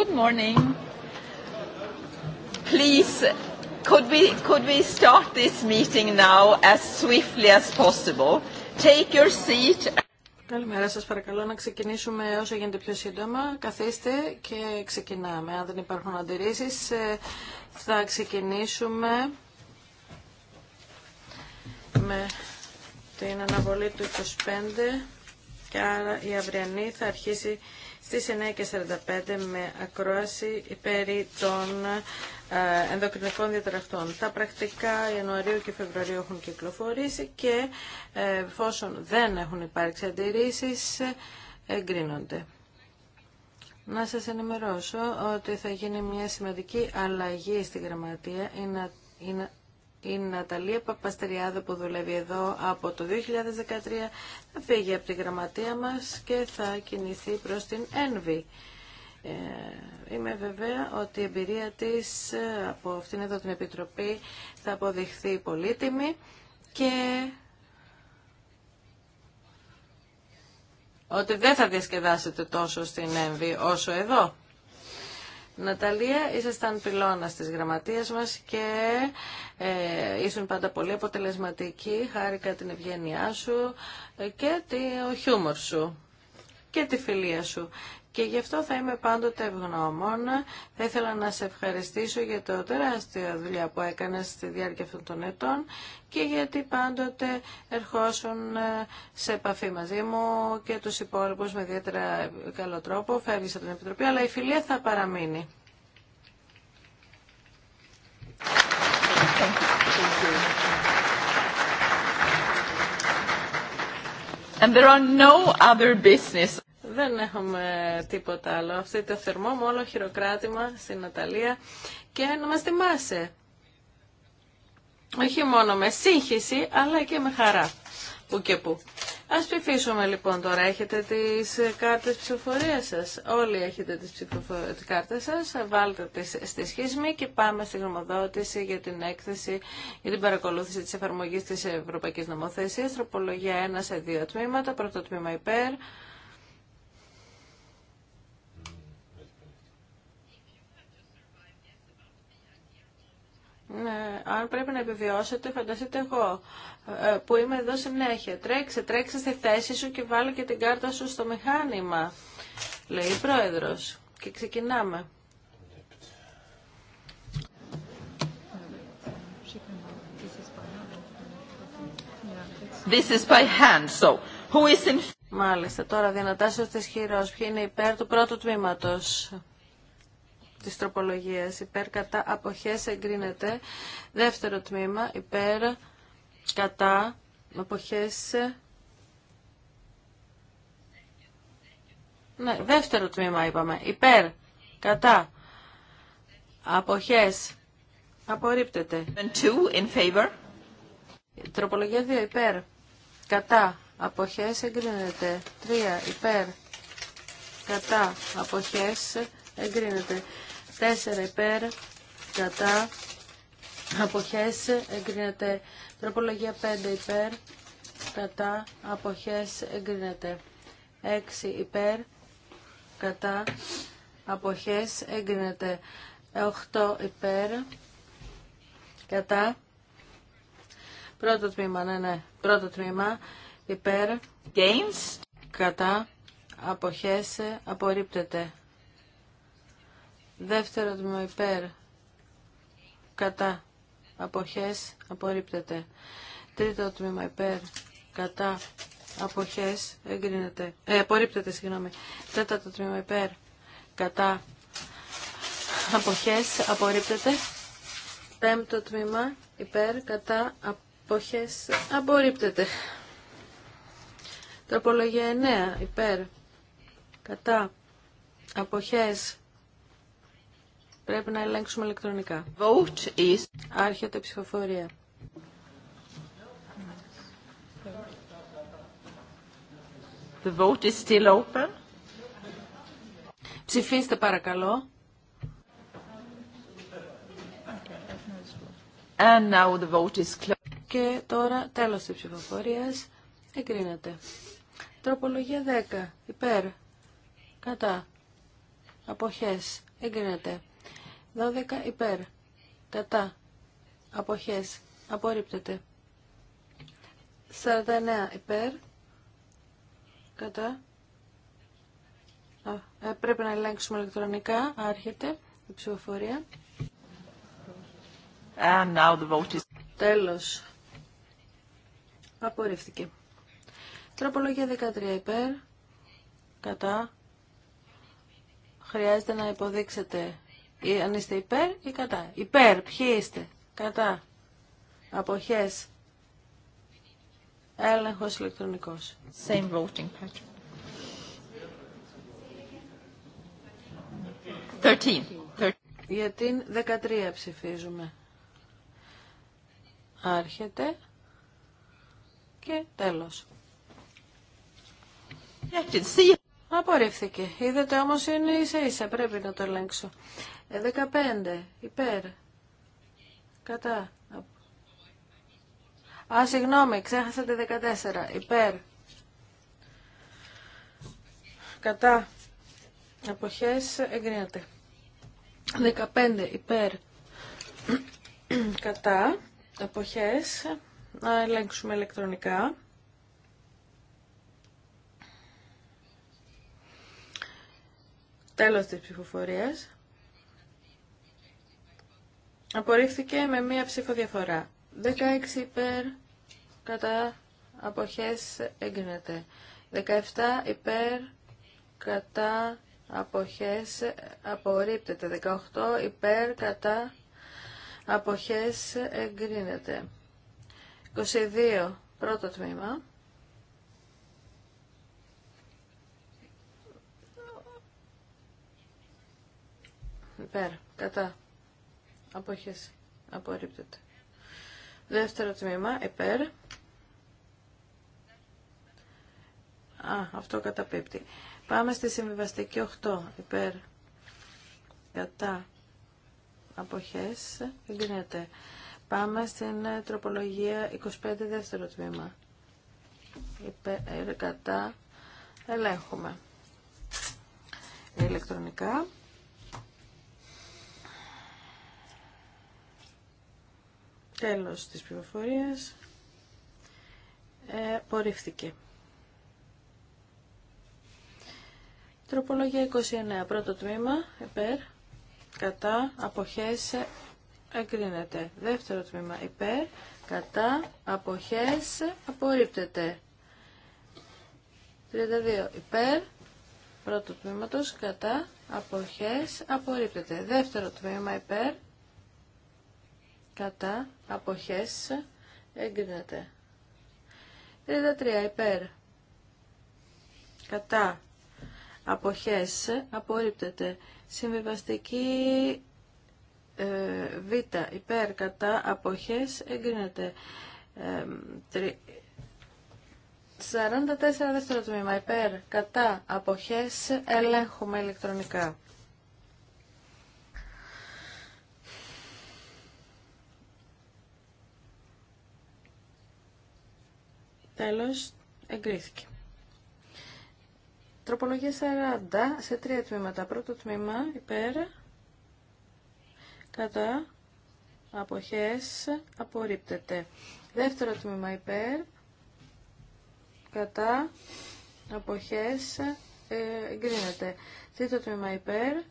Good morning. Please, could we, could we start this meeting now as swiftly as possible? Take your seat. Καλημέρα σας παρακαλώ να ξεκινήσουμε όσο γίνεται πιο σύντομα. Καθίστε και ξεκινάμε. Αν δεν υπάρχουν αντιρρήσεις ε, θα ξεκινήσουμε με την αναβολή του 25 και άρα η αυριανή θα αρχίσει στις 9.45 με ακρόαση περί των ε, ενδοκρινικών διαταραχτών. Τα πρακτικά Ιανουαρίου και Φεβρουαρίου έχουν κυκλοφορήσει και ε, εφόσον δεν έχουν υπάρξει αντιρρήσεις εγκρίνονται. Να σας ενημερώσω ότι θα γίνει μια σημαντική αλλαγή στη γραμματεία. Είναι, είναι η Ναταλία Παπαστεριάδο που δουλεύει εδώ από το 2013 θα φύγει από τη γραμματεία μας και θα κινηθεί προς την ΕΝΒΗ. Ε, είμαι βέβαια ότι η εμπειρία της ε, από αυτήν εδώ την Επιτροπή θα αποδειχθεί πολύτιμη και ότι δεν θα διασκεδάσετε τόσο στην ΕΝΒΗ όσο εδώ. Ναταλία, ήσασταν πυλώνα τη γραμματεία μα και ε, ήσουν πάντα πολύ αποτελεσματική. Χάρηκα την ευγένειά σου ε, και τη, χιούμορ σου και τη φιλία σου και γι' αυτό θα είμαι πάντοτε ευγνώμων. Θα ήθελα να σε ευχαριστήσω για το τεράστια δουλειά που έκανες στη διάρκεια αυτών των ετών και γιατί πάντοτε ερχόσουν ε, σε επαφή μαζί μου και τους υπόλοιπους με ιδιαίτερα καλό τρόπο. Φεύγεις από την Επιτροπή, αλλά η φιλία θα παραμείνει. And there are no other business. Δεν έχουμε τίποτα άλλο. Αυτό το θερμό μου όλο χειροκράτημα στην Αταλία και να μας θυμάσαι. Όχι μόνο με σύγχυση, αλλά και με χαρά. Που και που. Ας ψηφίσουμε λοιπόν τώρα. Έχετε τις κάρτες ψηφοφορίας σας. Όλοι έχετε τις, ψηφοφο... τις κάρτες σας. Βάλτε τις στη σχισμή και πάμε στη γνωμοδότηση για την έκθεση για την παρακολούθηση της εφαρμογής της Ευρωπαϊκής Νομοθεσίας. Τροπολογία 1 σε 2 τμήματα. Πρώτο τμήμα υπέρ. Ναι, αν πρέπει να επιβιώσετε, φανταστείτε εγώ ε, που είμαι εδώ συνέχεια. Τρέξε, τρέξε στη θέση σου και βάλω και την κάρτα σου στο μηχάνημα, λέει η πρόεδρος. Και ξεκινάμε. This is by hand, so who is in... Μάλιστα, τώρα δυνατά τη χειρός. Ποιοι είναι υπέρ του πρώτου τμήματος της τροπολογίας. Υπέρ κατά αποχές εγκρίνεται. Δεύτερο τμήμα υπέρ κατά αποχές Ναι, δεύτερο τμήμα είπαμε. Υπέρ, κατά, αποχές, απορρίπτεται. in favor. Τροπολογία 2, υπέρ, κατά, αποχές, εγκρίνεται. 3, υπέρ, κατά, αποχές, εγκρίνεται. 4 υπέρ, κατά, αποχές εγκρίνεται. Τροπολογία 5 υπέρ, κατά, αποχές εγκρίνεται. 6 υπέρ, κατά, αποχές εγκρίνεται. 8 υπέρ, κατά, πρώτο τμήμα, ναι, ναι, πρώτο τμήμα, υπέρ, games, κατά, αποχές απορρίπτεται. Δεύτερο τμήμα υπέρ. Κατά. Αποχές. Απορρίπτεται. Τρίτο τμήμα υπέρ. Κατά. Αποχές. Εγκρίνεται. Ε, απορρίπτεται, συγγνώμη. Τέταρτο τμήμα υπέρ. Κατά. Αποχές. Απορρίπτεται. Πέμπτο τμήμα υπέρ. Κατά. Αποχές. Απορρίπτεται. Τροπολογία 9. Υπέρ. Κατά. Αποχές. Πρέπει να ελέγξουμε ηλεκτρονικά. Vote is... Άρχεται η ψηφοφορία. The vote is still open. Ψηφίστε παρακαλώ. And now the vote is closed. Και τώρα τέλος της ψηφοφορίας. Εγκρίνεται. Τροπολογία 10. Υπέρ. Κατά. Αποχές. Εγκρίνεται. 12 υπέρ. Κατά. Αποχές. Απορρίπτεται. 49 υπέρ. Κατά. Ε, πρέπει να ελέγξουμε ηλεκτρονικά. Άρχεται η ψηφοφορία. And Τέλος. Απορρίφθηκε. Τροπολογία 13 υπέρ. Κατά. Χρειάζεται να υποδείξετε ή αν είστε υπέρ ή κατά. Υπέρ, ποιοι είστε, κατά, αποχές, έλεγχος ηλεκτρονικός. Same voting pattern. 13. Για την 13 ψηφίζουμε. Άρχεται και τέλος. Απορρίφθηκε. Είδατε όμως είναι ίσα ίσα, πρέπει να το ελέγξω. 15 υπέρ. Κατά. Α, συγγνώμη, ξέχασα τη 14. Υπέρ. Κατά. Αποχές εγκρίνεται. 15 υπέρ. Κατά. Αποχές. Να ελέγξουμε ηλεκτρονικά. Τέλος της ψηφοφορίας. Απορρίφθηκε με μία ψήφο διαφορά. 16 υπέρ κατά αποχές έγκρινεται. 17 υπέρ κατά αποχές απορρίπτεται. 18 υπέρ κατά αποχές εγκρίνεται. 22 πρώτο τμήμα. Υπέρ κατά αποχές απορρίπτεται. Δεύτερο τμήμα, υπέρ. Α, αυτό καταπίπτει. Πάμε στη συμβιβαστική 8, υπέρ. Κατά αποχές, γίνεται. Πάμε στην τροπολογία 25, δεύτερο τμήμα. Υπέρ, κατά, ελέγχουμε. Ηλεκτρονικά. Τέλος της πληροφορίας. Ε, Τροπολογία 29. Πρώτο τμήμα, υπέρ, κατά, αποχές, εγκρίνεται. Δεύτερο τμήμα, υπέρ, κατά, αποχές, απορρίπτεται. 32. Υπέρ, πρώτο τμήματος, κατά, αποχές, απορρίπτεται. Δεύτερο τμήμα, υπέρ, κατά αποχές εγκρίνεται. 33 υπέρ κατά αποχές απορρίπτεται. Συμβιβαστική ε, β υπέρ κατά αποχές εγκρίνεται. Ε, 44 δεύτερο τμήμα υπέρ κατά αποχές ελέγχουμε ηλεκτρονικά. Τέλος, εγκρίθηκε. Τροπολογία 40 σε τρία τμήματα. Πρώτο τμήμα υπέρ, κατά, αποχές, απορρίπτεται. Δεύτερο τμήμα υπέρ, κατά, αποχές, ε, εγκρίνεται. Τρίτο τμήμα υπέρ,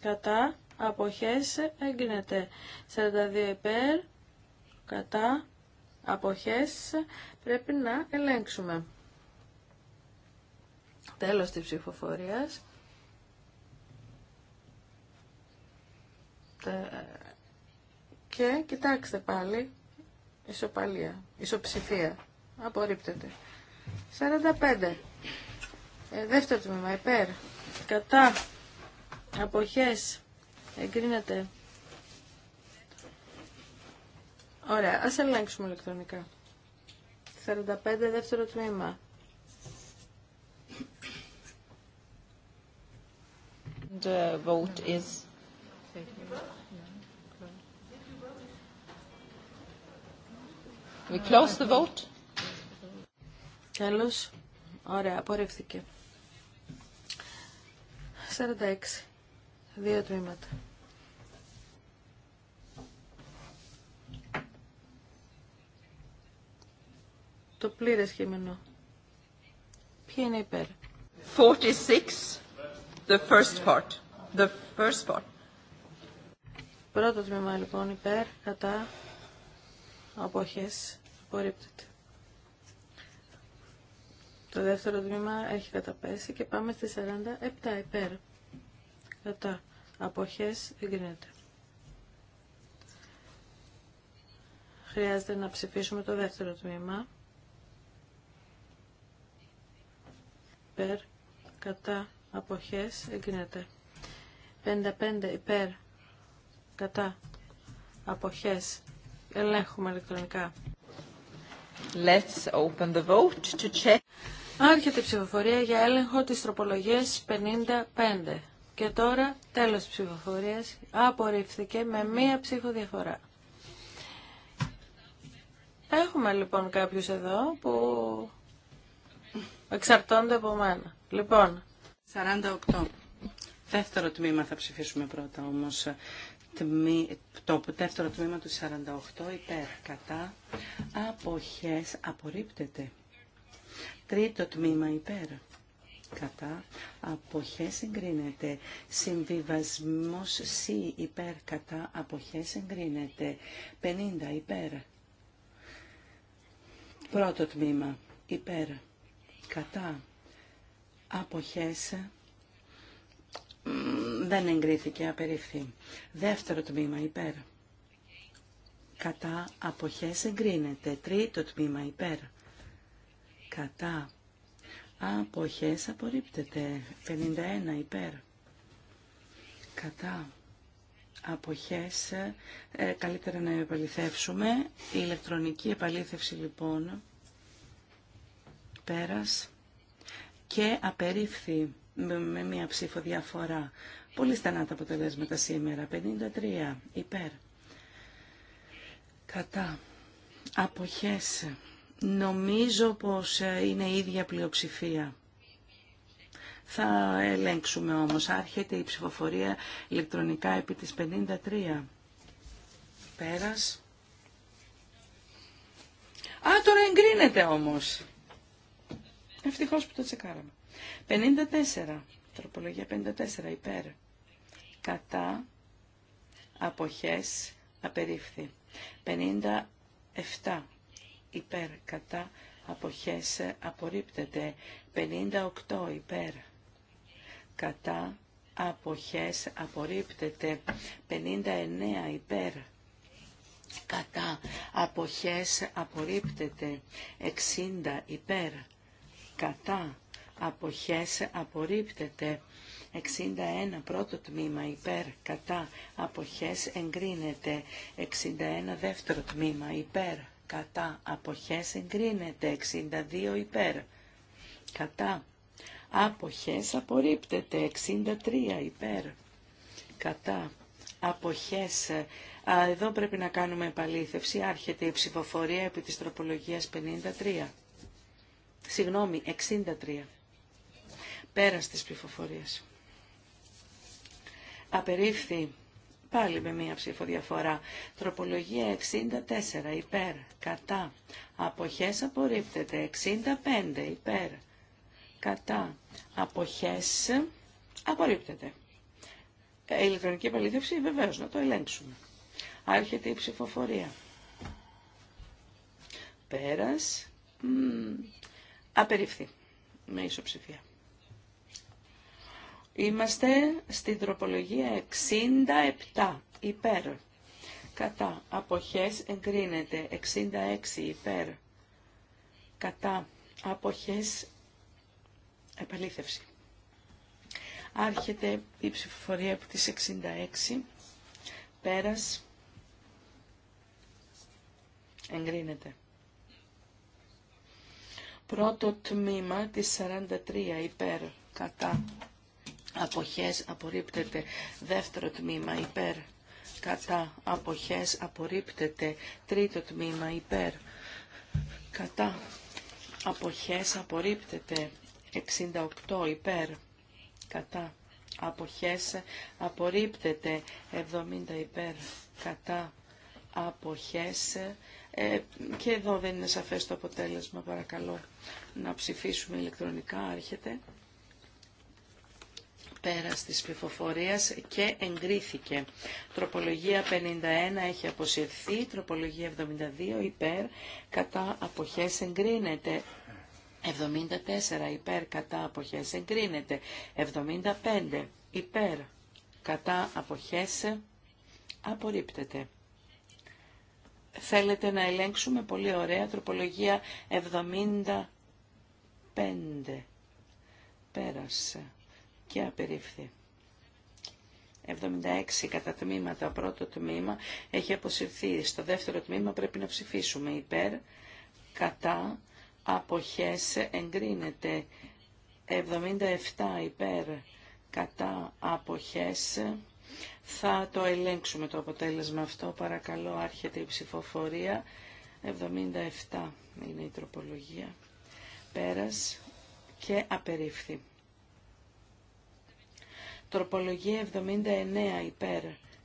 κατά, αποχές, εγκρίνεται. 42 υπέρ, κατά, αποχές πρέπει να ελέγξουμε. Τέλος της ψηφοφορίας. Ε, και κοιτάξτε πάλι, ισοπαλία, ισοψηφία, απορρίπτεται. 45. Ε, δεύτερο τμήμα, υπέρ, κατά, αποχές, εγκρίνεται. Ωραία, ας ελέγξουμε ηλεκτρονικά. 45 δεύτερο τμήμα. The uh, vote is... We close the vote. Τέλος. Ωραία, απορρίφθηκε. 46. Δύο τμήματα. το πλήρες κείμενο. Ποιο είναι υπέρ. 46, the first part. The first part. Πρώτο τμήμα λοιπόν υπέρ, κατά, αποχές, απορρίπτεται. Το δεύτερο τμήμα έχει καταπέσει και πάμε στη 47 υπέρ. Κατά, αποχές, εγκρίνεται. Χρειάζεται να ψηφίσουμε το δεύτερο τμήμα. υπέρ κατά αποχές εγκρίνεται 55 υπέρ κατά αποχές ελέγχουμε ηλεκτρονικά Let's open the vote to check. Άρχεται η ψηφοφορία για έλεγχο της τροπολογίας 55. Και τώρα τέλος της ψηφοφορίας απορρίφθηκε με μία ψήφο διαφορά. Έχουμε λοιπόν κάποιους εδώ που εξαρτώνται από μένα. Λοιπόν. 48. Δεύτερο τμήμα θα ψηφίσουμε πρώτα όμως. Το δεύτερο τμήμα του 48 υπέρ κατά αποχές απορρίπτεται. Τρίτο τμήμα υπέρ κατά αποχές εγκρίνεται. Συμβιβασμός C υπέρ κατά αποχές εγκρίνεται. 50 υπέρ. Πρώτο τμήμα υπέρ κατά αποχέσε δεν εγκρίθηκε, απερίφθη. Δεύτερο τμήμα υπέρ. Κατά αποχές εγκρίνεται. Τρίτο τμήμα υπέρ. Κατά αποχές απορρίπτεται. 51 υπέρ. Κατά αποχές ε, καλύτερα να επαληθεύσουμε. Η ηλεκτρονική επαλήθευση λοιπόν πέρας και απερίφθη με μία ψήφο διαφορά. Πολύ στενά τα αποτελέσματα σήμερα. 53 υπέρ. Κατά. Αποχές. Νομίζω πως ε, είναι η ίδια πλειοψηφία. Θα ελέγξουμε όμως. Άρχεται η ψηφοφορία ηλεκτρονικά επί της 53. Πέρας. Α, τώρα εγκρίνεται όμως. Ευτυχώς που το τσεκάραμε. 54. Τροπολογία 54. Υπέρ. Κατά. Αποχές. Απερίφθη. 57. Υπέρ. Κατά. Αποχές. Απορρίπτεται. 58. Υπέρ. Κατά. Αποχές. Απορρίπτεται. 59. Υπέρ κατά αποχές απορρίπτεται 60 υπέρ κατά αποχές απορρίπτεται. 61 πρώτο τμήμα υπέρ κατά αποχές εγκρίνεται. 61 δεύτερο τμήμα υπέρ κατά αποχές εγκρίνεται. 62 υπέρ κατά αποχές απορρίπτεται. 63 υπέρ κατά αποχές. εδώ πρέπει να κάνουμε επαλήθευση. Άρχεται η ψηφοφορία επί της τροπολογίας 53. Συγγνώμη, 63. Πέρας της ψηφοφορίας. Απερίφθη πάλι με μία ψηφοδιαφορά. Τροπολογία 64 υπέρ, κατά. Αποχές απορρίπτεται. 65 υπέρ, κατά. Αποχές απορρίπτεται. Ε, ηλεκτρονική επαλήθευση βεβαίω να το ελέγξουμε. Άρχεται η ψηφοφορία. Πέρας. Απεριφθεί με ισοψηφία. Είμαστε στην τροπολογία 67 υπέρ. Κατά αποχές εγκρίνεται 66 υπέρ. Κατά αποχές επαλήθευση. Άρχεται η ψηφοφορία από τις 66. Πέρας. Εγκρίνεται. Πρώτο τμήμα της 43 υπέρ κατά αποχές απορρίπτεται. Δεύτερο τμήμα υπέρ κατά αποχές απορρίπτεται. Τρίτο τμήμα υπέρ κατά αποχές απορρίπτεται. 68 υπέρ κατά αποχές απορρίπτεται. 70 υπέρ κατά αποχές ε, και εδώ δεν είναι σαφές το αποτέλεσμα, παρακαλώ να ψηφίσουμε ηλεκτρονικά, άρχεται. Πέρα της ψηφοφορίας και εγκρίθηκε. Τροπολογία 51 έχει αποσυρθεί, τροπολογία 72 υπέρ, κατά αποχές εγκρίνεται. 74 υπέρ, κατά αποχές εγκρίνεται. 75 υπέρ, κατά αποχές απορρίπτεται. Θέλετε να ελέγξουμε πολύ ωραία τροπολογία 75. Πέρασε και απερίφθη. 76 κατά τμήματα, πρώτο τμήμα, έχει αποσυρθεί. Στο δεύτερο τμήμα πρέπει να ψηφίσουμε υπέρ, κατά, αποχές, εγκρίνεται. 77 υπέρ, κατά, αποχές, θα το ελέγξουμε το αποτέλεσμα αυτό. Παρακαλώ, άρχεται η ψηφοφορία. 77 είναι η τροπολογία. Πέρας και απερίφθη. Τροπολογία 79 υπέρ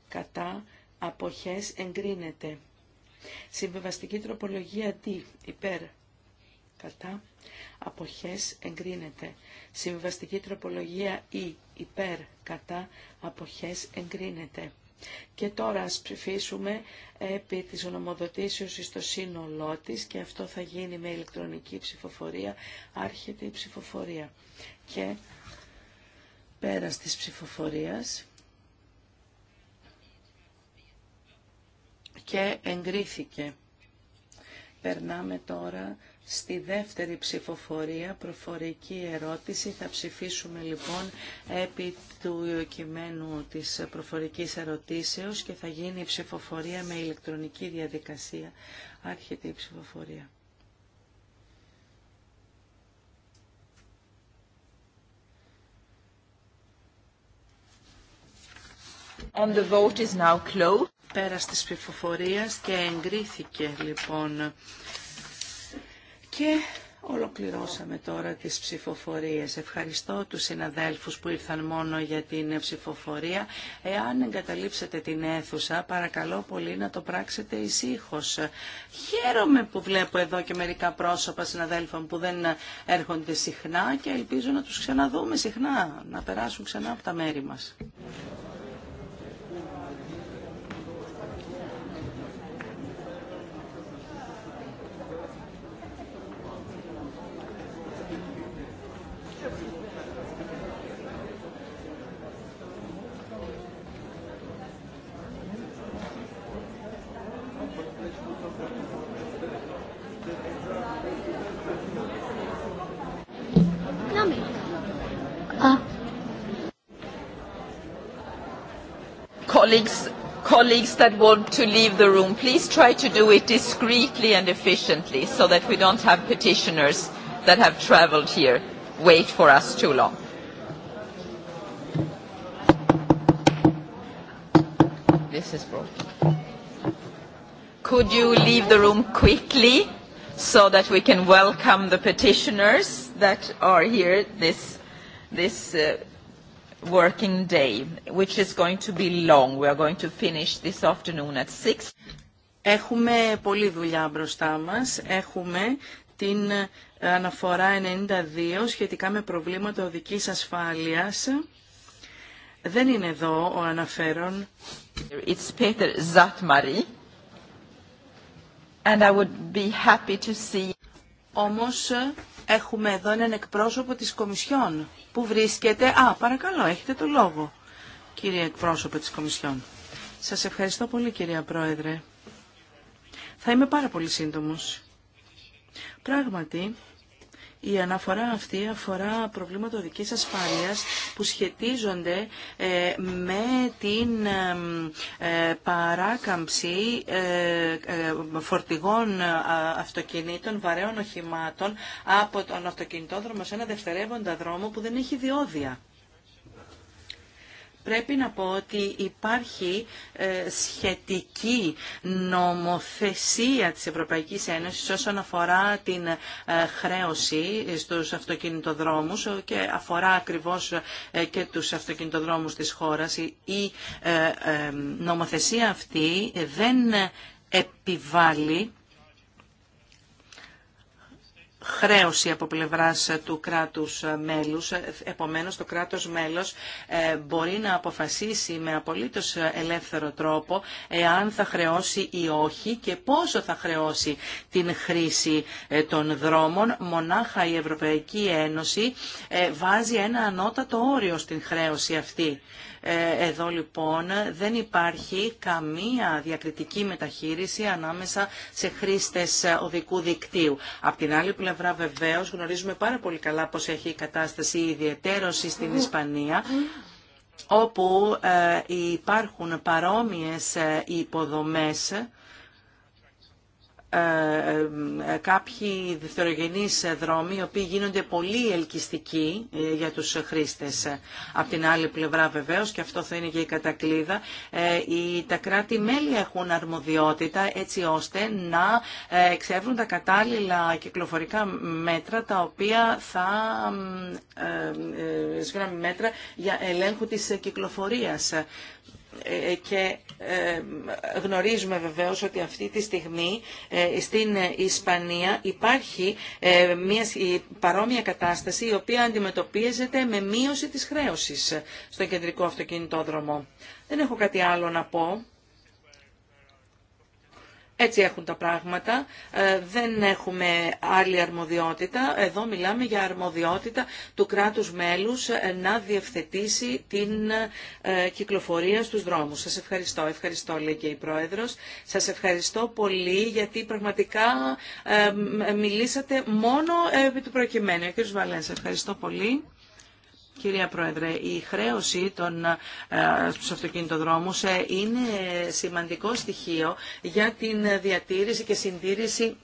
κατά αποχές εγκρίνεται. Συμβεβαστική τροπολογία τι υπέρ κατά αποχές εγκρίνεται. Συμβαστική τροπολογία ή e, υπέρ κατά αποχές εγκρίνεται. Και τώρα ας ψηφίσουμε επί της ονομοδοτήσεως στο σύνολό της και αυτό θα γίνει με ηλεκτρονική ψηφοφορία, άρχεται η ψηφοφορία. Και πέρας της ψηφοφορίας και εγκρίθηκε. Περνάμε τώρα Στη δεύτερη ψηφοφορία, προφορική ερώτηση, θα ψηφίσουμε λοιπόν επί του κειμένου της προφορικής ερωτήσεως και θα γίνει η ψηφοφορία με ηλεκτρονική διαδικασία. Άρχεται η ψηφοφορία. And the vote is now closed. Πέρας της ψηφοφορίας και εγκρίθηκε λοιπόν και Ολοκληρώσαμε τώρα τις ψηφοφορίες. Ευχαριστώ τους συναδέλφους που ήρθαν μόνο για την ψηφοφορία. Εάν εγκαταλείψετε την αίθουσα, παρακαλώ πολύ να το πράξετε ησύχως. Χαίρομαι που βλέπω εδώ και μερικά πρόσωπα συναδέλφων που δεν έρχονται συχνά και ελπίζω να τους ξαναδούμε συχνά, να περάσουν ξανά από τα μέρη μας. that want to leave the room, please try to do it discreetly and efficiently so that we don't have petitioners that have traveled here wait for us too long. This is broken. Could you leave the room quickly so that we can welcome the petitioners that are here this this working day, which is going to be long. We are going to finish this afternoon at 6. Έχουμε πολλή δουλειά μπροστά μας. Έχουμε την ε, αναφορά 92 σχετικά με προβλήματα οδικής ασφάλειας. Δεν είναι εδώ ο αναφέρον. It's Peter Zatmari. And I would be happy to see... Όμως ε, Έχουμε εδώ έναν εκπρόσωπο της Κομισιόν. Πού βρίσκεται. Α, παρακαλώ, έχετε το λόγο, κύριε εκπρόσωπο της Κομισιόν. Σας ευχαριστώ πολύ, κυρία Πρόεδρε. Θα είμαι πάρα πολύ σύντομος. Πράγματι, η αναφορά αυτή αφορά προβλήματα οδικής ασφάλειας που σχετίζονται ε, με την ε, παράκαμψη ε, φορτηγών αυτοκινήτων, βαρέων οχημάτων από τον αυτοκινητόδρομο σε ένα δευτερεύοντα δρόμο που δεν έχει διόδια. Πρέπει να πω ότι υπάρχει ε, σχετική νομοθεσία της Ευρωπαϊκής Ένωσης όσον αφορά την ε, χρέωση στους αυτοκινητοδρόμους και αφορά ακριβώς ε, και τους αυτοκινητοδρόμους της χώρας. Η νομοθεσία αυτή δεν επιβάλλει χρέωση από πλευράς ε, του κράτους ε, μέλους. Ε, επομένως, το κράτος μέλος μπορεί να αποφασίσει με απολύτως ελεύθερο τρόπο εάν θα χρεώσει ή όχι και πόσο θα χρεώσει την χρήση των δρόμων. Μονάχα η Ευρωπαϊκή Ένωση βάζει ένα ανώτατο όριο στην χρέωση αυτή. Ε, εδώ λοιπόν δεν υπάρχει καμία διακριτική μεταχείριση ανάμεσα σε χρήστες οδικού δικτύου. Απ' την άλλη πλευρά βεβαίως γνωρίζουμε πάρα πολύ καλά πώς έχει η κατάσταση ιδιαιτέρωση στην Ισπανία όπου ε, υπάρχουν παρόμοιες ε, υποδομές ε, ε, κάποιοι δευτερογενεί δρόμοι οι οποίοι γίνονται πολύ ελκυστικοί ε, για τους χρήστες. από την άλλη πλευρά βεβαίως και αυτό θα είναι και η κατακλίδα τα κράτη-μέλη έχουν αρμοδιότητα έτσι ώστε να εξεύρουν τα κατάλληλα κυκλοφορικά μέτρα τα οποία θα μέτρα για ελέγχου της κυκλοφορίας ε, και ε, γνωρίζουμε βεβαίως ότι αυτή τη στιγμή ε, στην Ισπανία υπάρχει μια παρόμοια κατάσταση η οποία αντιμετωπίζεται με μείωση της χρέωσης στον κεντρικό αυτοκινητόδρομο. Δεν έχω κάτι άλλο να πω. Έτσι έχουν τα πράγματα, ε, δεν έχουμε άλλη αρμοδιότητα. Εδώ μιλάμε για αρμοδιότητα του κράτους μέλους ε, να διευθετήσει την ε, κυκλοφορία στους δρόμους. Σας ευχαριστώ. Ευχαριστώ, λέει και η Πρόεδρος. Σας ευχαριστώ πολύ γιατί πραγματικά μιλήσατε μόνο επί του προκειμένου. Βαλέν, σας ευχαριστώ πολύ. Κυρία Πρόεδρε, η χρέωση των, αυτοκινητοδρόμου ε, αυτοκινητοδρόμους ε, είναι σημαντικό στοιχείο για την διατήρηση και συντήρηση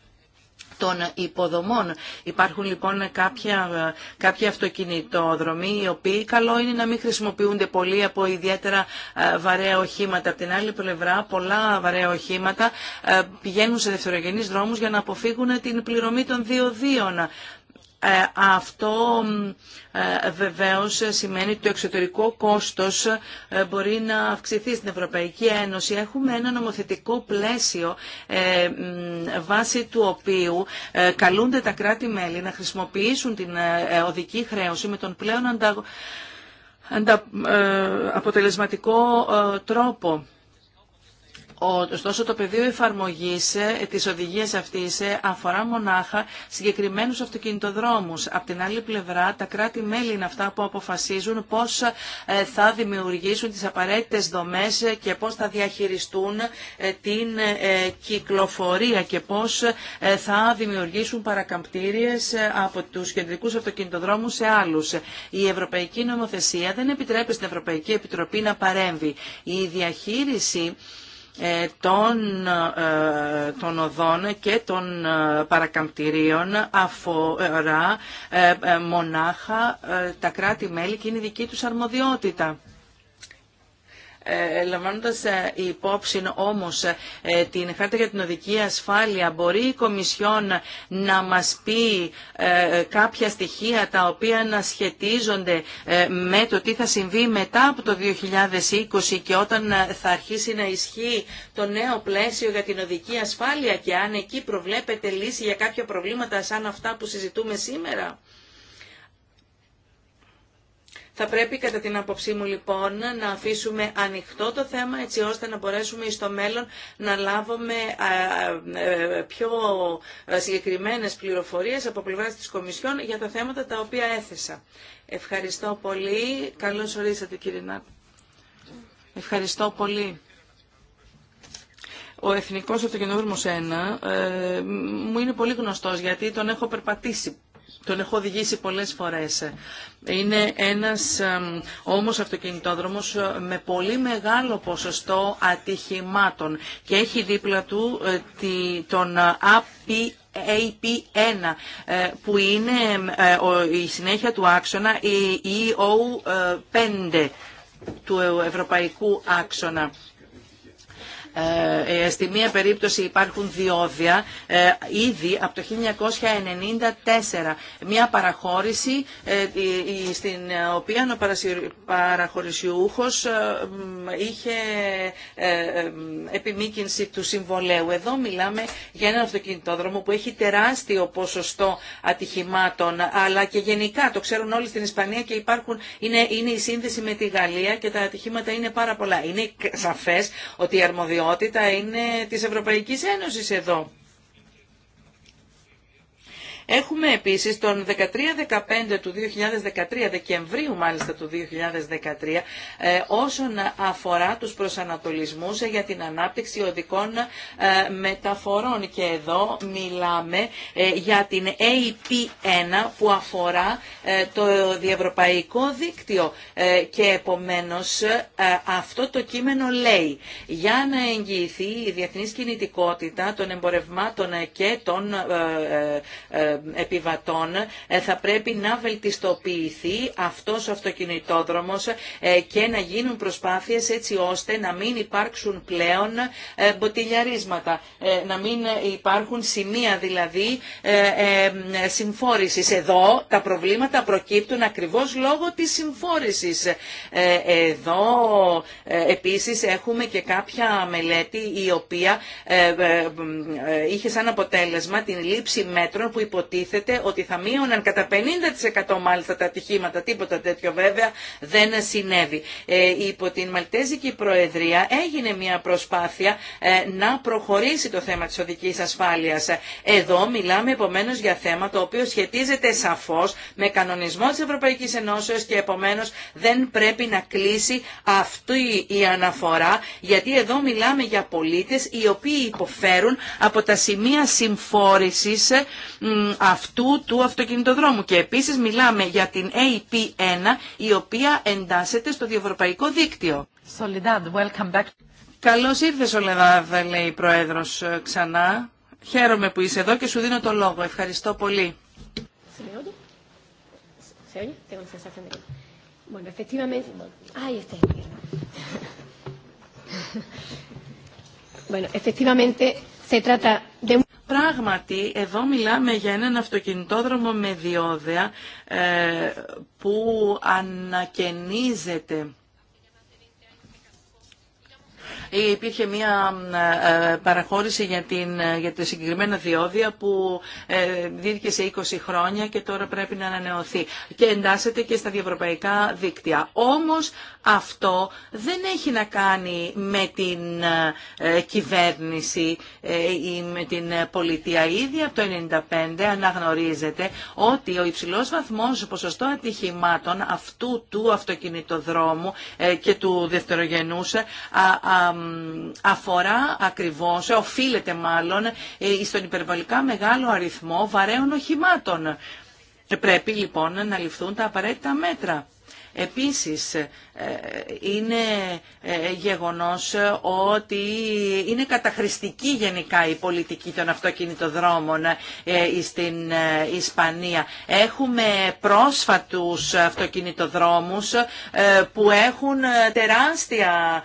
των υποδομών. Υπάρχουν λοιπόν κάποια, κάποια αυτοκινητόδρομοι οι οποίοι καλό είναι να μην χρησιμοποιούνται πολύ από ιδιαίτερα ε, βαρέα οχήματα. Από την άλλη πλευρά πολλά βαρέα οχήματα πηγαίνουν σε δευτερογενείς δρόμους για να αποφύγουν την πληρωμή των δίων. Ε, αυτό ε, βεβαίως σημαίνει ότι το εξωτερικό κόστος ε, μπορεί να αυξηθεί στην Ευρωπαϊκή Ένωση. Έχουμε ένα νομοθετικό πλαίσιο βάσει του οποίου καλούνται τα κράτη-μέλη να χρησιμοποιήσουν την οδική χρέωση με τον πλέον αποτελεσματικό τρόπο. Ωστόσο το πεδίο εφαρμογής ε, της οδηγίας αυτής ε, αφορά μονάχα συγκεκριμένους αυτοκινητοδρόμους. Απ' την άλλη πλευρά τα κράτη-μέλη είναι αυτά που αποφασίζουν πώς ε, θα δημιουργήσουν τι απαραίτητε δομέ και πώς θα διαχειριστούν την κυκλοφορία και πώς θα δημιουργήσουν παρακαμπτήριες από τους κεντρικούς αυτοκινητοδρόμου σε άλλου. Η Ευρωπαϊκή Νομοθεσία δεν επιτρέπει στην Ευρωπαϊκή Επιτροπή να παρέμβει. Η διαχείριση ε, των, ε, των οδών και των ε, παρακαμπτηρίων αφορά μονάχα τα κράτη-μέλη και είναι δική τους αρμοδιότητα. Ε, λαμβάνοντα ε, υπόψη όμως ε, την χάρτα για την οδική ασφάλεια, μπορεί η Κομισιόν να μας πει κάποια στοιχεία τα οποία να σχετίζονται με το τι θα συμβεί μετά από το 2020 και όταν θα αρχίσει να ισχύει το νέο πλαίσιο για την οδική ασφάλεια και αν εκεί προβλέπεται λύση για κάποια προβλήματα σαν αυτά που συζητούμε σήμερα. Θα πρέπει κατά την άποψή μου λοιπόν να αφήσουμε ανοιχτό το θέμα έτσι ώστε να μπορέσουμε στο μέλλον να λάβουμε ε, πιο συγκεκριμένες πληροφορίες από πλευράς της Κομισιόν για τα θέματα τα οποία έθεσα. Ευχαριστώ πολύ. Καλώς ορίσατε κύριε Νάκ. Ευχαριστώ πολύ. Ο Εθνικός Αυτοκινόδρομος 1 ε, μου είναι πολύ γνωστός γιατί τον έχω περπατήσει τον έχω οδηγήσει πολλές φορές. Είναι ένας όμως αυτοκινητόδρομος ε, με πολύ μεγάλο ποσοστό ατυχημάτων και έχει δίπλα του ε, τον API ε, AP1 που είναι η συνέχεια του άξονα η EO5 του ευρωπαϊκού άξονα. Ε, ε, στη μία περίπτωση υπάρχουν διόδια ε, ήδη από το 1994. Μια παραχώρηση στην οποία ο παραχωρησιούχος είχε επιμήκυνση του συμβολέου. Εδώ μιλάμε για έναν αυτοκινητόδρομο που έχει τεράστιο ποσοστό ατυχημάτων, αλλά και γενικά το ξέρουν όλοι στην Ισπανία και υπάρχουν, είναι, είναι η σύνδεση με τη Γαλλία και τα ατυχήματα είναι πάρα πολλά. Είναι σαφές ότι η αρμοδιότητα τα είναι της Ευρωπαϊκής Ένωσης εδώ. Έχουμε επίσης τον 13-15 του 2013, Δεκεμβρίου μάλιστα του 2013, ε, όσον αφορά τους προσανατολισμούς για την ανάπτυξη οδικών ε, μεταφορών. Και εδώ μιλάμε ε, για την AP1 που αφορά το διευρωπαϊκό δίκτυο και επομένως αυτό το κείμενο λέει για να εγγυηθεί η διεθνής κινητικότητα των εμπορευμάτων και των επιβατών θα πρέπει να βελτιστοποιηθεί αυτός ο αυτοκινητόδρομος και να γίνουν προσπάθειες έτσι ώστε να μην υπάρξουν πλέον μποτιλιαρίσματα, να μην υπάρχουν σημεία δηλαδή συμφόρησης. Εδώ τα προβλήματα προκύπτουν ακριβώς λόγω της συμφόρησης. Εδώ επίσης έχουμε και κάποια μελέτη η οποία είχε σαν αποτέλεσμα την λήψη μέτρων που υποτίθεται υποτίθεται ότι θα μείωναν κατά 50% μάλιστα τα ατυχήματα, τίποτα τέτοιο βέβαια δεν συνέβη. Ε, υπό την Μαλτέζικη Προεδρία έγινε μια προσπάθεια ε, να προχωρήσει το θέμα της οδικής ασφάλειας. Εδώ μιλάμε επομένω για θέμα το οποίο σχετίζεται σαφώς με κανονισμό της Ευρωπαϊκής Ενώσεως και επομένως δεν πρέπει να κλείσει αυτή η αναφορά γιατί εδώ μιλάμε για πολίτες οι οποίοι υποφέρουν από τα σημεία συμφόρησης ε, αυτού του αυτοκινητοδρόμου. Και επίσης μιλάμε για την AP1 η οποία εντάσσεται στο διευρωπαϊκό δίκτυο. Solidad, welcome back. Καλώς ήρθες Σολεδάδ, λέει η Πρόεδρος ε, ξανά. Χαίρομαι που είσαι εδώ και σου δίνω το λόγο. Ευχαριστώ πολύ. Bueno, efectivamente. se trata de Πράγματι, εδώ μιλάμε για έναν αυτοκινητόδρομο με διόδεα ε, που ανακαινίζεται ε, υπήρχε μια ε, ε, παραχώρηση για, την, για τα συγκεκριμένα διόδια που δίδηκε σε 20 χρόνια και τώρα πρέπει να ανανεωθεί και εντάσσεται και στα διευρωπαϊκά δίκτυα. Όμως αυτό δεν έχει να κάνει με την κυβέρνηση ή με την πολιτεία. Ήδη από το 1995 αναγνωρίζεται ότι ο υψηλός βαθμός, ο ποσοστό ατυχημάτων αυτού του αυτοκινητοδρόμου και του δευτερογενούς αφορά ακριβώς, ε, οφείλεται μάλλον, ε, στον υπερβολικά μεγάλο αριθμό βαρέων οχημάτων. Πρέπει λοιπόν να ληφθούν τα απαραίτητα μέτρα. Επίσης, ε, είναι ε, γεγονός ότι είναι καταχρηστική γενικά η πολιτική των αυτοκινητοδρόμων ε, στην Ισπανία. Έχουμε πρόσφατους αυτοκινητοδρόμους που έχουν τεράστια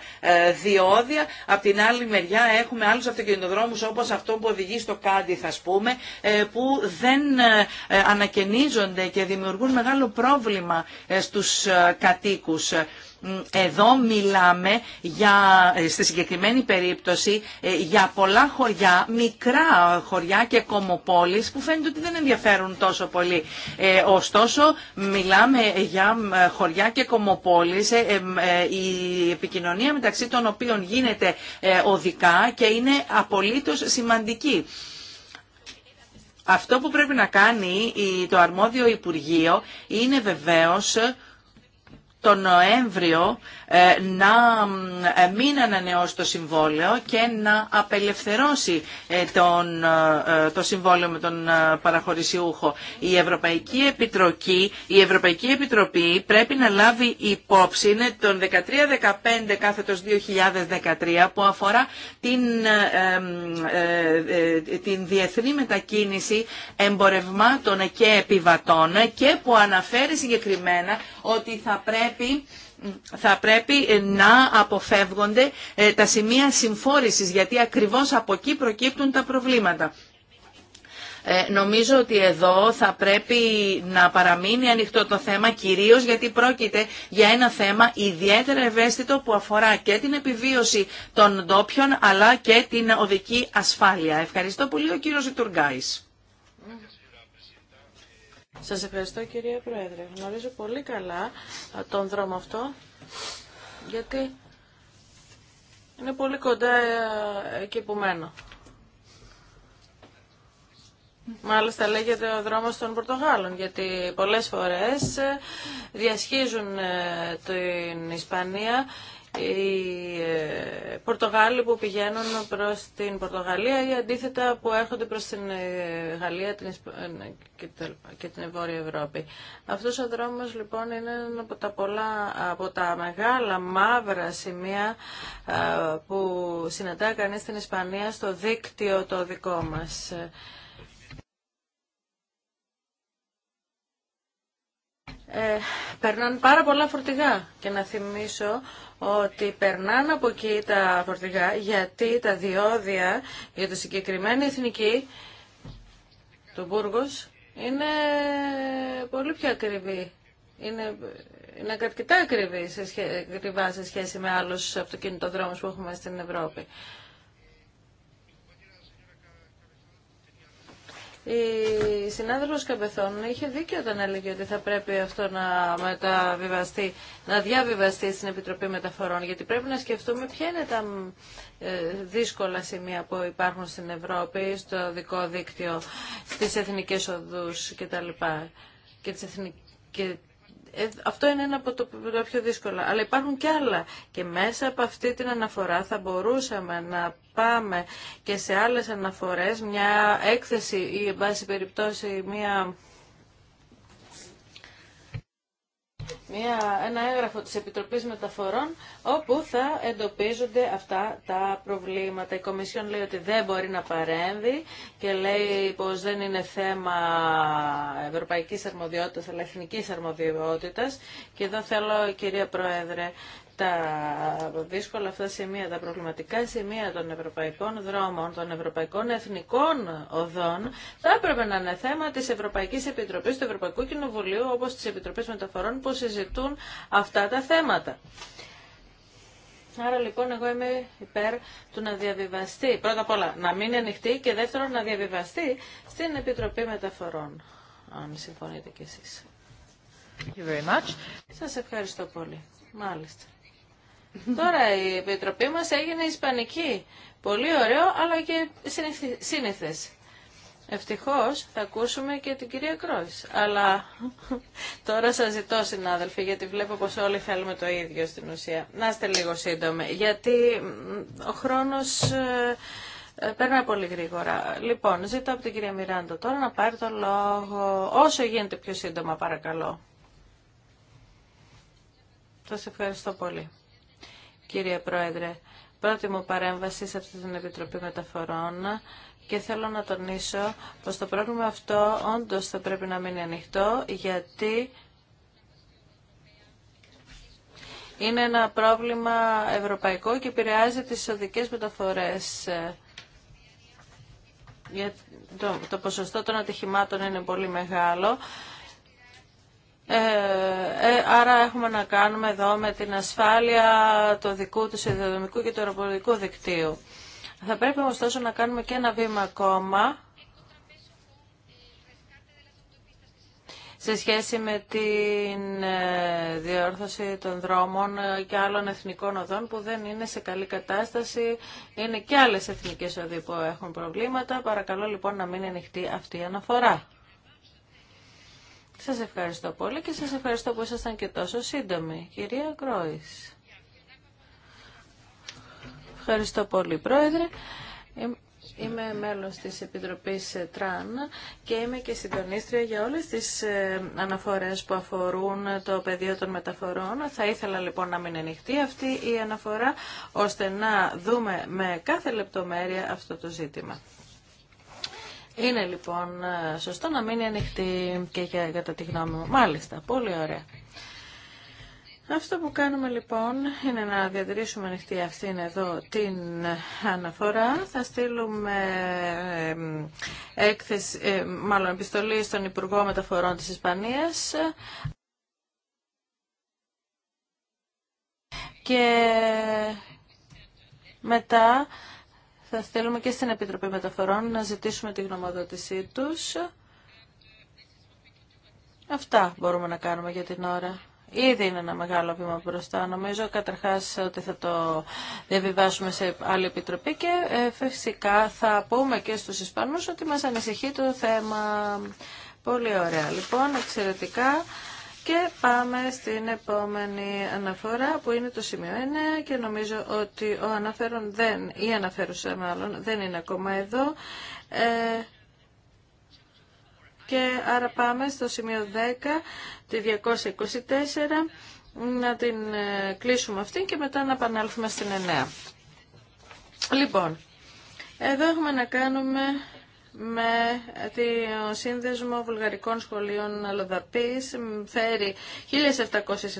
διόδια. Απ' την άλλη μεριά έχουμε άλλους αυτοκινητοδρόμους όπως αυτό που οδηγεί στο Κάντι, θα πούμε που δεν ανακαινίζονται και δημιουργούν μεγάλο πρόβλημα στους κατοίκους. Εδώ μιλάμε για, στη συγκεκριμένη περίπτωση ε, για πολλά χωριά, μικρά χωριά και κομοπόλεις που φαίνεται ότι δεν ενδιαφέρουν τόσο πολύ. Ε, ωστόσο μιλάμε για χωριά και κομοπόλεις ε, η επικοινωνία μεταξύ των οποίων γίνεται οδικά και είναι απολύτως σημαντική. Αυτό που πρέπει να κάνει το αρμόδιο Υπουργείο είναι βεβαίως τον Νοέμβριο ε, να ε, μην ανανεώσει το συμβόλαιο και να απελευθερώσει ε, τον, το συμβόλαιο με τον παραχωρησιούχο. Η Ευρωπαϊκή, Επιτροπή, η Ευρωπαϊκή Επιτροπή πρέπει να λάβει υπόψη είναι τον 13-15 κάθετος 2013 που αφορά την, την διεθνή μετακίνηση εμπορευμάτων και επιβατών και που αναφέρει συγκεκριμένα ότι θα πρέπει θα πρέπει να αποφεύγονται ε, τα σημεία συμφόρησης, γιατί ακριβώς από εκεί προκύπτουν τα προβλήματα. Ε, νομίζω ότι εδώ θα πρέπει να παραμείνει ανοιχτό το θέμα, κυρίως γιατί πρόκειται για ένα θέμα ιδιαίτερα ευαίσθητο που αφορά και την επιβίωση των ντόπιων αλλά και την οδική ασφάλεια. Ευχαριστώ πολύ ο κύριος Ιτουργκάης. Mm. Σας ευχαριστώ κυρία Πρόεδρε. Γνωρίζω πολύ καλά τον δρόμο αυτό, γιατί είναι πολύ κοντά εκεί που μένω. Μάλιστα λέγεται ο δρόμος των Πορτογάλων, γιατί πολλές φορές ε, διασχίζουν ε, την Ισπανία οι ε, Πορτογάλοι που πηγαίνουν προς την Πορτογαλία ή αντίθετα που έρχονται προς την ε, Γαλλία την ε, ναι, και την Βόρεια Ευρώπη. Αυτός ο δρόμος λοιπόν είναι ένα από τα, μεγάλα μαύρα σημεία που συναντά κανείς στην Ισπανία στο δίκτυο το δικό μας. Ε, περνάνε πάρα πολλά φορτηγά και να θυμίσω ότι περνάνε από εκεί τα φορτηγά γιατί τα διόδια για το συγκεκριμένο εθνική του Μπούργος είναι πολύ πιο ακριβή. Είναι, είναι αρκετά ακριβή σε, σχέ, σε σχέση με άλλους αυτοκινητοδρόμους που έχουμε στην Ευρώπη. η συνάδελφο Καπεθών είχε δίκιο όταν έλεγε ότι θα πρέπει αυτό να μεταβιβαστεί, να διαβιβαστεί στην Επιτροπή Μεταφορών, γιατί πρέπει να σκεφτούμε ποια είναι τα ε, δύσκολα σημεία που υπάρχουν στην Ευρώπη, στο δικό δίκτυο, στις εθνικές οδούς κτλ. Και, τις εθνικές ε, αυτό είναι ένα από τα πιο δύσκολα. Αλλά υπάρχουν και άλλα. Και μέσα από αυτή την αναφορά θα μπορούσαμε να πάμε και σε άλλες αναφορές μια έκθεση ή, εν πάση περιπτώσει, μια μια, ένα έγγραφο της Επιτροπής Μεταφορών όπου θα εντοπίζονται αυτά τα προβλήματα. Η Κομισιόν λέει ότι δεν μπορεί να παρέμβει και λέει πως δεν είναι θέμα ευρωπαϊκής αρμοδιότητας αλλά εθνικής αρμοδιότητας και εδώ θέλω κυρία Πρόεδρε τα δύσκολα αυτά σημεία, τα προβληματικά σημεία των ευρωπαϊκών δρόμων, των ευρωπαϊκών εθνικών οδών, θα έπρεπε να είναι θέμα τη Ευρωπαϊκής Επιτροπής του Ευρωπαϊκού Κοινοβουλίου, όπως τη Επιτροπή Μεταφορών, που συζητούν αυτά τα θέματα. Άρα λοιπόν εγώ είμαι υπέρ του να διαβιβαστεί, πρώτα απ' όλα να μην ανοιχτεί και δεύτερον να διαβιβαστεί στην Επιτροπή Μεταφορών, αν συμφωνείτε κι εσείς. Σας ευχαριστώ πολύ. Μάλιστα. Τώρα η επιτροπή μας έγινε ισπανική. Πολύ ωραίο, αλλά και σύνηθες. Ευτυχώς θα ακούσουμε και την κυρία Κρόης. Αλλά τώρα σας ζητώ συνάδελφοι, γιατί βλέπω πως όλοι θέλουμε το ίδιο στην ουσία. Να είστε λίγο σύντομοι, γιατί ο χρόνος ε, ε, παίρνει πολύ γρήγορα. Λοιπόν, ζητώ από την κυρία Μιράντα τώρα να πάρει το λόγο όσο γίνεται πιο σύντομα παρακαλώ. Σας ευχαριστώ πολύ κύριε Πρόεδρε. Πρώτη μου παρέμβαση σε αυτή την Επιτροπή Μεταφορών και θέλω να τονίσω πως το πρόβλημα αυτό όντως θα πρέπει να μείνει ανοιχτό γιατί είναι ένα πρόβλημα ευρωπαϊκό και επηρεάζει τις οδικές μεταφορές. Το, το ποσοστό των ατυχημάτων είναι πολύ μεγάλο. Ε, ε, άρα έχουμε να κάνουμε εδώ με την ασφάλεια του δικού του σιδηροδρομικού και του αεροπορικού δικτύου. Θα πρέπει ωστόσο να κάνουμε και ένα βήμα ακόμα σε σχέση με την ε, διόρθωση των δρόμων και άλλων εθνικών οδών που δεν είναι σε καλή κατάσταση. Είναι και άλλες εθνικές οδοί που έχουν προβλήματα. Παρακαλώ λοιπόν να μην ανοιχτεί αυτή η αναφορά. Σας ευχαριστώ πολύ και σας ευχαριστώ που ήσασταν και τόσο σύντομοι. Κυρία Κρόης. Ευχαριστώ πολύ, Πρόεδρε. Είμαι μέλος της Επιτροπής ΤΡΑΝ και είμαι και συντονίστρια για όλες τις ε, αναφορές που αφορούν το πεδίο των μεταφορών. Θα ήθελα λοιπόν να μην ανοιχτεί αυτή η αναφορά ώστε να δούμε με κάθε λεπτομέρεια αυτό το ζήτημα. Είναι λοιπόν σωστό να μείνει ανοιχτή και για, κατά τη γνώμη μου. Μάλιστα, πολύ ωραία. Αυτό που κάνουμε λοιπόν είναι να διατηρήσουμε ανοιχτή αυτήν εδώ την αναφορά. Θα στείλουμε έκθεση, μάλλον επιστολή στον Υπουργό Μεταφορών της Ισπανίας. Και μετά θα στείλουμε και στην Επιτροπή Μεταφορών να ζητήσουμε τη γνωμοδότησή τους. Αυτά μπορούμε να κάνουμε για την ώρα. Ήδη είναι ένα μεγάλο βήμα μπροστά. Νομίζω καταρχάς ότι θα το διαβιβάσουμε σε άλλη επιτροπή και ε, φυσικά θα πούμε και στους Ισπανούς ότι μας ανησυχεί το θέμα. Πολύ ωραία. Λοιπόν, εξαιρετικά. Και πάμε στην επόμενη αναφορά που είναι το σημείο 9 και νομίζω ότι ο αναφέρον δεν, ή αναφέρουσα μάλλον, δεν είναι ακόμα εδώ. Ε, και άρα πάμε στο σημείο 10, τη 224, να την ε, κλείσουμε αυτή και μετά να επανέλθουμε στην 9. Λοιπόν, εδώ έχουμε να κάνουμε με το σύνδεσμο βουλγαρικών σχολείων Αλοδαπή, φέρει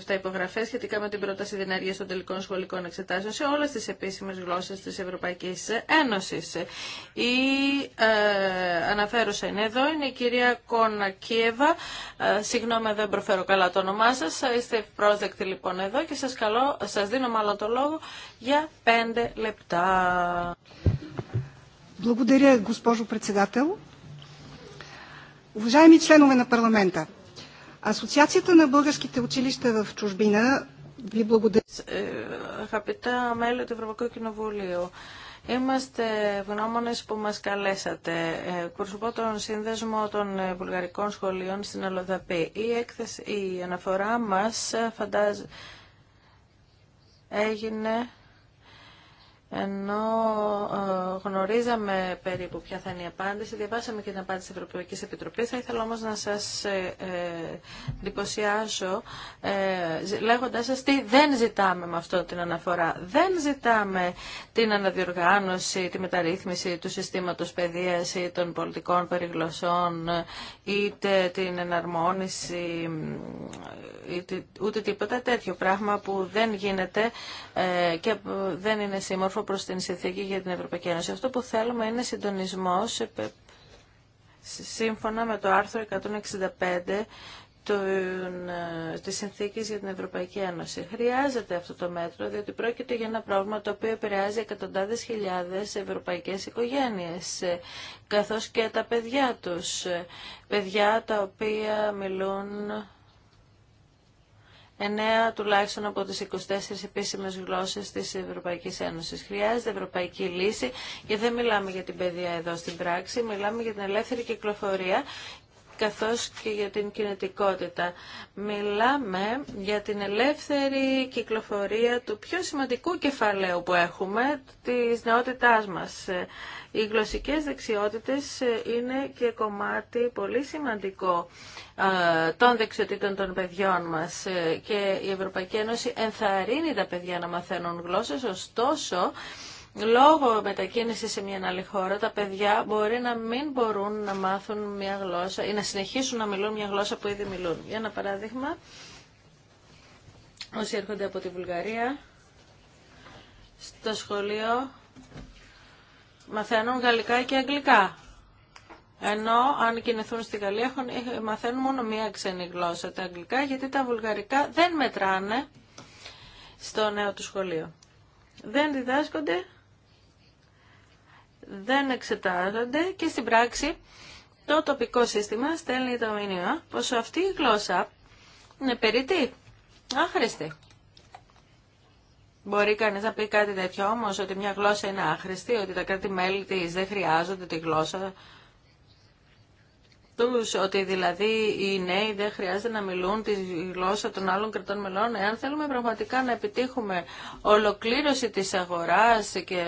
1.707 υπογραφέ σχετικά με την πρόταση διενέργεια των τελικών σχολικών εξετάσεων σε όλε τι επίσημε γλώσσε τη Ευρωπαϊκή Ένωση. Η ε, αναφέρουσα είναι εδώ, είναι η κυρία Κόνα Κίεβα. Ε, συγγνώμη δεν προφέρω καλά το όνομά σα. Είστε πρόσδεκτοι λοιπόν εδώ και σα δίνω μάλλον το λόγο για πέντε λεπτά. Благодаря, госпожо председател. Уважаеми членове на парламента, Асоциацията на българските училища в чужбина ви благодаря. Αγαπητά μέλη του Ευρωπαϊκού Κοινοβουλίου, Είμαστε γνώμονες που μας καλέσατε. Προσωπώ τον σύνδεσμο των βουλγαρικών σχολείων στην Αλοδαπή. Η, έκθεση, η αναφορά μας φαντάζει έγινε ενώ ε, γνωρίζαμε περίπου ποια θα είναι η απάντηση, διαβάσαμε και την απάντηση της Ευρωπαϊκής Επιτροπής, θα ήθελα όμως να σας ε, ε, εντυπωσιάσω λέγοντας σας τι δεν ζητάμε με αυτό την αναφορά. Δεν ζητάμε την αναδιοργάνωση, τη μεταρρύθμιση του συστήματος παιδείας ή των πολιτικών περιγλωσσών, είτε την εναρμόνιση, ούτε τίποτα τέτοιο πράγμα που δεν γίνεται και δεν είναι σύμμορφο Προ την συνθήκη για την Ευρωπαϊκή Ένωση. Αυτό που θέλουμε είναι συντονισμός ε, σύμφωνα με το άρθρο 165 τη συνθήκη για την Ευρωπαϊκή Ένωση. Χρειάζεται αυτό το μέτρο, διότι πρόκειται για ένα πρόβλημα το οποίο επηρεάζει εκατοντάδε χιλιάδε ευρωπαϊκέ οικογένειε, ε, καθώ και τα παιδιά του. Ε, παιδιά τα οποία μιλούν εννέα τουλάχιστον από τις 24 επίσημες γλώσσες της Ευρωπαϊκής Ένωσης. Χρειάζεται ευρωπαϊκή λύση και δεν μιλάμε για την παιδεία εδώ στην πράξη, μιλάμε για την ελεύθερη κυκλοφορία καθώς και για την κινητικότητα. Μιλάμε για την ελεύθερη κυκλοφορία του πιο σημαντικού κεφαλαίου που έχουμε, της νεότητάς μας. Οι γλωσσικές δεξιότητες είναι και κομμάτι πολύ σημαντικό ε, των δεξιοτήτων των παιδιών μας ε, και η Ευρωπαϊκή Ένωση ενθαρρύνει τα παιδιά να μαθαίνουν γλώσσες, ωστόσο λόγω μετακίνηση σε μια άλλη χώρα, τα παιδιά μπορεί να μην μπορούν να μάθουν μια γλώσσα ή να συνεχίσουν να μιλούν μια γλώσσα που ήδη μιλούν. Για ένα παράδειγμα, όσοι έρχονται από τη Βουλγαρία, στο σχολείο μαθαίνουν γαλλικά και αγγλικά. Ενώ αν κινηθούν στη Γαλλία ε, μαθαίνουν μόνο μία ξένη γλώσσα, τα αγγλικά, γιατί τα βουλγαρικά δεν μετράνε στο νέο του σχολείο. Δεν διδάσκονται δεν εξετάζονται και στην πράξη το τοπικό σύστημα στέλνει το μήνυμα πως αυτή η γλώσσα είναι περίτη, άχρηστη. Μπορεί κανεί να πει κάτι τέτοιο όμω, ότι μια γλώσσα είναι άχρηστη, ότι τα κράτη-μέλη τη δεν χρειάζονται τη γλώσσα του ότι δηλαδή οι νέοι δεν χρειάζεται να μιλούν τη γλώσσα των άλλων κρατών μελών. Εάν θέλουμε πραγματικά να επιτύχουμε ολοκλήρωση της αγοράς και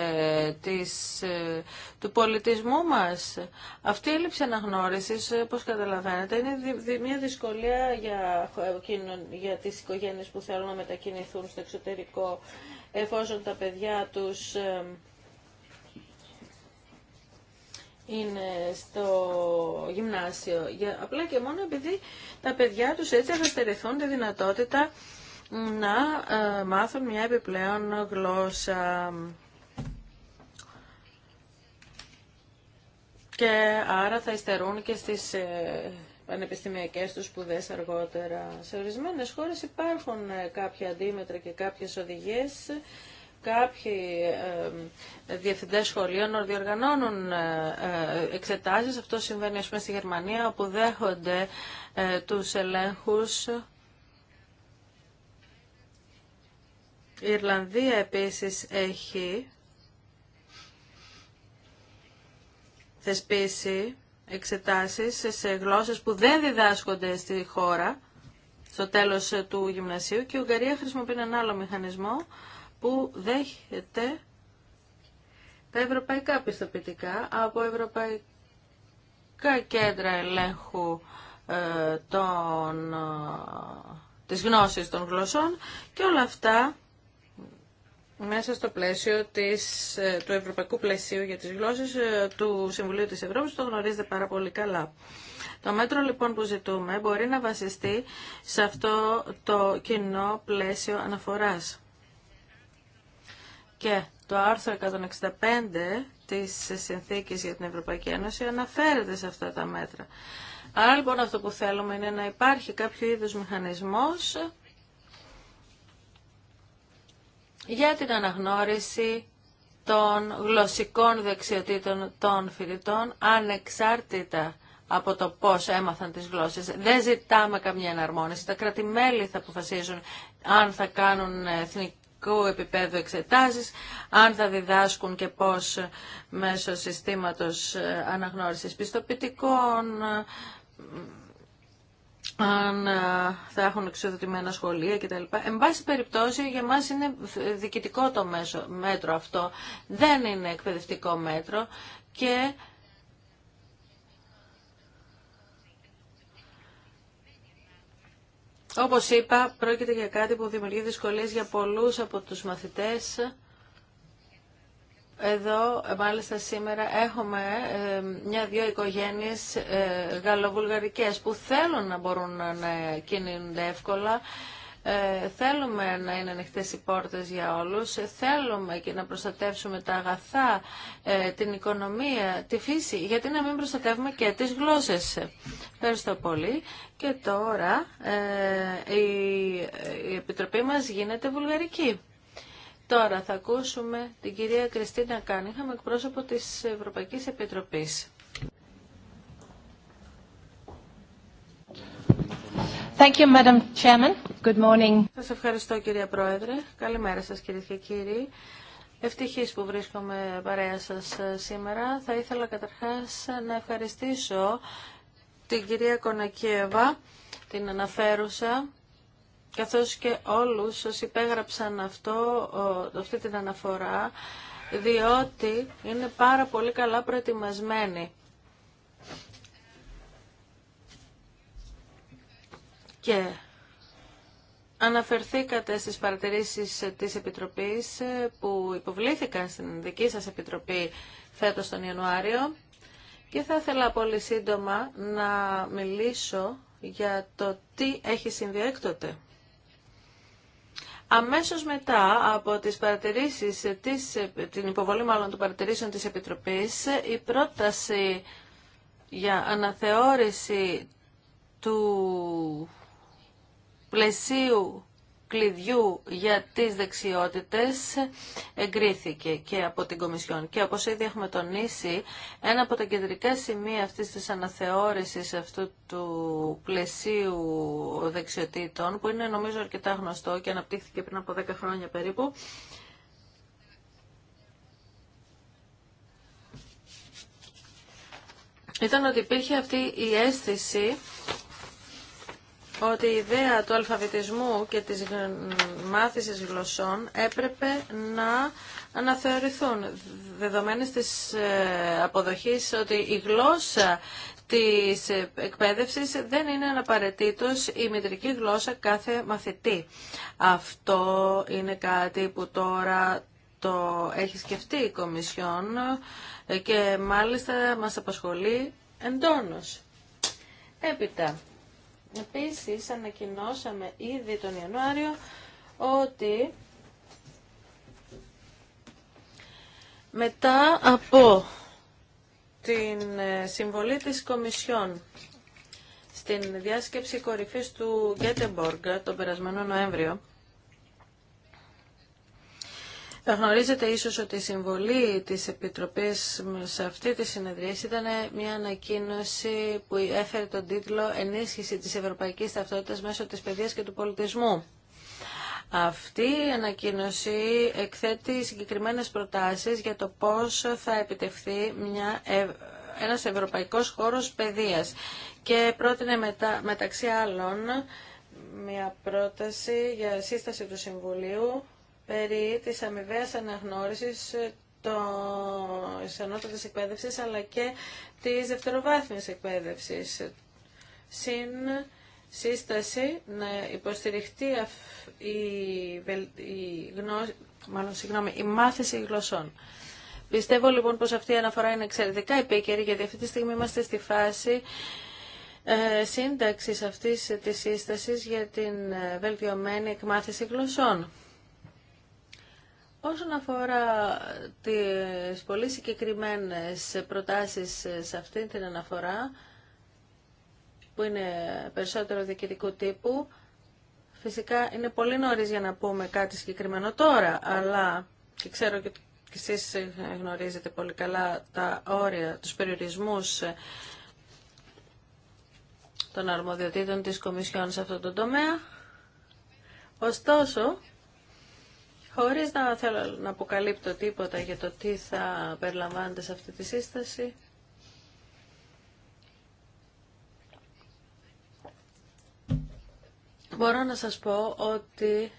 της, ε, του πολιτισμού μας, αυτή η έλλειψη αναγνώρισης, ε, όπως καταλαβαίνετε, είναι μια δυσκολία για, ε, για τις οικογένειες που θέλουν να μετακινηθούν στο εξωτερικό, εφόσον τα παιδιά τους είναι στο γυμνάσιο. απλά και μόνο επειδή τα παιδιά τους έτσι αγαστερηθούν τη δυνατότητα να ε, μάθουν μια επιπλέον γλώσσα. Και άρα θα υστερούν και στις ε, πανεπιστημιακές τους σπουδές αργότερα. Σε ορισμένες χώρες υπάρχουν ε, κάποια αντίμετρα και κάποιες οδηγίες κάποιοι ε, ε, διευθυντέ σχολείων διοργανώνουν ε, εξετάσει. Αυτό συμβαίνει, α πούμε, στη Γερμανία, όπου δέχονται του ελέγχους Η Ιρλανδία επίσης έχει θεσπίσει εξετάσεις σε γλώσσες που δεν διδάσκονται στη χώρα στο τέλος του γυμνασίου και η Ουγγαρία χρησιμοποιεί έναν άλλο μηχανισμό που δέχεται τα ευρωπαϊκά πιστοποιητικά από ευρωπαϊκά κέντρα ελέγχου ε, των, ε, της γνώσης των γλωσσών και όλα αυτά μέσα στο πλαίσιο της, ε, του Ευρωπαϊκού Πλαισίου για τις Γλώσσες ε, του Συμβουλίου της Ευρώπης, το γνωρίζετε πάρα πολύ καλά. Το μέτρο λοιπόν που ζητούμε μπορεί να βασιστεί σε αυτό το κοινό πλαίσιο αναφοράς και το άρθρο 165 της Συνθήκης για την Ευρωπαϊκή Ένωση αναφέρεται σε αυτά τα μέτρα. Άρα λοιπόν αυτό που θέλουμε είναι να υπάρχει κάποιο είδους μηχανισμός για την αναγνώριση των γλωσσικών δεξιοτήτων των φοιτητών ανεξάρτητα από το πώς έμαθαν τις γλώσσες. Δεν ζητάμε καμία εναρμόνιση. Τα κρατημέλη θα αποφασίζουν αν θα κάνουν ευρωπαϊκού επίπεδου εξετάσεις, αν θα διδάσκουν και πώς μέσω συστήματος αναγνώρισης πιστοποιητικών, αν θα έχουν εξοδοτημένα σχολεία κτλ. Εν πάση περιπτώσει για μας είναι διοικητικό το μέσο, μέτρο αυτό, δεν είναι εκπαιδευτικό μέτρο και Όπως είπα, πρόκειται για κάτι που δημιουργεί δυσκολίες για πολλούς από τους μαθητές. Εδώ, μάλιστα σήμερα, έχουμε ε, μια-δυο οικογένειες ε, γαλλοβουλγαρικές που θέλουν να μπορούν να κινούνται εύκολα, ε, θέλουμε να είναι ανοιχτέ οι πόρτες για όλους, ε, θέλουμε και να προστατεύσουμε τα αγαθά, ε, την οικονομία, τη φύση, γιατί να μην προστατεύουμε και τις γλώσσες. Ευχαριστώ πολύ. Και τώρα η, η Επιτροπή μας γίνεται βουλγαρική. Τώρα θα ακούσουμε την κυρία Κριστίνα Κάνιχα, εκπρόσωπο της Ευρωπαϊκής Επιτροπής. Thank you, Madam Chairman. Good Σας ευχαριστώ κυρία Πρόεδρε. Καλημέρα σας κυρίε και κύριοι. Ευτυχής που βρίσκομαι παρέα σας ε, σήμερα. Θα ήθελα καταρχάς να ευχαριστήσω την κυρία Κονακίεβα, την αναφέρουσα, καθώς και όλους όσοι υπέγραψαν αυτό, αυτή την αναφορά, διότι είναι πάρα πολύ καλά προετοιμασμένη. Και Αναφερθήκατε στις παρατηρήσεις της Επιτροπής ε, που υποβλήθηκαν στην δική σας Επιτροπή φέτος τον Ιανουάριο και θα ήθελα πολύ σύντομα να μιλήσω για το τι έχει συμβεί έκτοτε. Αμέσως μετά από τις παρατηρήσεις, της, την υποβολή μάλλον των παρατηρήσεων της Επιτροπής, η πρόταση για αναθεώρηση του πλαισίου κλειδιού για τις δεξιότητες εγκρίθηκε και από την Κομισιόν. Και όπως ήδη έχουμε τονίσει, ένα από τα κεντρικά σημεία αυτής της αναθεώρησης αυτού του πλαισίου δεξιοτήτων, που είναι νομίζω αρκετά γνωστό και αναπτύχθηκε πριν από 10 χρόνια περίπου, ήταν ότι υπήρχε αυτή η αίσθηση ότι η ιδέα του αλφαβητισμού και της μάθησης γλωσσών έπρεπε να αναθεωρηθούν δεδομένες της ε, αποδοχής ότι η γλώσσα της εκπαίδευσης δεν είναι αναπαραίτητος η μητρική γλώσσα κάθε μαθητή. Αυτό είναι κάτι που τώρα το έχει σκεφτεί η Κομισιόν ε, και μάλιστα μας απασχολεί εντόνως. Έπειτα, Επίσης ανακοινώσαμε ήδη τον Ιανουάριο ότι μετά από την ε, συμβολή της Κομισιόν στην διάσκεψη κορυφής του Γκέτεμποργκ τον περασμένο Νοέμβριο θα γνωρίζετε ίσως ότι η συμβολή της Επιτροπής σε αυτή τη συνεδρία ήταν μια ανακοίνωση που έφερε τον τίτλο «Ενίσχυση της Ευρωπαϊκής Ταυτότητας μέσω της παιδείας και του πολιτισμού». Αυτή η ανακοίνωση εκθέτει συγκεκριμένες προτάσεις για το πώς θα επιτευχθεί μια ένας ευρωπαϊκός χώρος παιδείας και πρότεινε μετα, μεταξύ άλλων μια πρόταση για σύσταση του Συμβουλίου περί της αμοιβαίας αναγνώρισης ε, της ανώτατης εκπαίδευσης αλλά και της δευτεροβάθμιας εκπαίδευσης. Συν σύσταση να υποστηριχτεί η, η, γνώση, μάλλον, η μάθηση γλωσσών. Πιστεύω λοιπόν πως αυτή η αναφορά είναι εξαιρετικά επίκαιρη γιατί αυτή τη στιγμή είμαστε στη φάση ε, σύνταξης αυτής της σύστασης για την ε, βελτιωμένη εκμάθηση γλωσσών. Όσον αφορά τις πολύ συγκεκριμένες προτάσεις σε αυτή την αναφορά, που είναι περισσότερο διοικητικού τύπου, φυσικά είναι πολύ νωρίς για να πούμε κάτι συγκεκριμένο τώρα, αλλά και ξέρω και εσείς γνωρίζετε πολύ καλά τα όρια, τους περιορισμούς των αρμοδιοτήτων της Κομισιόν σε αυτό το τομέα. Ωστόσο, Χωρίς να θέλω να αποκαλύπτω τίποτα για το τι θα περιλαμβάνεται σε αυτή τη σύσταση, μπορώ να σας πω ότι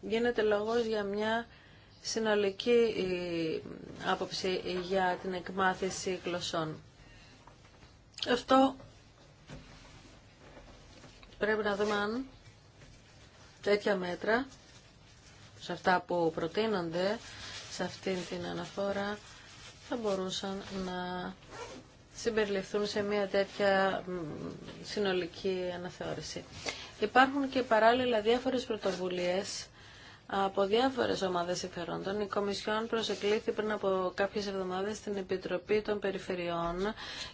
γίνεται λόγος για μια συνολική ε, άποψη για την εκμάθηση γλωσσών. Αυτό πρέπει να δούμε αν τέτοια μέτρα σε αυτά που προτείνονται σε αυτήν την αναφορά θα μπορούσαν να συμπεριληφθούν σε μια τέτοια συνολική αναθεώρηση. Υπάρχουν και παράλληλα διάφορες πρωτοβουλίες από διάφορες ομάδες συμφερόντων. Η Κομισιόν προσεκλήθη πριν από κάποιες εβδομάδες στην Επιτροπή των Περιφερειών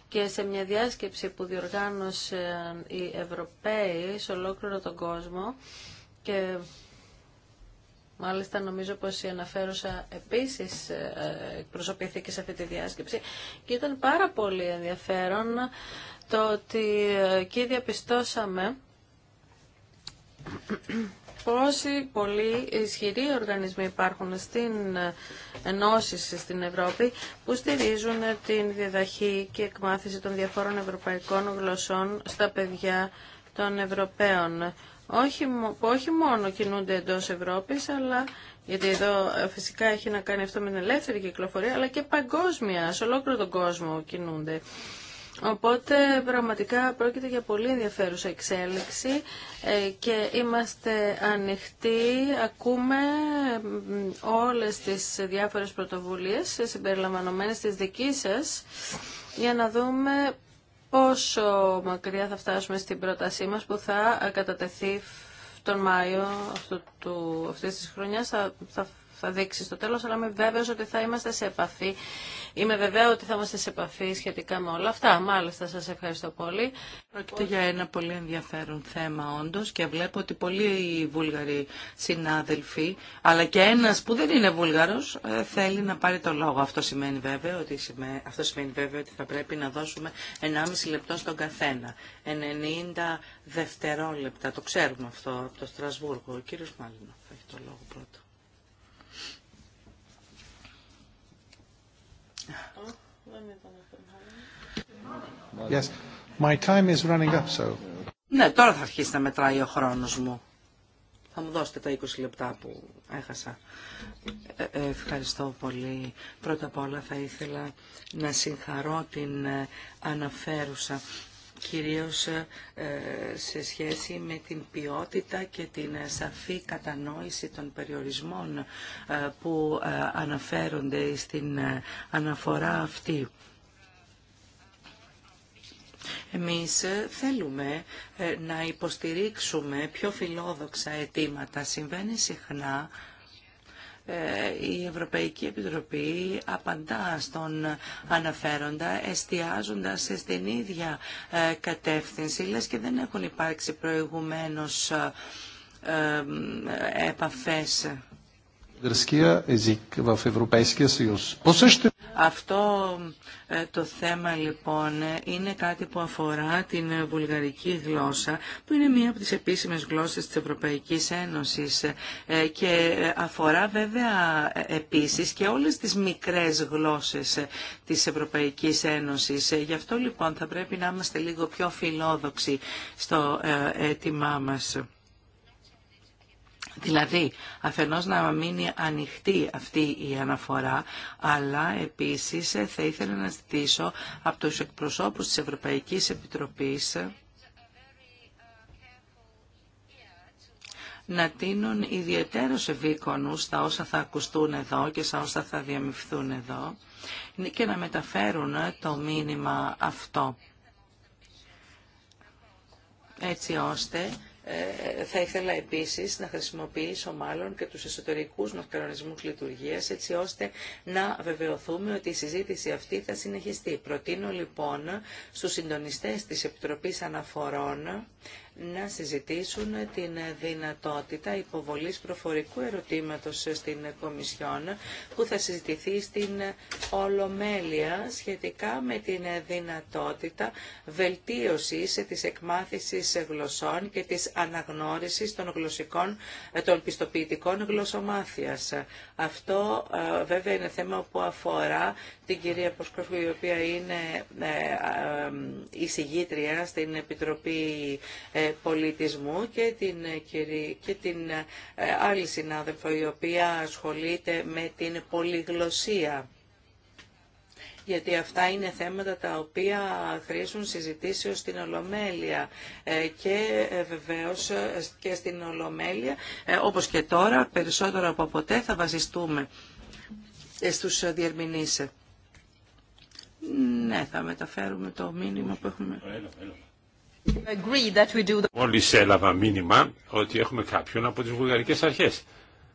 και σε μια διάσκεψη που διοργάνωσαν οι Ευρωπαίοι σε ολόκληρο τον κόσμο και Μάλιστα νομίζω πως η αναφέρουσα επίσης ε, εκπροσωπήθηκε σε αυτή τη διάσκεψη και ήταν πάρα πολύ ενδιαφέρον το ότι ε, εκεί διαπιστώσαμε πόσοι πολύ ισχυροί οργανισμοί υπάρχουν στην ε, Ενώση, στην Ευρώπη που στηρίζουν την διδαχή και εκμάθηση των διαφόρων ευρωπαϊκών γλωσσών στα παιδιά των Ευρωπαίων όχι, που όχι μόνο κινούνται εντός Ευρώπη, αλλά γιατί εδώ ε, φυσικά έχει να κάνει αυτό με την ελεύθερη κυκλοφορία, αλλά και παγκόσμια, σε ολόκληρο τον κόσμο κινούνται. Οπότε πραγματικά πρόκειται για πολύ ενδιαφέρουσα εξέλιξη ε, και είμαστε ανοιχτοί, ακούμε όλες τις διάφορες πρωτοβουλίες συμπεριλαμβανομένες της δικής σας για να δούμε πόσο μακριά θα φτάσουμε στην πρότασή μας που θα κατατεθεί τον Μάιο αυτού του, αυτής της χρονιάς θα, θα θα δείξει στο τέλος, αλλά είμαι βέβαιος ότι θα είμαστε σε επαφή. Είμαι βεβαίω ότι θα είμαστε σε επαφή σχετικά με όλα αυτά. Μάλιστα, σας ευχαριστώ πολύ. Πρόκειται για ένα πολύ ενδιαφέρον θέμα όντως και βλέπω ότι πολλοί Βούλγαροι συνάδελφοι, αλλά και ένας που δεν είναι Βούλγαρος, ε, θέλει να πάρει το λόγο. Αυτό σημαίνει βέβαια ότι, αυτό σημαίνει βέβαια ότι θα πρέπει να δώσουμε 1,5 λεπτό στον καθένα. 90 δευτερόλεπτα, το ξέρουμε αυτό από το Στρασβούργο. Ο κύριος Μάλινο θα έχει το λόγο πρώτο. Yes. My time is running up, so... Ναι, τώρα θα αρχίσει να μετράει ο χρόνος μου. Θα μου δώσετε τα 20 λεπτά που έχασα. Ε, ε, ευχαριστώ πολύ. Πρώτα απ' όλα θα ήθελα να συγχαρώ την ε, αναφέρουσα κυρίως ε, ε, σε σχέση με την ποιότητα και την ε, σαφή κατανόηση των περιορισμών που αναφέρονται στην αναφορά αυτή. Εμείς θέλουμε να υποστηρίξουμε πιο φιλόδοξα αιτήματα. Συμβαίνει συχνά ε, η Ευρωπαϊκή Επιτροπή απαντά στον αναφέροντα εστιάζοντας στην ίδια ε, κατεύθυνση, λες και δεν έχουν υπάρξει προηγουμένως ε, επαφές αυτό το θέμα λοιπόν είναι κάτι που αφορά την βουλγαρική γλώσσα που είναι μία από τις επίσημες γλώσσες της Ευρωπαϊκής Ένωσης ε, ε, και ε, αφορά βέβαια επίσης και όλες τις μικρές γλώσσες της Ευρωπαϊκής Ένωσης. Γι' αυτό λοιπόν θα πρέπει να είμαστε λίγο πιο φιλόδοξοι στο αίτημά μας. Δηλαδή, αφενός να μείνει ανοιχτή αυτή η αναφορά, αλλά επίσης θα ήθελα να ζητήσω από τους εκπροσώπους της Ευρωπαϊκής Επιτροπής να τίνουν ιδιαίτερο ευήκονους στα όσα θα ακουστούν εδώ και στα όσα θα διαμειφθούν εδώ και να μεταφέρουν το μήνυμα αυτό. Έτσι ώστε ε, θα ήθελα επίσης να χρησιμοποιήσω μάλλον και τους εσωτερικούς μας κανονισμού λειτουργίας έτσι ώστε να βεβαιωθούμε ότι η συζήτηση αυτή θα συνεχιστεί. Προτείνω λοιπόν στους συντονιστές της Επιτροπής Αναφορών να συζητήσουν την δυνατότητα υποβολής προφορικού ερωτήματος στην Κομισιόν που θα συζητηθεί στην Ολομέλεια σχετικά με την δυνατότητα βελτίωσης της εκμάθησης γλωσσών και της αναγνώρισης των, γλωσσικών, των πιστοποιητικών γλωσσομάθειας. Αυτό ε, βέβαια είναι θέμα που αφορά την κυρία Ποσκόφη, η οποία είναι εισηγήτρια ε, ε, στην Επιτροπή πολιτισμού και την, ε, και την ε, άλλη συνάδελφο η οποία ασχολείται με την πολυγλωσία γιατί αυτά είναι θέματα τα οποία χρήσουν συζητήσεως στην Ολομέλεια ε, και βεβαίως και στην Ολομέλεια όπως και τώρα περισσότερο από ποτέ θα βασιστούμε στους διερμηνείς. Ναι, θα μεταφέρουμε το μήνυμα που έχουμε. Μόλις έλαβα μήνυμα ότι έχουμε κάποιον από τις βουλγαρικές αρχές.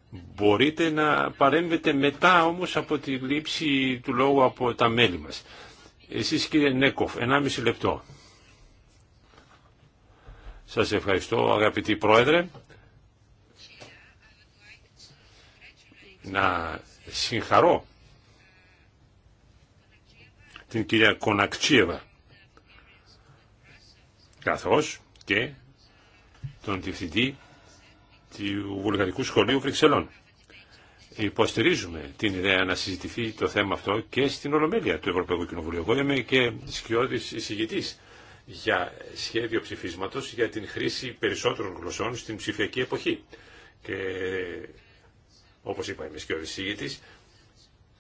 Μπορείτε να παρέμβετε μετά όμως από τη λήψη του λόγου από τα μέλη μας. Εσείς κύριε Νέκοφ, 1,5 λεπτό. Σας ευχαριστώ αγαπητή Πρόεδρε. Να συγχαρώ την κυρία Κονακτσίεβα καθώς και τον Διευθυντή του Βουλγαρικού Σχολείου Βρυξελών. Υποστηρίζουμε την ιδέα να συζητηθεί το θέμα αυτό και στην Ολομέλεια του Ευρωπαϊκού Κοινοβουλίου. Εγώ είμαι και σκιώδης εισηγητής για σχέδιο ψηφίσματος για την χρήση περισσότερων γλωσσών στην ψηφιακή εποχή. Και όπως είπα είμαι σκιώδης εισηγητής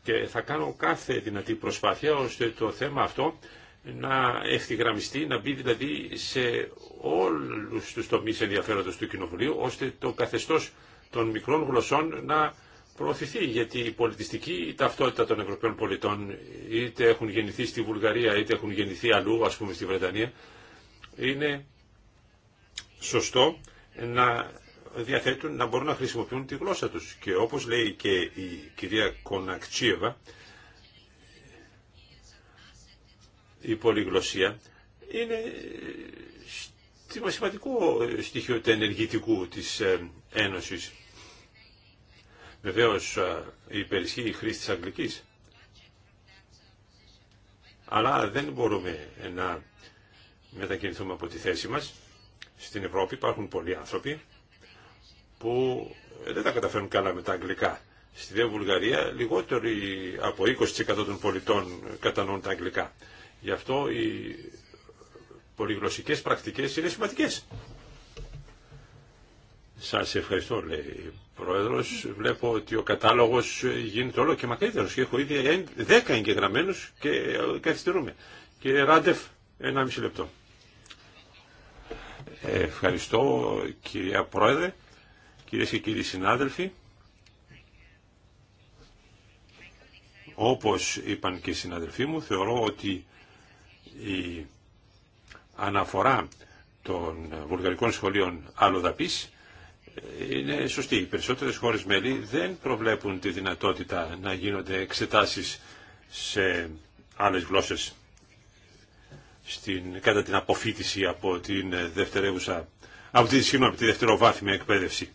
και θα κάνω κάθε δυνατή προσπάθεια ώστε το θέμα αυτό να ευθυγραμμιστεί, να μπει δηλαδή σε όλους τους τομείς ενδιαφέροντος του Κοινοβουλίου, ώστε το καθεστώς των μικρών γλωσσών να προωθηθεί, γιατί η πολιτιστική ταυτότητα των Ευρωπαίων πολιτών, είτε έχουν γεννηθεί στη Βουλγαρία, είτε έχουν γεννηθεί αλλού, ας πούμε στη Βρετανία, είναι σωστό να διαθέτουν, να μπορούν να χρησιμοποιούν τη γλώσσα τους. Και όπως λέει και η κυρία Κονακτσίεβα, η πολυγλωσία είναι σημαντικό στοιχείο του ενεργητικού της ε, Ένωσης. Βεβαίως ε, υπερισχύει η χρήση της Αγγλικής. Αλλά δεν μπορούμε να μετακινηθούμε από τη θέση μας. Στην Ευρώπη υπάρχουν πολλοί άνθρωποι που δεν τα καταφέρουν καλά με τα αγγλικά. Στη Βουλγαρία λιγότεροι από 20% των πολιτών κατανοούν τα αγγλικά. Γι' αυτό οι πολυγλωσσικές πρακτικές είναι σημαντικές. Σας ευχαριστώ, λέει Πρόεδρος. Βλέπω ότι ο κατάλογος γίνεται όλο και μακρύτερος και έχω ήδη 10 εγγεγραμμένους και καθυστερούμε. Κύριε Ράντεφ, ένα μισή λεπτό. Ευχαριστώ κυρία Πρόεδρε, κυρίες και κύριοι συνάδελφοι. Όπως είπαν και οι συναδελφοί μου, θεωρώ ότι η αναφορά των βουλγαρικών σχολείων Αλλοδαπής ε, είναι σωστή. Οι περισσότερες χώρες μέλη δεν προβλέπουν τη δυνατότητα να γίνονται εξετάσεις σε άλλες γλώσσες στην, κατά την αποφύτιση από την δευτερεύουσα από τη, από τη δευτεροβάθμια εκπαίδευση.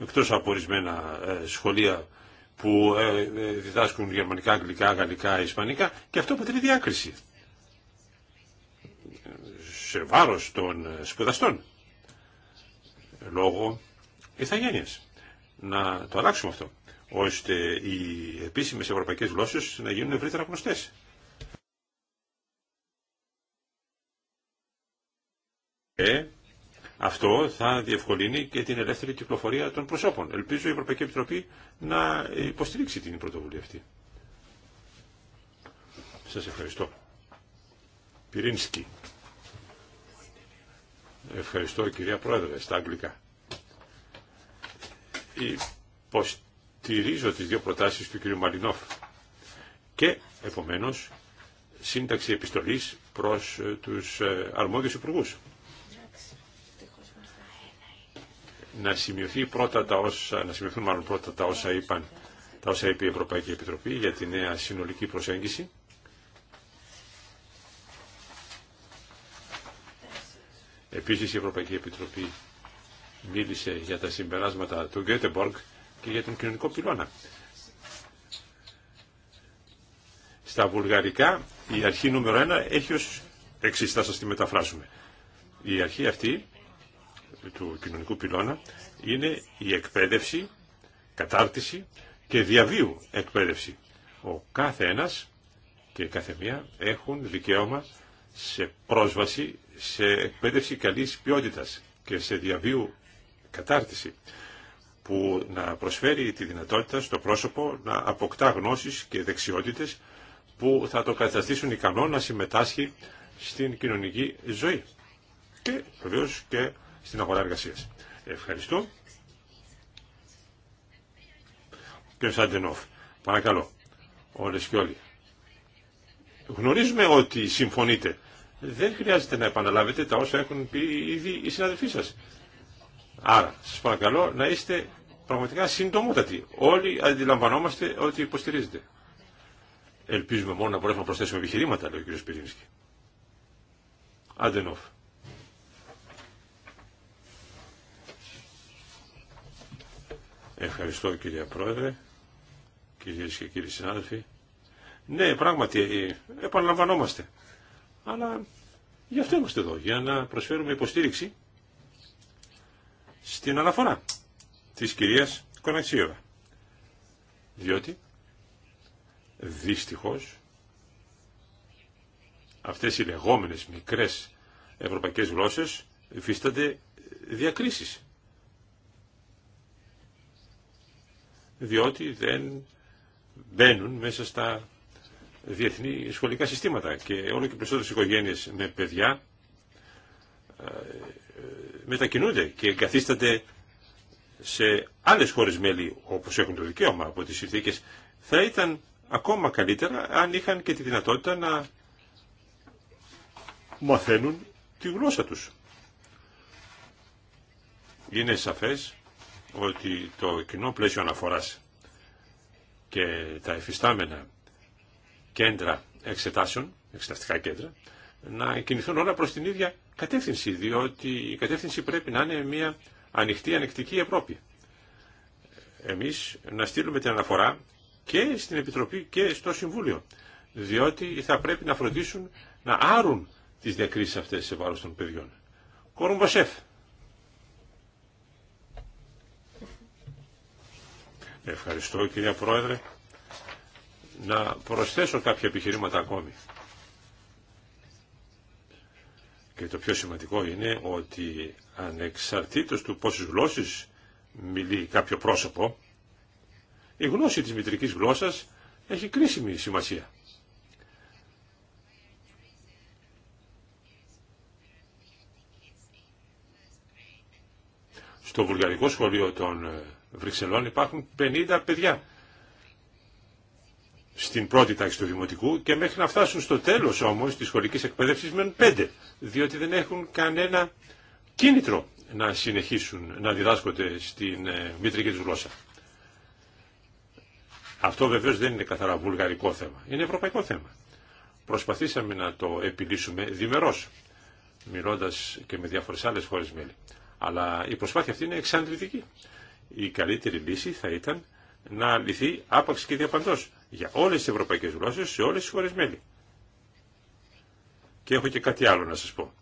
Εκτός από ορισμένα ε, σχολεία που ε, ε, διδάσκουν γερμανικά, αγγλικά, γαλλικά, ισπανικά και αυτό αποτελεί διάκριση σε βάρος των σπουδαστών λόγω ηθαγένειας. Να το αλλάξουμε αυτό, ώστε οι επίσημες ευρωπαϊκές γλώσσες να γίνουν ευρύτερα γνωστές. Και ε, αυτό θα διευκολύνει και την ελεύθερη κυκλοφορία των προσώπων. Ελπίζω η Ευρωπαϊκή Επιτροπή να υποστηρίξει την πρωτοβουλία αυτή. Σας ευχαριστώ. Πυρίνσκι. Ευχαριστώ κυρία Πρόεδρε στα αγγλικά. Υποστηρίζω τις δύο προτάσεις του κυρίου Μαλινόφ και επομένως σύνταξη επιστολής προς ε, τους ε, αρμόδιους υπουργούς. να σημειωθεί πρώτα τα όσα, να σημειωθούν μάλλον πρώτα τα όσα είπαν τα όσα είπε η Ευρωπαϊκή Επιτροπή για τη νέα συνολική προσέγγιση. Επίσης η Ευρωπαϊκή Επιτροπή μίλησε για τα συμπεράσματα του Γκέτεμποργκ και για τον κοινωνικό πυλώνα. Στα βουλγαρικά η αρχή νούμερο 1 έχει ως εξής, θα σας τη μεταφράσουμε. Η αρχή αυτή του κοινωνικού πυλώνα είναι η εκπαίδευση, κατάρτιση και διαβίου εκπαίδευση. Ο κάθε ένας και η κάθε μία έχουν δικαίωμα σε πρόσβαση σε εκπαίδευση καλής ποιότητας και σε διαβίου κατάρτιση που να προσφέρει τη δυνατότητα στο πρόσωπο να αποκτά γνώσεις και δεξιότητες που θα το καταστήσουν ικανό να συμμετάσχει στην κοινωνική ζωή. Και βεβαίω και στην αγορά εργασία. Ευχαριστώ. Κύριε Σαντενόφ, παρακαλώ, όλες και όλοι. Γνωρίζουμε ότι συμφωνείτε. Δεν χρειάζεται να επαναλάβετε τα όσα έχουν πει ήδη οι συναδελφοί σας. Άρα, σα παρακαλώ να είστε πραγματικά συντομότατοι. Όλοι αντιλαμβανόμαστε ότι υποστηρίζετε. Ελπίζουμε μόνο να μπορέσουμε να προσθέσουμε επιχειρήματα, λέει ο κ. Σπυρίνσκι. Αντενόφ. Ευχαριστώ κυρία Πρόεδρε, κυρίες και κύριοι συνάδελφοι. Ναι, πράγματι, ε, επαναλαμβανόμαστε. Αλλά γι' αυτό είμαστε εδώ, για να προσφέρουμε υποστήριξη στην αναφορά της κυρίας Κοναξίωρα. Διότι, δυστυχώς, αυτές οι λεγόμενες μικρές ευρωπαϊκές γλώσσες υφίστανται διακρίσεις. διότι δεν μπαίνουν μέσα στα διεθνή σχολικά συστήματα και όλο και περισσότερες οικογένειες με παιδιά ε, ε, μετακινούνται και εγκαθίστανται σε άλλες χώρες μέλη όπως έχουν το δικαίωμα από τις συνθήκες θα ήταν ακόμα καλύτερα αν είχαν και τη δυνατότητα να μαθαίνουν τη γλώσσα τους. Είναι σαφές ότι το κοινό πλαίσιο αναφοράς και τα εφιστάμενα κέντρα εξετάσεων, εξεταστικά κέντρα, να κινηθούν όλα προς την ίδια κατεύθυνση, διότι η κατεύθυνση πρέπει να είναι μια ανοιχτή, ανεκτική Ευρώπη. Εμείς να στείλουμε την αναφορά και στην Επιτροπή και στο Συμβούλιο, διότι θα πρέπει να φροντίσουν να άρουν τις διακρίσεις αυτές σε βάρος των παιδιών. Κορομποσέφ. Ευχαριστώ κυρία Πρόεδρε. Να προσθέσω κάποια επιχειρήματα ακόμη. Και το πιο σημαντικό είναι ότι ανεξαρτήτως του πόσες γλώσσες μιλεί κάποιο πρόσωπο, η γνώση της μητρικής γλώσσας έχει κρίσιμη σημασία. Στο βουλγαρικό σχολείο των Βρυξελών υπάρχουν 50 παιδιά στην πρώτη τάξη του δημοτικού και μέχρι να φτάσουν στο τέλος όμως της σχολικής εκπαίδευσης μένουν 5 διότι δεν έχουν κανένα κίνητρο να συνεχίσουν να διδάσκονται στην ε, μήτρικη τους γλώσσα. Αυτό βεβαίως δεν είναι καθαρά βουλγαρικό θέμα, είναι ευρωπαϊκό θέμα. Προσπαθήσαμε να το επιλύσουμε διμερώς, μιλώντας και με διάφορες άλλες χώρες μέλη. Αλλά η προσπάθεια αυτή είναι εξαντλητική η καλύτερη λύση θα ήταν να λυθεί άπαξ και διαπαντό για όλε τι ευρωπαϊκέ γλώσσε σε όλε τι χώρε μέλη. Και έχω και κάτι άλλο να σα πω.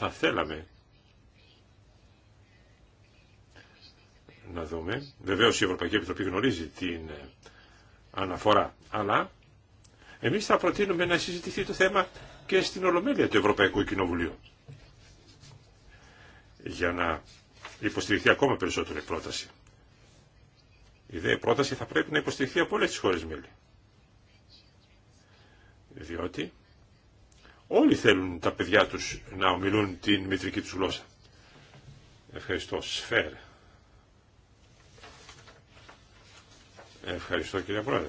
Θα θέλαμε να δούμε, βεβαίω η Ευρωπαϊκή Επιτροπή γνωρίζει την ε, αναφορά, αλλά εμεί θα προτείνουμε να συζητηθεί το θέμα και στην Ολομέλεια του Ευρωπαϊκού Κοινοβουλίου για να υποστηριχθεί ακόμα περισσότερο πρόταση. Η δε πρόταση θα πρέπει να υποστηριχθεί από όλες τις χώρες μέλη. Διότι όλοι θέλουν τα παιδιά τους να ομιλούν την μητρική τους γλώσσα. Ευχαριστώ. Σφέρ. Ευχαριστώ κύριε Πρόεδρε.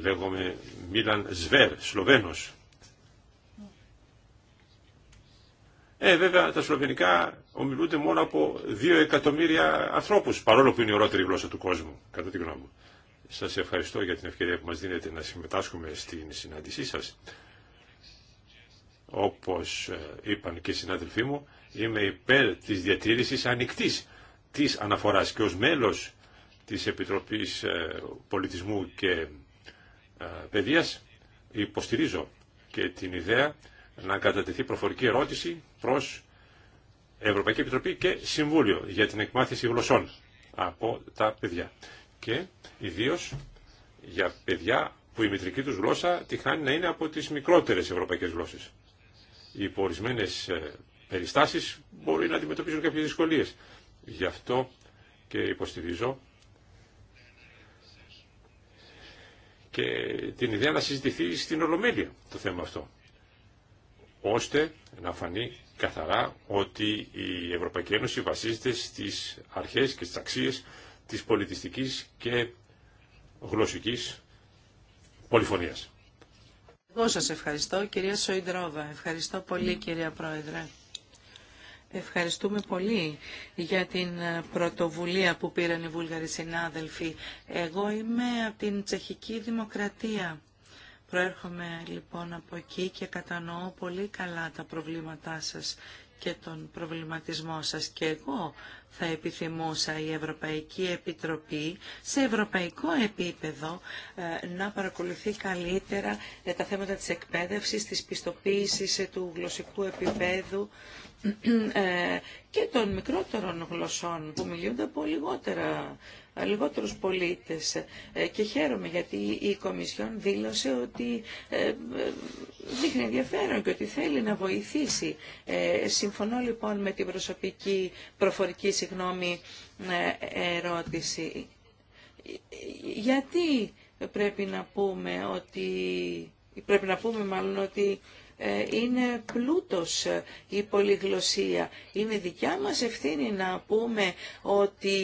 Λέγομαι Μίλαν Σβέρ, Σλοβαίνος. Ε, βέβαια, τα σλοβενικά ομιλούνται μόνο από δύο εκατομμύρια ανθρώπου, παρόλο που είναι η ορότερη γλώσσα του κόσμου, κατά τη γνώμη μου. Σα ευχαριστώ για την ευκαιρία που μα δίνετε να συμμετάσχουμε στην συνάντησή σα. Όπω ε, είπαν και οι συνάδελφοί μου, είμαι υπέρ τη διατήρηση ανοιχτή τη αναφορά και ω μέλο τη Επιτροπή ε, Πολιτισμού και ε, Παιδεία υποστηρίζω και την ιδέα να κατατεθεί προφορική ερώτηση προς Ευρωπαϊκή Επιτροπή και Συμβούλιο για την εκμάθηση γλωσσών από τα παιδιά. Και ιδίω για παιδιά που η μητρική τους γλώσσα τη χάνει να είναι από τις μικρότερες ευρωπαϊκές γλώσσες. Οι ορισμένε ε, περιστάσεις μπορεί να αντιμετωπίζουν κάποιες δυσκολίες. Γι' αυτό και υποστηρίζω και την ιδέα να συζητηθεί στην Ολομέλεια το θέμα αυτό ώστε να φανεί καθαρά ότι η Ευρωπαϊκή Ένωση βασίζεται στις αρχές και στις αξίες της πολιτιστικής και γλωσσικής πολυφωνίας. Εγώ σας ευχαριστώ, κυρία Σοϊντρόβα. Ευχαριστώ πολύ, κυρία Πρόεδρε. Ευχαριστούμε πολύ για την πρωτοβουλία που πήραν οι Βούλγαροι συνάδελφοι. Εγώ είμαι από την Τσεχική Δημοκρατία Προέρχομαι λοιπόν από εκεί και κατανοώ πολύ καλά τα προβλήματά σας και τον προβληματισμό σας και εγώ θα επιθυμούσα η Ευρωπαϊκή Επιτροπή σε ευρωπαϊκό επίπεδο ε, να παρακολουθεί καλύτερα ε, τα θέματα της εκπαίδευσης, της πιστοποίησης ε, του γλωσσικού επίπεδου και των μικρότερων γλωσσών που μιλούνται από λιγότερα ε, λιγότερους πολίτες. Ε, και χαίρομαι γιατί η Κομισιόν δήλωσε ότι ε, δείχνει ενδιαφέρον και ότι θέλει να βοηθήσει. Συμφωνώ λοιπόν με την προσωπική προφορική συγγνώμη ερώτηση. Γιατί πρέπει να πούμε ότι πρέπει να πούμε μάλλον ότι ε, είναι πλούτος ε, η πολυγλωσία. Είναι δικιά μας ευθύνη να πούμε ότι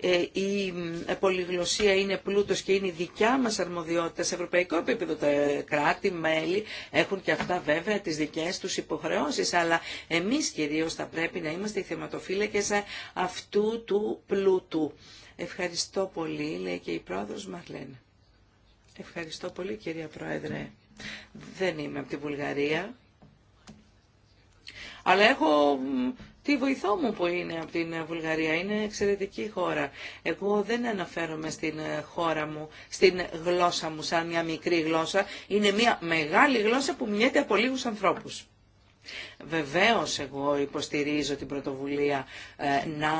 ε, η πολυγλωσία είναι πλούτος και είναι δικιά μας αρμοδιότητα. Σε ευρωπαϊκό επίπεδο τα κράτη, μέλη έχουν και αυτά βέβαια τις δικές τους υποχρεώσεις, αλλά εμείς κυρίως θα πρέπει να είμαστε οι θεματοφύλακες αυτού του πλούτου. Ευχαριστώ πολύ, λέει και η πρόεδρος Μαρλένα. Ευχαριστώ πολύ κυρία Πρόεδρε. Δεν είμαι από τη Βουλγαρία. Αλλά έχω τη βοηθό μου που είναι από την Βουλγαρία. Είναι εξαιρετική χώρα. Εγώ δεν αναφέρομαι στην χώρα μου, στην γλώσσα μου σαν μια μικρή γλώσσα. Είναι μια μεγάλη γλώσσα που μιλιέται από λίγους ανθρώπους. Βεβαίως εγώ υποστηρίζω την πρωτοβουλία ε, να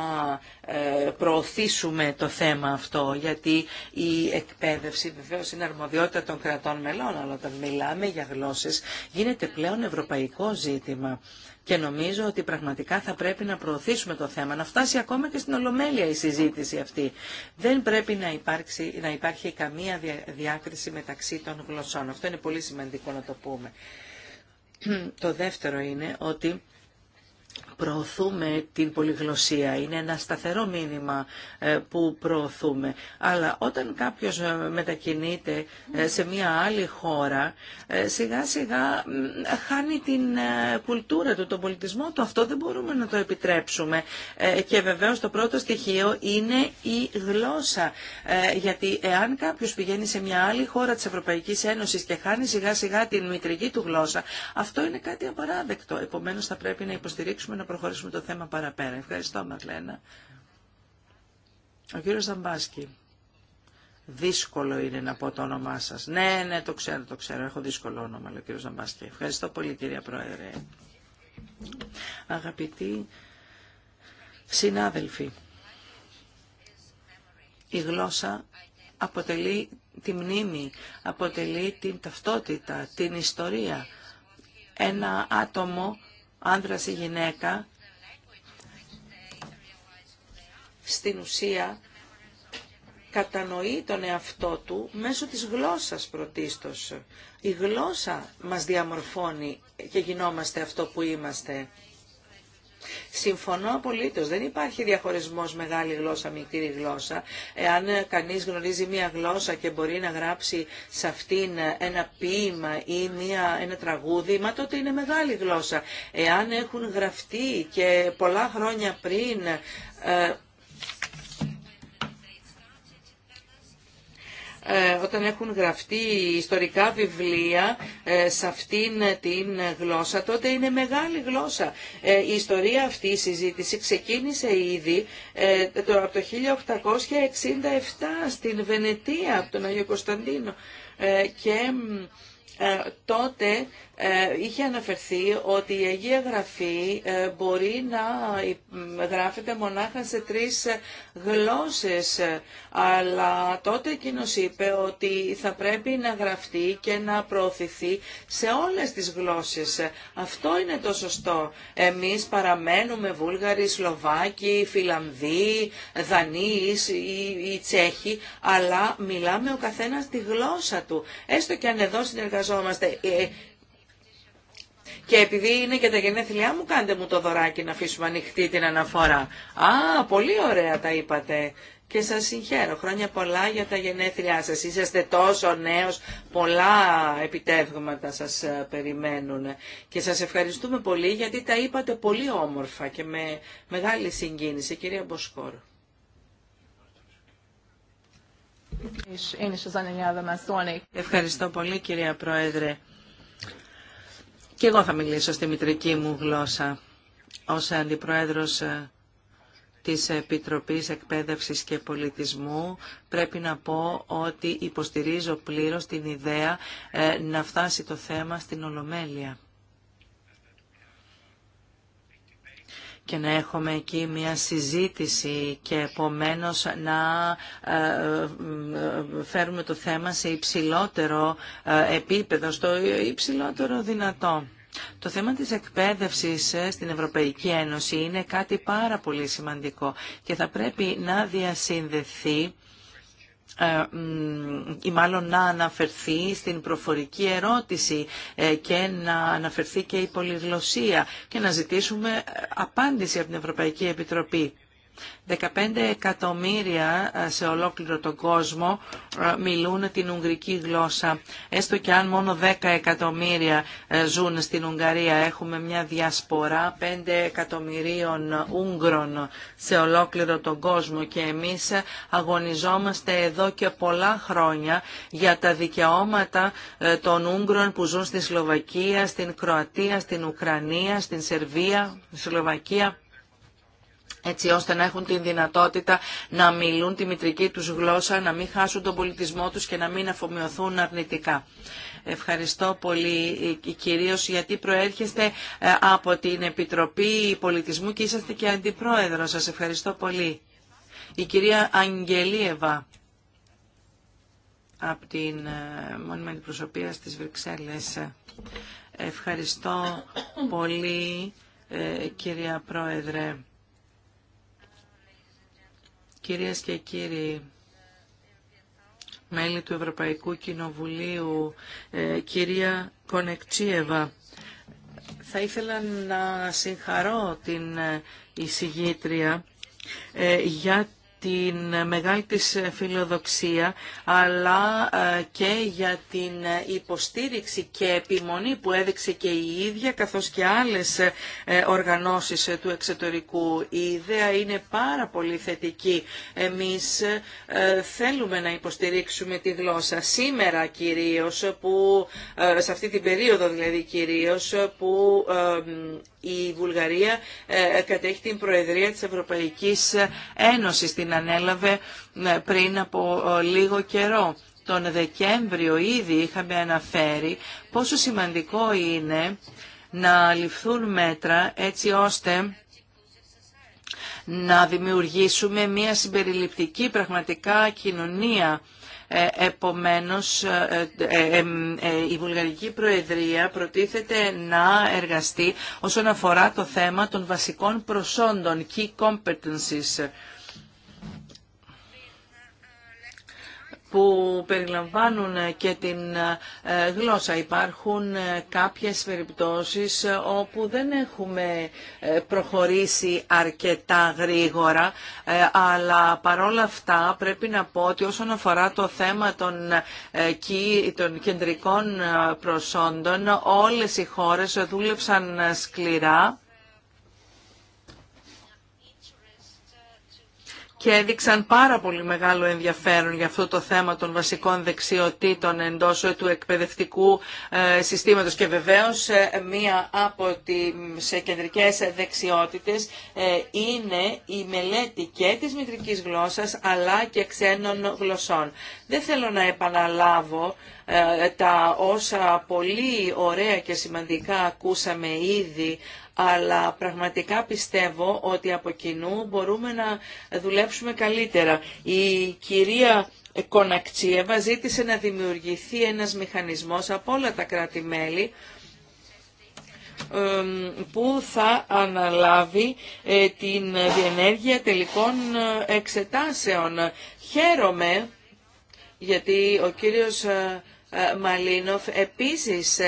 ε, προωθήσουμε το θέμα αυτό, γιατί η εκπαίδευση βεβαίως είναι αρμοδιότητα των κρατών μελών, αλλά όταν μιλάμε για γλώσσες γίνεται πλέον ευρωπαϊκό ζήτημα. Και νομίζω ότι πραγματικά θα πρέπει να προωθήσουμε το θέμα, να φτάσει ακόμα και στην Ολομέλεια η συζήτηση αυτή. Δεν πρέπει να, να υπάρχει καμία διάκριση μεταξύ των γλωσσών. Αυτό είναι πολύ σημαντικό να το πούμε. Το δεύτερο είναι ότι προωθούμε την πολυγλωσία. Είναι ένα σταθερό μήνυμα ε, που προωθούμε. Αλλά όταν κάποιος ε, μετακινείται ε, σε μια άλλη χώρα, σιγά σιγά χάνει την κουλτούρα του, τον πολιτισμό του. Αυτό δεν μπορούμε να το επιτρέψουμε. Και βεβαίως το πρώτο στοιχείο είναι η γλώσσα. Γιατί εάν κάποιος πηγαίνει σε μια άλλη χώρα της Ευρωπαϊκής Ένωσης και χάνει σιγά σιγά την μητρική του γλώσσα, αυτό είναι κάτι απαράδεκτο. Επομένως θα πρέπει να υποστηρίξουμε, προχωρήσουμε το θέμα παραπέρα. Ευχαριστώ, Μαρλένα. Ο κύριος Δαμπάσκη. Δύσκολο είναι να πω το όνομά σας. Ναι, ναι, το ξέρω, το ξέρω. Έχω δύσκολο όνομα, λέει ο κύριος Δαμπάσκη. Ευχαριστώ πολύ, κυρία Πρόεδρε. Αγαπητοί συνάδελφοι, η γλώσσα αποτελεί τη μνήμη, αποτελεί την ταυτότητα, την ιστορία. Ένα άτομο άνδρας ή γυναίκα, στην ουσία κατανοεί τον εαυτό του μέσω της γλώσσας πρωτίστως. Η γλώσσα μας διαμορφώνει και γινόμαστε αυτό που είμαστε. Συμφωνώ απολύτως. Δεν υπάρχει διαχωρισμός μεγάλη γλώσσα, μικρή γλώσσα. Εάν κανείς γνωρίζει μία γλώσσα και μπορεί να γράψει σε αυτήν ένα ποίημα ή μία, ένα τραγούδι, μα τότε είναι μεγάλη γλώσσα. Εάν έχουν γραφτεί και πολλά χρόνια πριν... Ε, Ε, όταν έχουν γραφτεί ιστορικά βιβλία ε, σε αυτήν την γλώσσα, τότε είναι μεγάλη γλώσσα. Ε, η ιστορία αυτή, η συζήτηση ξεκίνησε ήδη από το 1867 στην Βενετία, από τον Άγιο Κωνσταντίνο και τότε ε, είχε αναφερθεί ότι η Αγία Γραφή ε, μπορεί να ε, γράφεται μονάχα σε τρεις γλώσσες, αλλά τότε εκείνο είπε ότι θα πρέπει να γραφτεί και να προωθηθεί σε όλες τις γλώσσες. Αυτό είναι το σωστό. Εμείς παραμένουμε Βούλγαροι, Σλοβάκοι, Φιλανδοί, Δανείς ή Τσέχοι, αλλά μιλάμε ο καθένας τη γλώσσα του. Έστω και αν εδώ συνεργαζόμαστε και επειδή είναι και τα γενέθλιά μου κάντε μου το δωράκι να αφήσουμε ανοιχτή την αναφορά. Α, πολύ ωραία τα είπατε και σας συγχαίρω. Χρόνια πολλά για τα γενέθλιά σας. Είσαστε τόσο νέος, πολλά επιτεύγματα σας ε, περιμένουν. Και σας ευχαριστούμε πολύ γιατί τα είπατε πολύ όμορφα και με μεγάλη συγκίνηση. Κυρία Μποσκόρ. Ευχαριστώ πολύ κυρία Πρόεδρε. Και εγώ θα μιλήσω στη μητρική μου γλώσσα ως Αντιπρόεδρος ε, της Επιτροπής Εκπαίδευσης και Πολιτισμού πρέπει να πω ότι υποστηρίζω πλήρως την ιδέα ε, να φτάσει το θέμα στην Ολομέλεια. και να έχουμε εκεί μια συζήτηση και επομένως να ε, ε, φέρουμε το θέμα σε υψηλότερο ε, επίπεδο, στο υψηλότερο δυνατό. Το θέμα της εκπαίδευσης στην Ευρωπαϊκή Ένωση είναι κάτι πάρα πολύ σημαντικό και θα πρέπει να διασυνδεθεί ε, ή μάλλον να αναφερθεί στην προφορική ερώτηση ε, και να αναφερθεί και η πολυγλωσία και να ζητήσουμε ε, απάντηση από την Ευρωπαϊκή Επιτροπή. 15 εκατομμύρια ε, σε ολόκληρο τον κόσμο ε, μιλούν την ουγγρική γλώσσα. Έστω και αν μόνο 10 εκατομμύρια ε, ζουν στην Ουγγαρία, έχουμε μια διασπορά 5 εκατομμυρίων Ούγγρων σε ολόκληρο τον κόσμο και εμείς αγωνιζόμαστε εδώ και πολλά χρόνια για τα δικαιώματα των Ούγγρων που ζουν στη Σλοβακία, στην Κροατία, στην Ουκρανία, στην Σερβία, στη Σλοβακία έτσι ώστε να έχουν την δυνατότητα να μιλούν τη μητρική τους γλώσσα, να μην χάσουν τον πολιτισμό τους και να μην αφομοιωθούν αρνητικά. Ευχαριστώ πολύ ε, κυρίως γιατί προέρχεστε ε, από την Επιτροπή Πολιτισμού και είσαστε και αντιπρόεδρος. Σας ευχαριστώ πολύ. Η κυρία Αγγελίεβα από την ε, μόνιμη αντιπροσωπεία της Βρυξέλλες. Ευχαριστώ πολύ κυρία Πρόεδρε. Κυρίες και κύριοι, μέλη του Ευρωπαϊκού Κοινοβουλίου, ε, κυρία Κονεκτσίεβα, θα ήθελα να συγχαρώ την ε, εισηγήτρια ε, για την μεγάλη της φιλοδοξία αλλά ε, και για την υποστήριξη και επιμονή που έδειξε και η ίδια καθώς και άλλες ε, οργανώσεις ε, του εξωτερικού. Η ιδέα είναι πάρα πολύ θετική. Εμείς θέλουμε να υποστηρίξουμε τη γλώσσα σήμερα κυρίως, που, σε αυτή την περίοδο δηλαδή κυρίως, που η Βουλγαρία ε, κατέχει την Προεδρία της Ευρωπαϊκής Ένωσης. Την ανέλαβε ε, πριν από ε, λίγο καιρό. Τον Δεκέμβριο ήδη είχαμε αναφέρει πόσο σημαντικό είναι να ληφθούν μέτρα έτσι ώστε να δημιουργήσουμε μια συμπεριληπτική πραγματικά κοινωνία ε, επομένως, ε, ε, η Βουλγαρική Προεδρία προτίθεται να εργαστεί όσον αφορά το θέμα των βασικών προσόντων, key competencies. που περιλαμβάνουν και την ε, γλώσσα. Υπάρχουν ε, κάποιες περιπτώσεις ε, όπου δεν έχουμε προχωρήσει αρκετά γρήγορα, αλλά παρόλα αυτά πρέπει να πω ότι όσον αφορά το θέμα των, κεντρικών προσόντων, όλες οι χώρες δούλεψαν σκληρά και έδειξαν πάρα πολύ μεγάλο ενδιαφέρον για αυτό το θέμα των βασικών δεξιοτήτων εντός του εκπαιδευτικού ε, συστήματος και βεβαίως ε, μία από τις ε, κεντρικές δεξιότητες είναι η μελέτη και της μητρικής γλώσσας αλλά και ξένων γλωσσών. Δεν θέλω να επαναλάβω τα όσα πολύ ωραία και σημαντικά ακούσαμε ήδη αλλά πραγματικά πιστεύω ότι από κοινού μπορούμε να δουλέψουμε καλύτερα. Η κυρία Κονακτσίεβα ζήτησε να δημιουργηθεί ένας μηχανισμός από όλα τα κράτη-μέλη που θα αναλάβει ε, την διενέργεια τελικών ε, εξετάσεων. Χαίρομαι γιατί ο κύριος ε, Μαλίνοφ επίσης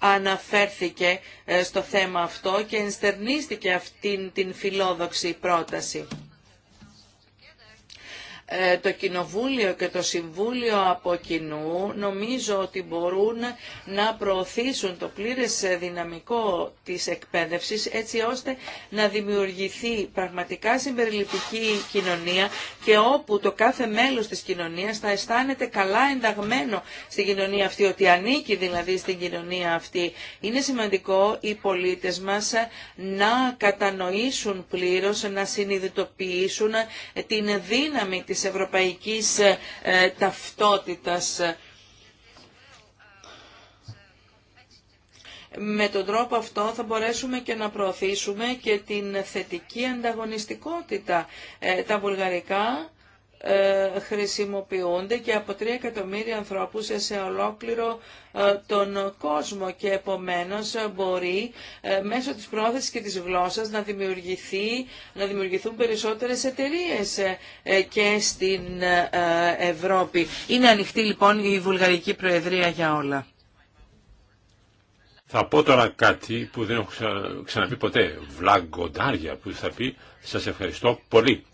αναφέρθηκε ε, στο θέμα αυτό και ενστερνίστηκε αυτήν την φιλόδοξη πρόταση. Ε, το Κοινοβούλιο και το Συμβούλιο από κοινού νομίζω ότι μπορούν να προωθήσουν το πλήρες ε, δυναμικό της εκπαίδευσης έτσι ώστε να δημιουργηθεί πραγματικά συμπεριληπτική κοινωνία και όπου το κάθε μέλος της κοινωνίας θα αισθάνεται καλά ενταγμένο στην κοινωνία αυτή, ότι ανήκει δηλαδή στην κοινωνία αυτή. Είναι σημαντικό οι πολίτες μας ε, να κατανοήσουν πλήρως, να συνειδητοποιήσουν την δύναμη της της ευρωπαϊκής ε, ε, ταυτότητας. Με τον τρόπο αυτό θα μπορέσουμε και να προωθήσουμε και την θετική ανταγωνιστικότητα. Ε, τα βουλγαρικά ε, χρησιμοποιούνται και από 3 εκατομμύρια ανθρώπους σε ολόκληρο ε, τον κόσμο και επομένως ε, μπορεί μέσω της πρόθεσης και της γλώσσας να, δημιουργηθεί, να δημιουργηθούν περισσότερες εταιρείες και στην Ευρώπη. Είναι ανοιχτή λοιπόν η Βουλγαρική Προεδρία για όλα. Θα πω τώρα κάτι που δεν έχω ξαναπεί ποτέ. Βλαγκοντάρια που θα πει σας ευχαριστώ πολύ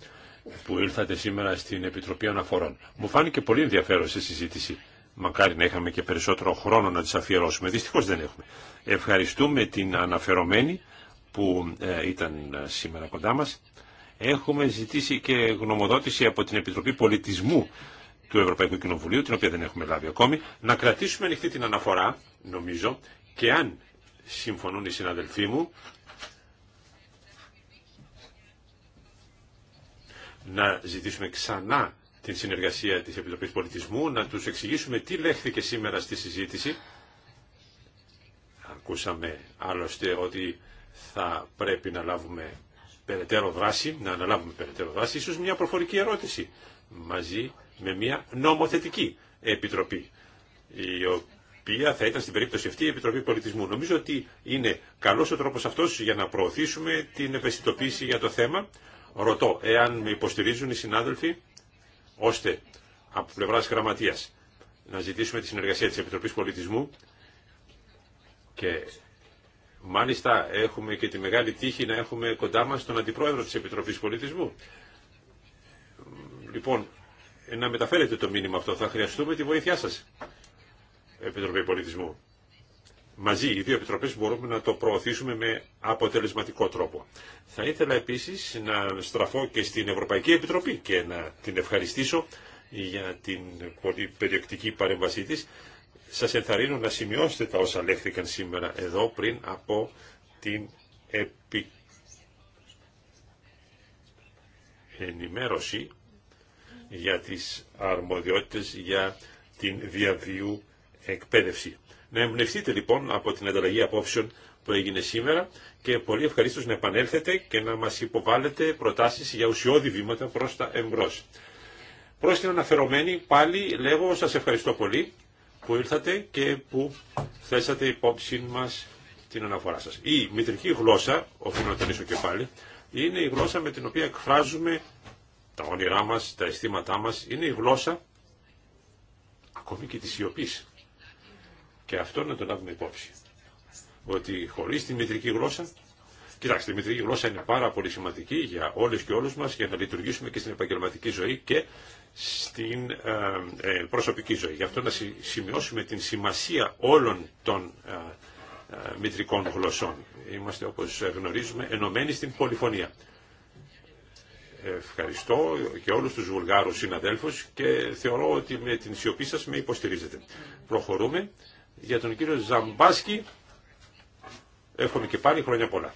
που ήρθατε σήμερα στην Επιτροπή Αναφορών. Μου φάνηκε πολύ ενδιαφέρον η συζήτηση. Μακάρι να είχαμε και περισσότερο χρόνο να τι αφιερώσουμε. Δυστυχώ δεν έχουμε. Ευχαριστούμε την αναφερομένη που ε, ήταν ε, σήμερα κοντά μας. Έχουμε ζητήσει και γνωμοδότηση από την Επιτροπή Πολιτισμού του Ευρωπαϊκού Κοινοβουλίου, την οποία δεν έχουμε λάβει ακόμη, να κρατήσουμε ανοιχτή την αναφορά, νομίζω, και αν συμφωνούν οι συναδελφοί μου, να ζητήσουμε ξανά την συνεργασία της Επιτροπής Πολιτισμού, να τους εξηγήσουμε τι λέχθηκε σήμερα στη συζήτηση. Ακούσαμε άλλωστε ότι θα πρέπει να λάβουμε περαιτέρω δράση, να αναλάβουμε περαιτέρω δράση, ίσως μια προφορική ερώτηση μαζί με μια νομοθετική επιτροπή, η οποία θα ήταν στην περίπτωση αυτή η Επιτροπή Πολιτισμού. Νομίζω ότι είναι καλός ο τρόπος αυτός για να προωθήσουμε την ευαισθητοποίηση για το θέμα, ρωτώ εάν με υποστηρίζουν οι συνάδελφοι ώστε από πλευρά γραμματεία να ζητήσουμε τη συνεργασία τη Επιτροπή Πολιτισμού και μάλιστα έχουμε και τη μεγάλη τύχη να έχουμε κοντά μα τον Αντιπρόεδρο τη Επιτροπή Πολιτισμού. Λοιπόν, να μεταφέρετε το μήνυμα αυτό. Θα χρειαστούμε τη βοήθειά σα, Επιτροπή Πολιτισμού μαζί οι δύο επιτροπές μπορούμε να το προωθήσουμε με αποτελεσματικό τρόπο. Θα ήθελα επίσης να στραφώ και στην Ευρωπαϊκή Επιτροπή και να την ευχαριστήσω για την πολύ περιεκτική παρέμβασή της. Σας ενθαρρύνω να σημειώσετε τα όσα λέχθηκαν σήμερα εδώ πριν από την επι... ενημέρωση για τις αρμοδιότητες για την διαβίου εκπαίδευση. Να εμπνευτείτε λοιπόν από την ανταλλαγή απόψεων που έγινε σήμερα και πολύ ευχαρίστω να επανέλθετε και να μα υποβάλλετε προτάσει για ουσιώδη βήματα προ τα εμπρό. Προ την αναφερομένη πάλι λέγω σα ευχαριστώ πολύ που ήρθατε και που θέσατε υπόψη μα την αναφορά σα. Η μητρική γλώσσα, οφείλω να τονίσω και πάλι, είναι η γλώσσα με την οποία εκφράζουμε τα όνειρά μα, τα αισθήματά μα, είναι η γλώσσα ακόμη και τη σιωπή. Και αυτό να το λάβουμε υπόψη. Ότι χωρί τη μητρική γλώσσα, κοιτάξτε, η μητρική γλώσσα είναι πάρα πολύ σημαντική για όλε και όλου μα για να λειτουργήσουμε και στην επαγγελματική ζωή και στην ε, ε, προσωπική ζωή. Γι' αυτό να σημειώσουμε την σημασία όλων των ε, ε μητρικών γλωσσών. Είμαστε, όπω γνωρίζουμε, ενωμένοι στην πολυφωνία. Ευχαριστώ και όλους τους Βουλγάρους συναδέλφους και θεωρώ ότι με την σιωπή σας με υποστηρίζετε. Προχωρούμε για τον κύριο Ζαμπάσκι. Εύχομαι και πάλι χρόνια πολλά.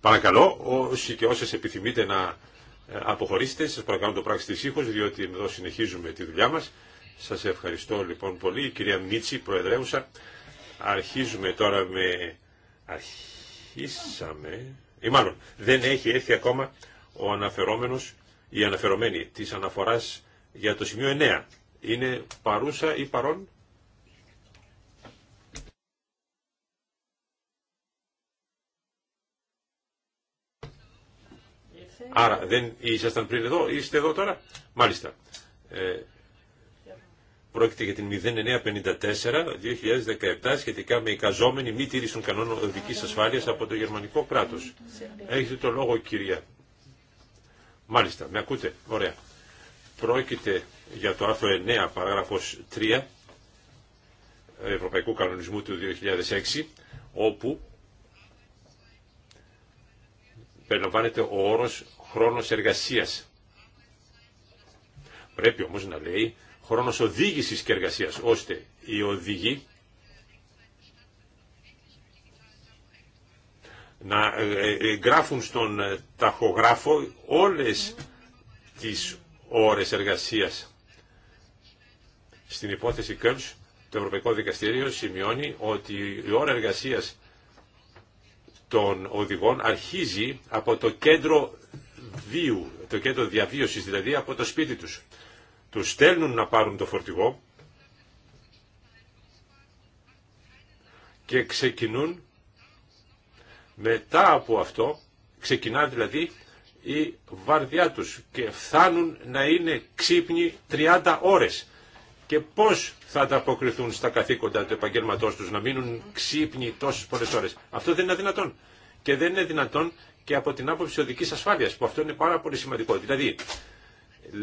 Παρακαλώ, όσοι και όσες επιθυμείτε να ε, αποχωρήσετε, σας παρακαλώ το της ήχος, διότι εδώ συνεχίζουμε τη δουλειά μας. Σας ευχαριστώ λοιπόν πολύ. Η κυρία Μίτση, Προεδρεύουσα, αρχίζουμε τώρα με... Αρχίσαμε... Ή ε, μάλλον, δεν έχει έρθει ακόμα ο αναφερόμενος ή αναφερομένη της αναφοράς για το σημείο 9. Είναι παρούσα ή παρόν? Άρα δεν ήσασταν πριν εδώ, είστε εδώ τώρα. Μάλιστα. Ε, πρόκειται για την 0954-2017 σχετικά με εικαζόμενη μη τήρηση των κανόνων οδικής ασφάλειας από το γερμανικό κράτος. Έχετε το λόγο κυρία. Μάλιστα, με ακούτε. Ωραία. Πρόκειται για το άρθρο 9 παράγραφος 3 Ευρωπαϊκού Κανονισμού του 2006 όπου περιλαμβάνεται ο όρος χρόνος εργασίας. Πρέπει όμως να λέει χρόνος οδήγησης και εργασίας, ώστε οι οδηγοί να ε, ε, γράφουν στον ε, ταχογράφο όλες τις ώρες εργασίας. Στην υπόθεση Κέρτς, το Ευρωπαϊκό Δικαστήριο σημειώνει ότι η ώρα εργασίας των οδηγών αρχίζει από το κέντρο το κέντρο διαβίωση, δηλαδή από το σπίτι τους. Τους στέλνουν να πάρουν το φορτηγό και ξεκινούν μετά από αυτό, ξεκινά δηλαδή η βαρδιά τους και φτάνουν να είναι ξύπνοι 30 ώρες. Και πώς θα ανταποκριθούν στα καθήκοντα του επαγγελματό τους να μείνουν ξύπνοι τόσες πολλές ώρες. Αυτό δεν είναι δυνατόν. Και δεν είναι δυνατόν και από την άποψη οδική ασφάλεια, που αυτό είναι πάρα πολύ σημαντικό. Δηλαδή,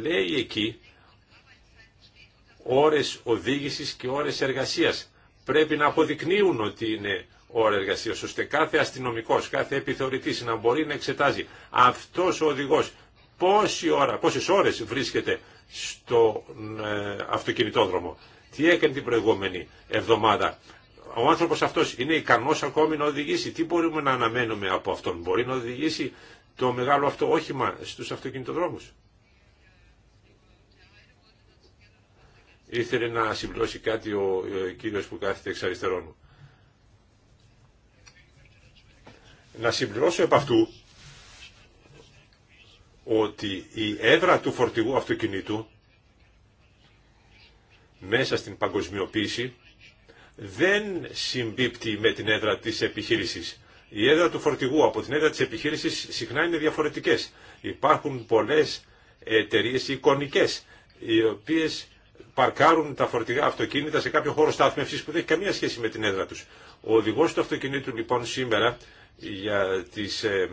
λέει εκεί ώρες οδήγησης και ώρες εργασίας. Πρέπει να αποδεικνύουν ότι είναι ώρα εργασία, ώστε κάθε αστυνομικός, κάθε επιθεωρητής να μπορεί να εξετάζει αυτός ο οδηγός πόση ώρα, πόσες ώρες βρίσκεται στον ε, αυτοκινητόδρομο. Τι έκανε την προηγούμενη εβδομάδα ο άνθρωπο αυτός είναι ικανό ακόμη να οδηγήσει. Τι μπορούμε να αναμένουμε από αυτόν. Μπορεί να οδηγήσει το μεγάλο αυτό όχημα στους αυτοκινητοδρόμους. Ήθελε να συμπληρώσει κάτι ο ε, κύριος που κάθεται εξ αριστερών Να συμπληρώσω επ' αυτού ότι η έδρα του φορτηγού αυτοκινήτου μέσα στην παγκοσμιοποίηση δεν συμπίπτει με την έδρα της επιχείρησης. Η έδρα του φορτηγού από την έδρα της επιχείρησης συχνά είναι διαφορετικές. Υπάρχουν πολλές εταιρείε εικονικές, οι οποίες παρκάρουν τα φορτηγά αυτοκίνητα σε κάποιο χώρο στάθμευσης που δεν έχει καμία σχέση με την έδρα τους. Ο οδηγός του αυτοκινήτου λοιπόν σήμερα για τις ε,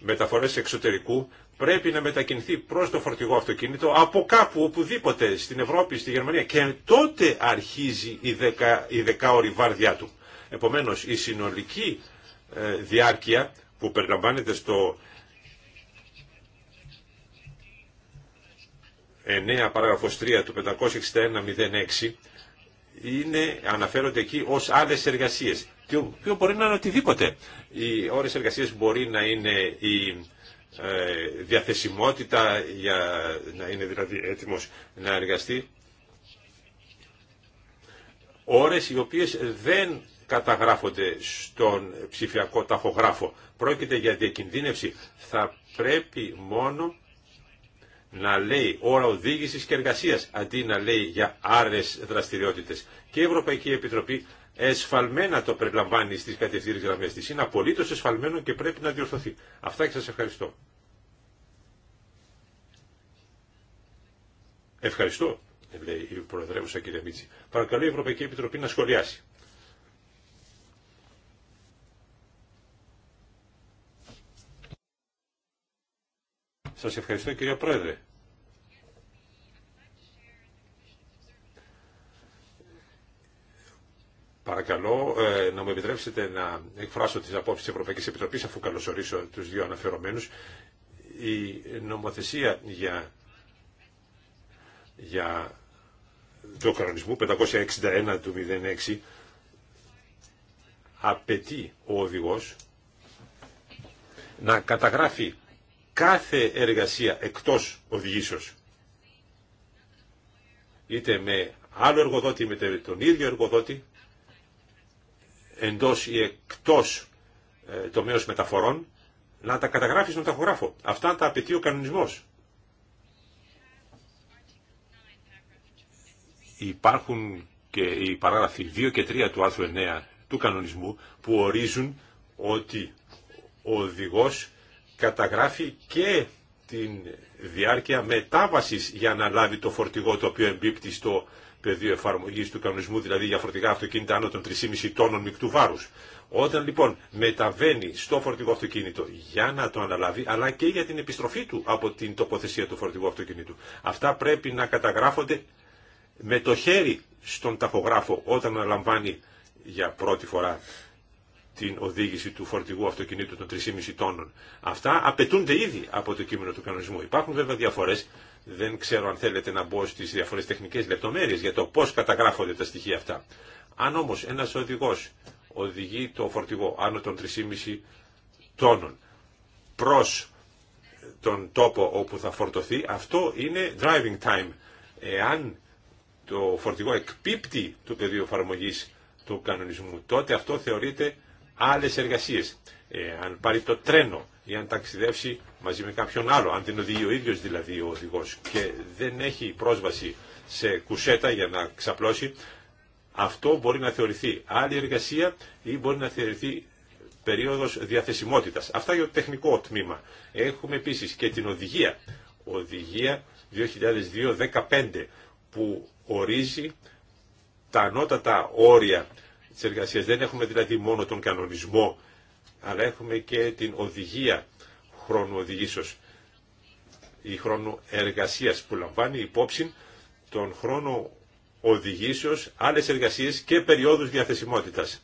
μεταφορές εξωτερικού πρέπει να μετακινηθεί προς το φορτηγό αυτοκίνητο από κάπου, οπουδήποτε, στην Ευρώπη, στη Γερμανία και τότε αρχίζει η, δεκα, η δεκάωρη βάρδιά του. Επομένως, η συνολική ε, διάρκεια που περιλαμβάνεται στο 9 παράγραφος 3 του 561.06 είναι, αναφέρονται εκεί ως άλλες εργασίες, το οποίο μπορεί να είναι οτιδήποτε. Οι ώρες εργασίας μπορεί να είναι η ε, διαθεσιμότητα για να είναι δηλαδή έτοιμος να εργαστεί. Ώρες οι οποίες δεν καταγράφονται στον ψηφιακό ταχογράφο. Πρόκειται για διακινδύνευση. Θα πρέπει μόνο να λέει ώρα οδήγησης και εργασίας, αντί να λέει για άρες δραστηριότητες. Και η Ευρωπαϊκή Επιτροπή εσφαλμένα το περιλαμβάνει στις κατευθύνες γραμμές της. Είναι απολύτως εσφαλμένο και πρέπει να διορθωθεί. Αυτά και σας ευχαριστώ. Ευχαριστώ, λέει η Προεδρεύουσα κυρία Μίτση. Παρακαλώ η Ευρωπαϊκή Επιτροπή να σχολιάσει. Σας ευχαριστώ κυρία Πρόεδρε. Παρακαλώ ε, να μου επιτρέψετε να εκφράσω τις απόψεις της Ευρωπαϊκής Επιτροπής αφού καλωσορίσω τους δύο αναφερομένους. Η νομοθεσία για, το κανονισμό 561 του 06 απαιτεί ο οδηγός να καταγράφει κάθε εργασία εκτός οδηγήσεως είτε με άλλο εργοδότη είτε με τον ίδιο εργοδότη εντός ή εκτός ε, τομέως μεταφορών, να τα καταγράφει στον ταχογράφο. Αυτά τα απαιτεί ο κανονισμός. Υπάρχουν και οι παράγραφοι 2 και 3 του άρθρου 9 του κανονισμού που ορίζουν ότι ο οδηγός καταγράφει και την διάρκεια μετάβασης για να λάβει το φορτηγό το οποίο εμπίπτει στο πεδίο εφαρμογή του κανονισμού, δηλαδή για φορτηγά αυτοκίνητα άνω των 3,5 τόνων μεικτού βάρου. Όταν λοιπόν μεταβαίνει στο φορτηγό αυτοκίνητο για να το αναλάβει, αλλά και για την επιστροφή του από την τοποθεσία του φορτηγού αυτοκίνητου. Αυτά πρέπει να καταγράφονται με το χέρι στον ταχογράφο όταν αναλαμβάνει για πρώτη φορά την οδήγηση του φορτηγού αυτοκινήτου των 3,5 τόνων. Αυτά απαιτούνται ήδη από το κείμενο του κανονισμού. Υπάρχουν βέβαια διαφορές δεν ξέρω αν θέλετε να μπω στις διαφορές τεχνικές λεπτομέρειες για το πώς καταγράφονται τα στοιχεία αυτά. Αν όμως ένας οδηγός οδηγεί το φορτηγό άνω των 3,5 τόνων προς τον τόπο όπου θα φορτωθεί, αυτό είναι driving time. Εάν το φορτηγό εκπίπτει το πεδίο εφαρμογή του κανονισμού, τότε αυτό θεωρείται άλλες εργασίες. Εάν πάρει το τρένο ή αν ταξιδεύσει μαζί με κάποιον άλλο, αν την οδηγεί ο ίδιος δηλαδή ο οδηγό και δεν έχει πρόσβαση σε κουσέτα για να ξαπλώσει, αυτό μπορεί να θεωρηθεί άλλη εργασία ή μπορεί να θεωρηθεί περίοδος διαθεσιμότητας. Αυτά για το τεχνικό τμήμα. Έχουμε επίσης και την οδηγία, οδηγία 2002-15, που ορίζει τα ανώτατα όρια της εργασίας. Δεν έχουμε δηλαδή μόνο τον κανονισμό αλλά έχουμε και την οδηγία χρόνου οδηγήσεως ή χρόνου εργασίας που λαμβάνει υπόψη τον χρόνο οδηγήσεως, άλλες εργασίες και περιόδους διαθεσιμότητας.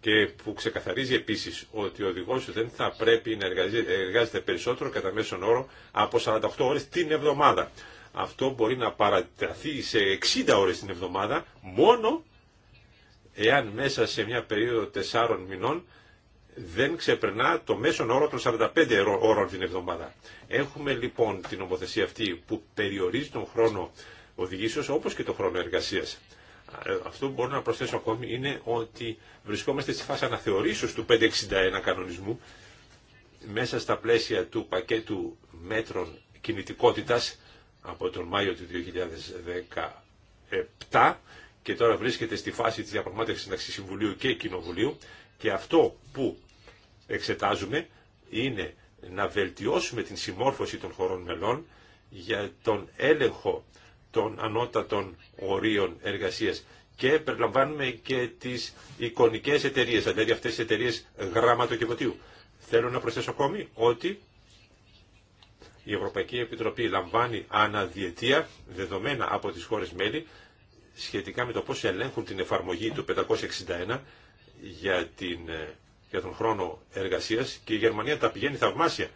Και που ξεκαθαρίζει επίσης ότι ο οδηγός δεν θα πρέπει να εργάζεται περισσότερο κατά μέσον όρο από 48 ώρες την εβδομάδα. Αυτό μπορεί να παρατηραθεί σε 60 ώρες την εβδομάδα μόνο εάν μέσα σε μια περίοδο τεσσάρων μηνών δεν ξεπερνά το μέσον όρο των 45 ώρων την εβδομάδα. Έχουμε λοιπόν την ομοθεσία αυτή που περιορίζει τον χρόνο οδηγήσεως όπως και τον χρόνο εργασίας. Ε, αυτό που μπορώ να προσθέσω ακόμη είναι ότι βρισκόμαστε στη φάση αναθεωρήσεως του 561 κανονισμού μέσα στα πλαίσια του πακέτου μέτρων κινητικότητας από τον Μάιο του 2017 και τώρα βρίσκεται στη φάση της διαπραγμάτευσης μεταξύ Συμβουλίου και Κοινοβουλίου και αυτό που εξετάζουμε είναι να βελτιώσουμε την συμμόρφωση των χωρών μελών για τον έλεγχο των ανώτατων ορίων εργασίας και περιλαμβάνουμε και τις εικονικές εταιρείες, δηλαδή αυτές τις εταιρείες γραμματοκιβωτίου. Θέλω να προσθέσω ακόμη ότι η Ευρωπαϊκή Επιτροπή λαμβάνει αναδιετία δεδομένα από τις χώρες μέλη σχετικά με το πώς ελέγχουν την εφαρμογή του 561 για, την, ε, για τον χρόνο εργασίας και η Γερμανία τα πηγαίνει θαυμάσια.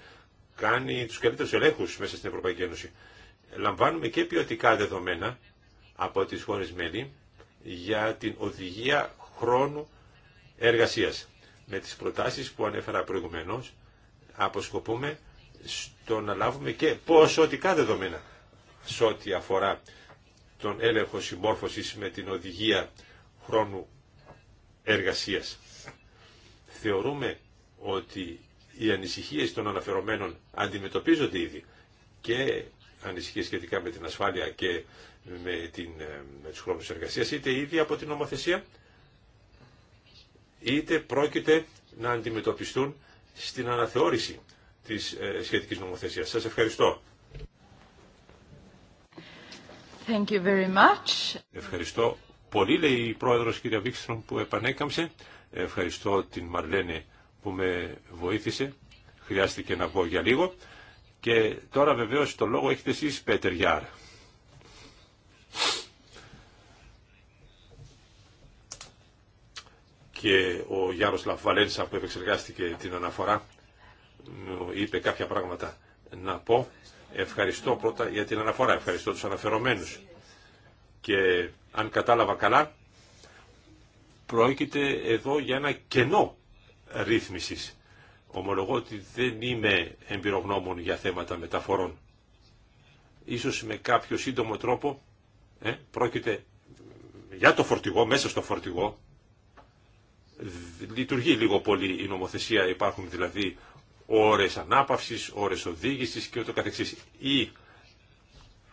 Κάνει τους καλύτερους ελέγχους μέσα στην Ευρωπαϊκή Ένωση. Λαμβάνουμε και ποιοτικά δεδομένα από τις χώρες μέλη για την οδηγία χρόνου εργασίας. Με τις προτάσεις που ανέφερα προηγουμένως αποσκοπούμε στο να λάβουμε και ποσοτικά δεδομένα σε ό,τι αφορά τον έλεγχο συμμόρφωσης με την οδηγία χρόνου εργασίας. Θεωρούμε ότι οι ανησυχίες των αναφερομένων αντιμετωπίζονται ήδη και ανησυχίες σχετικά με την ασφάλεια και με, την, ε, με τους εργασίας είτε ήδη από την νομοθεσία είτε πρόκειται να αντιμετωπιστούν στην αναθεώρηση της ε, σχετικής νομοθεσίας. Σας ευχαριστώ. Thank you very much. Ευχαριστώ πολύ, λέει η πρόεδρος κυρία Βίξτρον που επανέκαμψε. Ευχαριστώ την Μαρλένε που με βοήθησε. Χρειάστηκε να πω για λίγο. Και τώρα βεβαίως το λόγο έχετε εσείς, Πέτερ Γιάρ. Και ο Γιάρος Λαβαλένσα που επεξεργάστηκε την αναφορά είπε κάποια πράγματα να πω. Ευχαριστώ πρώτα για την αναφορά, ευχαριστώ τους αναφερομένους. Και αν κατάλαβα καλά, πρόκειται εδώ για ένα κενό ρύθμισης. Ομολογώ ότι δεν είμαι εμπειρογνώμων για θέματα μεταφορών. Ίσως με κάποιο σύντομο τρόπο ε, πρόκειται για το φορτηγό, μέσα στο φορτηγό. Λειτουργεί λίγο πολύ η νομοθεσία, υπάρχουν δηλαδή ώρες ανάπαυσης, ώρες οδήγησης και ούτω καθεξής. Ή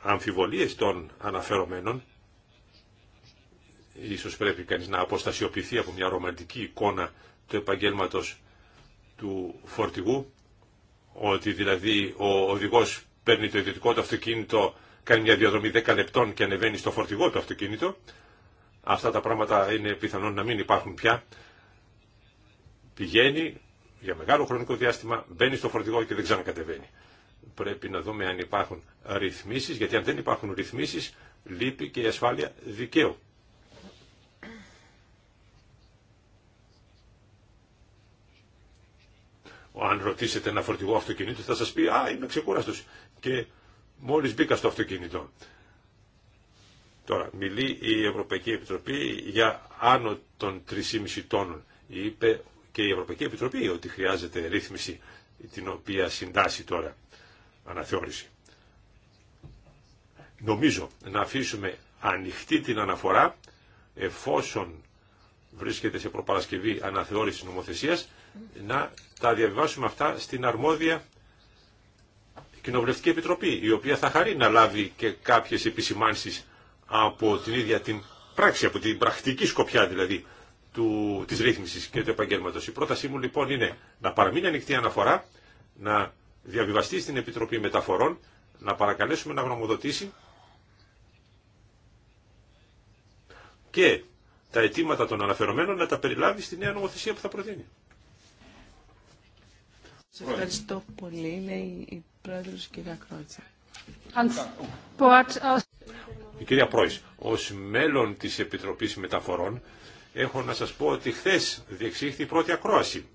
αμφιβολίες των αναφερομένων, ίσως πρέπει κανείς να αποστασιοποιηθεί από μια ρομαντική εικόνα του επαγγέλματος του φορτηγού, ότι δηλαδή ο οδηγός παίρνει το ιδιωτικό του αυτοκίνητο, κάνει μια διαδρομή 10 λεπτών και ανεβαίνει στο φορτηγό του αυτοκίνητο. Αυτά τα πράγματα είναι πιθανόν να μην υπάρχουν πια. Πηγαίνει, για μεγάλο χρονικό διάστημα μπαίνει στο φορτηγό και δεν ξανακατεβαίνει. Πρέπει να δούμε αν υπάρχουν ρυθμίσει, γιατί αν δεν υπάρχουν ρυθμίσει, λείπει και η ασφάλεια δικαίου. Αν ρωτήσετε ένα φορτηγό αυτοκινήτου θα σα πει «Α, είμαι ξεκούραστος» και μόλις μπήκα στο αυτοκίνητο. Τώρα, μιλεί η Ευρωπαϊκή Επιτροπή για άνω των 3,5 τόνων. Είπε και η Ευρωπαϊκή Επιτροπή ότι χρειάζεται ρύθμιση την οποία συντάσσει τώρα αναθεώρηση. Νομίζω να αφήσουμε ανοιχτή την αναφορά εφόσον βρίσκεται σε προπαρασκευή αναθεώρηση νομοθεσίας να τα διαβιβάσουμε αυτά στην αρμόδια Κοινοβουλευτική Επιτροπή η οποία θα χαρεί να λάβει και κάποιες επισημάνσεις από την ίδια την πράξη, από την πρακτική σκοπιά δηλαδή του, της ρύθμισης και του επαγγέλματος. Η πρότασή μου λοιπόν είναι να παραμείνει ανοιχτή αναφορά, να διαβιβαστεί στην Επιτροπή Μεταφορών, να παρακαλέσουμε να γνωμοδοτήσει και τα αιτήματα των αναφερομένων να τα περιλάβει στη νέα νομοθεσία που θα προτείνει. Σε ευχαριστώ πολύ, λέει η πρόεδρος κυρία Κρότσα. Η κυρία Πρόης, ως μέλλον της Επιτροπής Μεταφορών έχω να σας πω ότι χθες διεξήχθη η πρώτη ακρόαση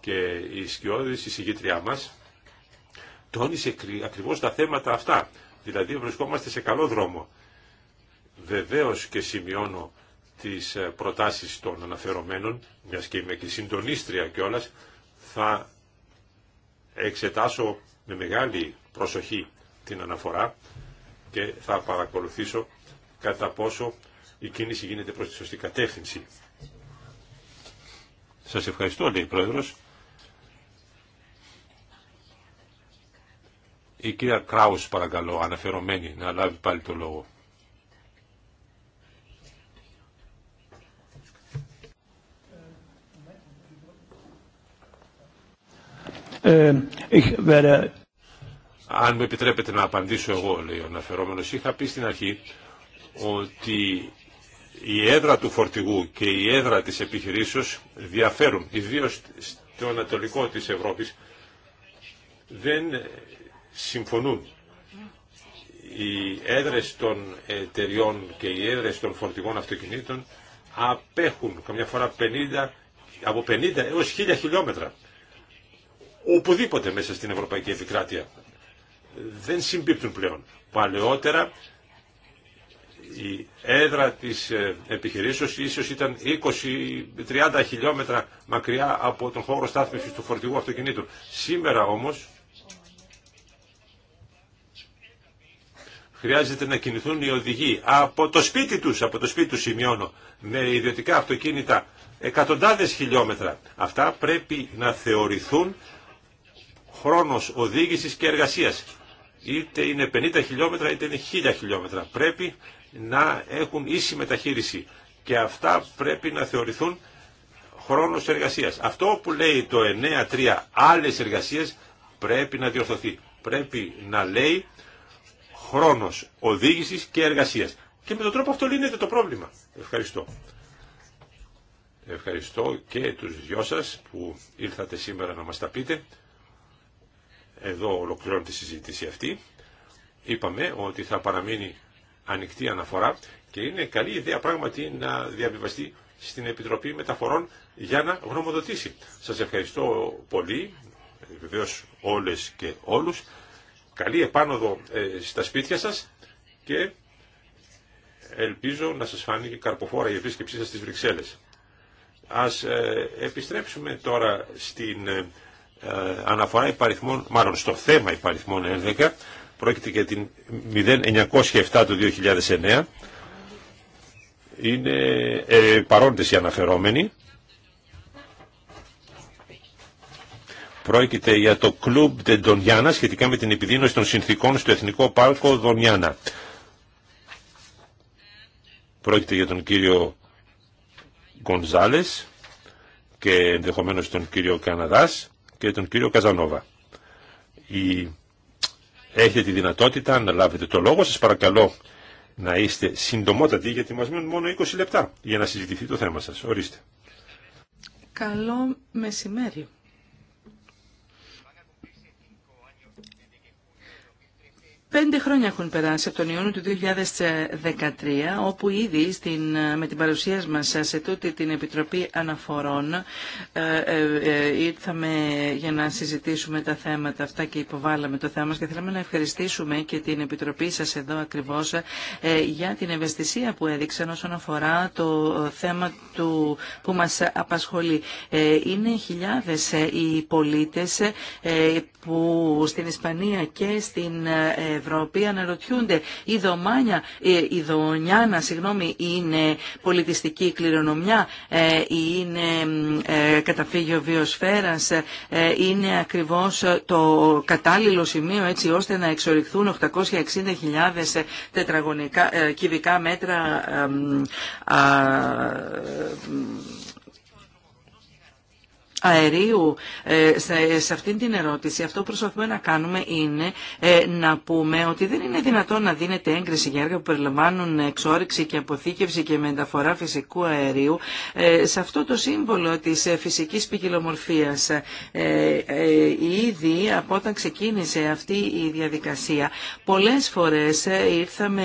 και η σκιώδης η μας τόνισε ακριβώς τα θέματα αυτά. Δηλαδή βρισκόμαστε σε καλό δρόμο. Βεβαίως και σημειώνω τις ε, προτάσεις των αναφερομένων, μιας και είμαι και συντονίστρια κιόλας, θα εξετάσω με μεγάλη προσοχή την αναφορά και θα παρακολουθήσω κατά πόσο η κίνηση γίνεται προς τη σωστή κατεύθυνση. Σας ευχαριστώ, λέει ο Πρόεδρος. Η κυρία Κράους, παρακαλώ, αναφερομένη, να λάβει πάλι το λόγο. Ε, ε, ε, Αν με επιτρέπετε να απαντήσω εγώ, λέει ο αναφερόμενος, είχα πει στην αρχή ότι η έδρα του φορτηγού και η έδρα της επιχειρήσεως διαφέρουν, ιδίως στο ανατολικό της Ευρώπης δεν συμφωνούν. Οι έδρες των εταιριών και οι έδρες των φορτηγών αυτοκινήτων απέχουν καμιά φορά 50, από 50 έως 1000 χιλιόμετρα οπουδήποτε μέσα στην Ευρωπαϊκή Επικράτεια. Δεν συμπίπτουν πλέον. Παλαιότερα η έδρα της ε, επιχειρήσεως ίσως ήταν 20-30 χιλιόμετρα μακριά από τον χώρο στάθμευσης του φορτηγού αυτοκινήτου. Σήμερα όμως χρειάζεται να κινηθούν οι οδηγοί από το σπίτι τους, από το σπίτι τους σημειώνω, με ιδιωτικά αυτοκίνητα εκατοντάδες χιλιόμετρα. Αυτά πρέπει να θεωρηθούν χρόνος οδήγησης και εργασίας. Είτε είναι 50 χιλιόμετρα είτε είναι 1000 χιλιόμετρα. Πρέπει να έχουν ίση μεταχείριση και αυτά πρέπει να θεωρηθούν χρόνος εργασίας. Αυτό που λέει το 9-3 άλλες εργασίες πρέπει να διορθωθεί. Πρέπει να λέει χρόνος οδήγησης και εργασίας. Και με τον τρόπο αυτό λύνεται το πρόβλημα. Ευχαριστώ. Ευχαριστώ και τους δυο σας που ήρθατε σήμερα να μας τα πείτε. Εδώ ολοκληρώνω τη συζήτηση αυτή. Είπαμε ότι θα παραμείνει ανοιχτή αναφορά και είναι καλή ιδέα πράγματι να διαβιβαστεί στην Επιτροπή Μεταφορών για να γνωμοδοτήσει. Σας ευχαριστώ πολύ, βεβαίω όλες και όλους. Καλή επάνωδο ε, στα σπίτια σας και ελπίζω να σας φάνηκε καρποφόρα η επίσκεψή σας στις Βρυξέλλες. Ας ε, επιστρέψουμε τώρα στην ε, αναφορά υπαριθμών, μάλλον στο θέμα υπαριθμών 11, Πρόκειται για την 0907 του 2009. Είναι ε, παρόντες οι αναφερόμενοι. Πρόκειται για το κλουμπ Ντεντονιάνα σχετικά με την επιδείνωση των συνθήκων στο Εθνικό Πάρκο Δονιάνα. Πρόκειται για τον κύριο Γκονζάλες και ενδεχομένως τον κύριο Καναδάς και τον κύριο Καζανόβα. Η Έχετε τη δυνατότητα να λάβετε το λόγο. Σας παρακαλώ να είστε συντομότατοι γιατί μας μένουν μόνο 20 λεπτά για να συζητηθεί το θέμα σας. Ορίστε. Καλό μεσημέρι. Πέντε χρόνια έχουν περάσει από τον Ιούνιο του 2013, όπου ήδη με την παρουσία μας σε τούτη την Επιτροπή Αναφορών ε, ε, ε, ήρθαμε για να συζητήσουμε τα θέματα αυτά και υποβάλαμε το θέμα μας και θέλαμε να ευχαριστήσουμε και την Επιτροπή σας εδώ ακριβώς ε, για την ευαισθησία που έδειξαν όσον αφορά το θέμα του, που μας απασχολεί. Ε, είναι χιλιάδες οι πολίτες που στην Ισπανία και στην Ευρώπη αναρωτιούνται η δομάνια, ε, η δωνιάνα συγγνώμη, είναι πολιτιστική κληρονομιά, ε, είναι ε, καταφύγιο βιοσφαίρας, είναι ακριβώς το κατάλληλο σημείο έτσι ώστε να εξορυχθούν 860.000 τετραγωνικά κυβικά μέτρα αερίου ε, σε αυτήν την ερώτηση αυτό που προσπαθούμε να κάνουμε είναι ε, να πούμε ότι δεν είναι δυνατόν να δίνεται έγκριση για έργα που περιλαμβάνουν εξόρυξη και αποθήκευση και μεταφορά φυσικού αερίου ε, σε αυτό το σύμβολο της φυσικής ποικιλομορφίας ήδη από όταν ξεκίνησε αυτή η διαδικασία πολλές φορές ήρθαμε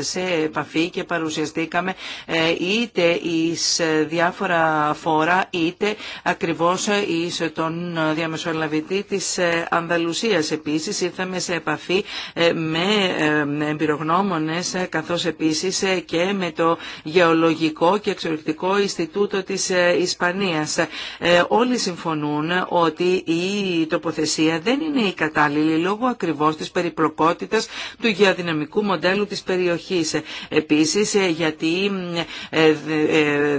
σε επαφή και παρουσιαστήκαμε είτε εις διάφορα φόρα είτε ακριβώς ακριβώς εις τον διαμεσολαβητή της Ανδαλουσίας. Επίσης ήρθαμε σε επαφή ε, με ε, εμπειρογνώμονες καθώς επίσης ε, και με το Γεωλογικό και Εξορυκτικό Ινστιτούτο της Ισπανίας. Όλοι συμφωνούν ότι η τοποθεσία δεν είναι η κατάλληλη λόγω ακριβώς της περιπλοκότητας του γεωδυναμικού μοντέλου της περιοχής. Επίσης γιατί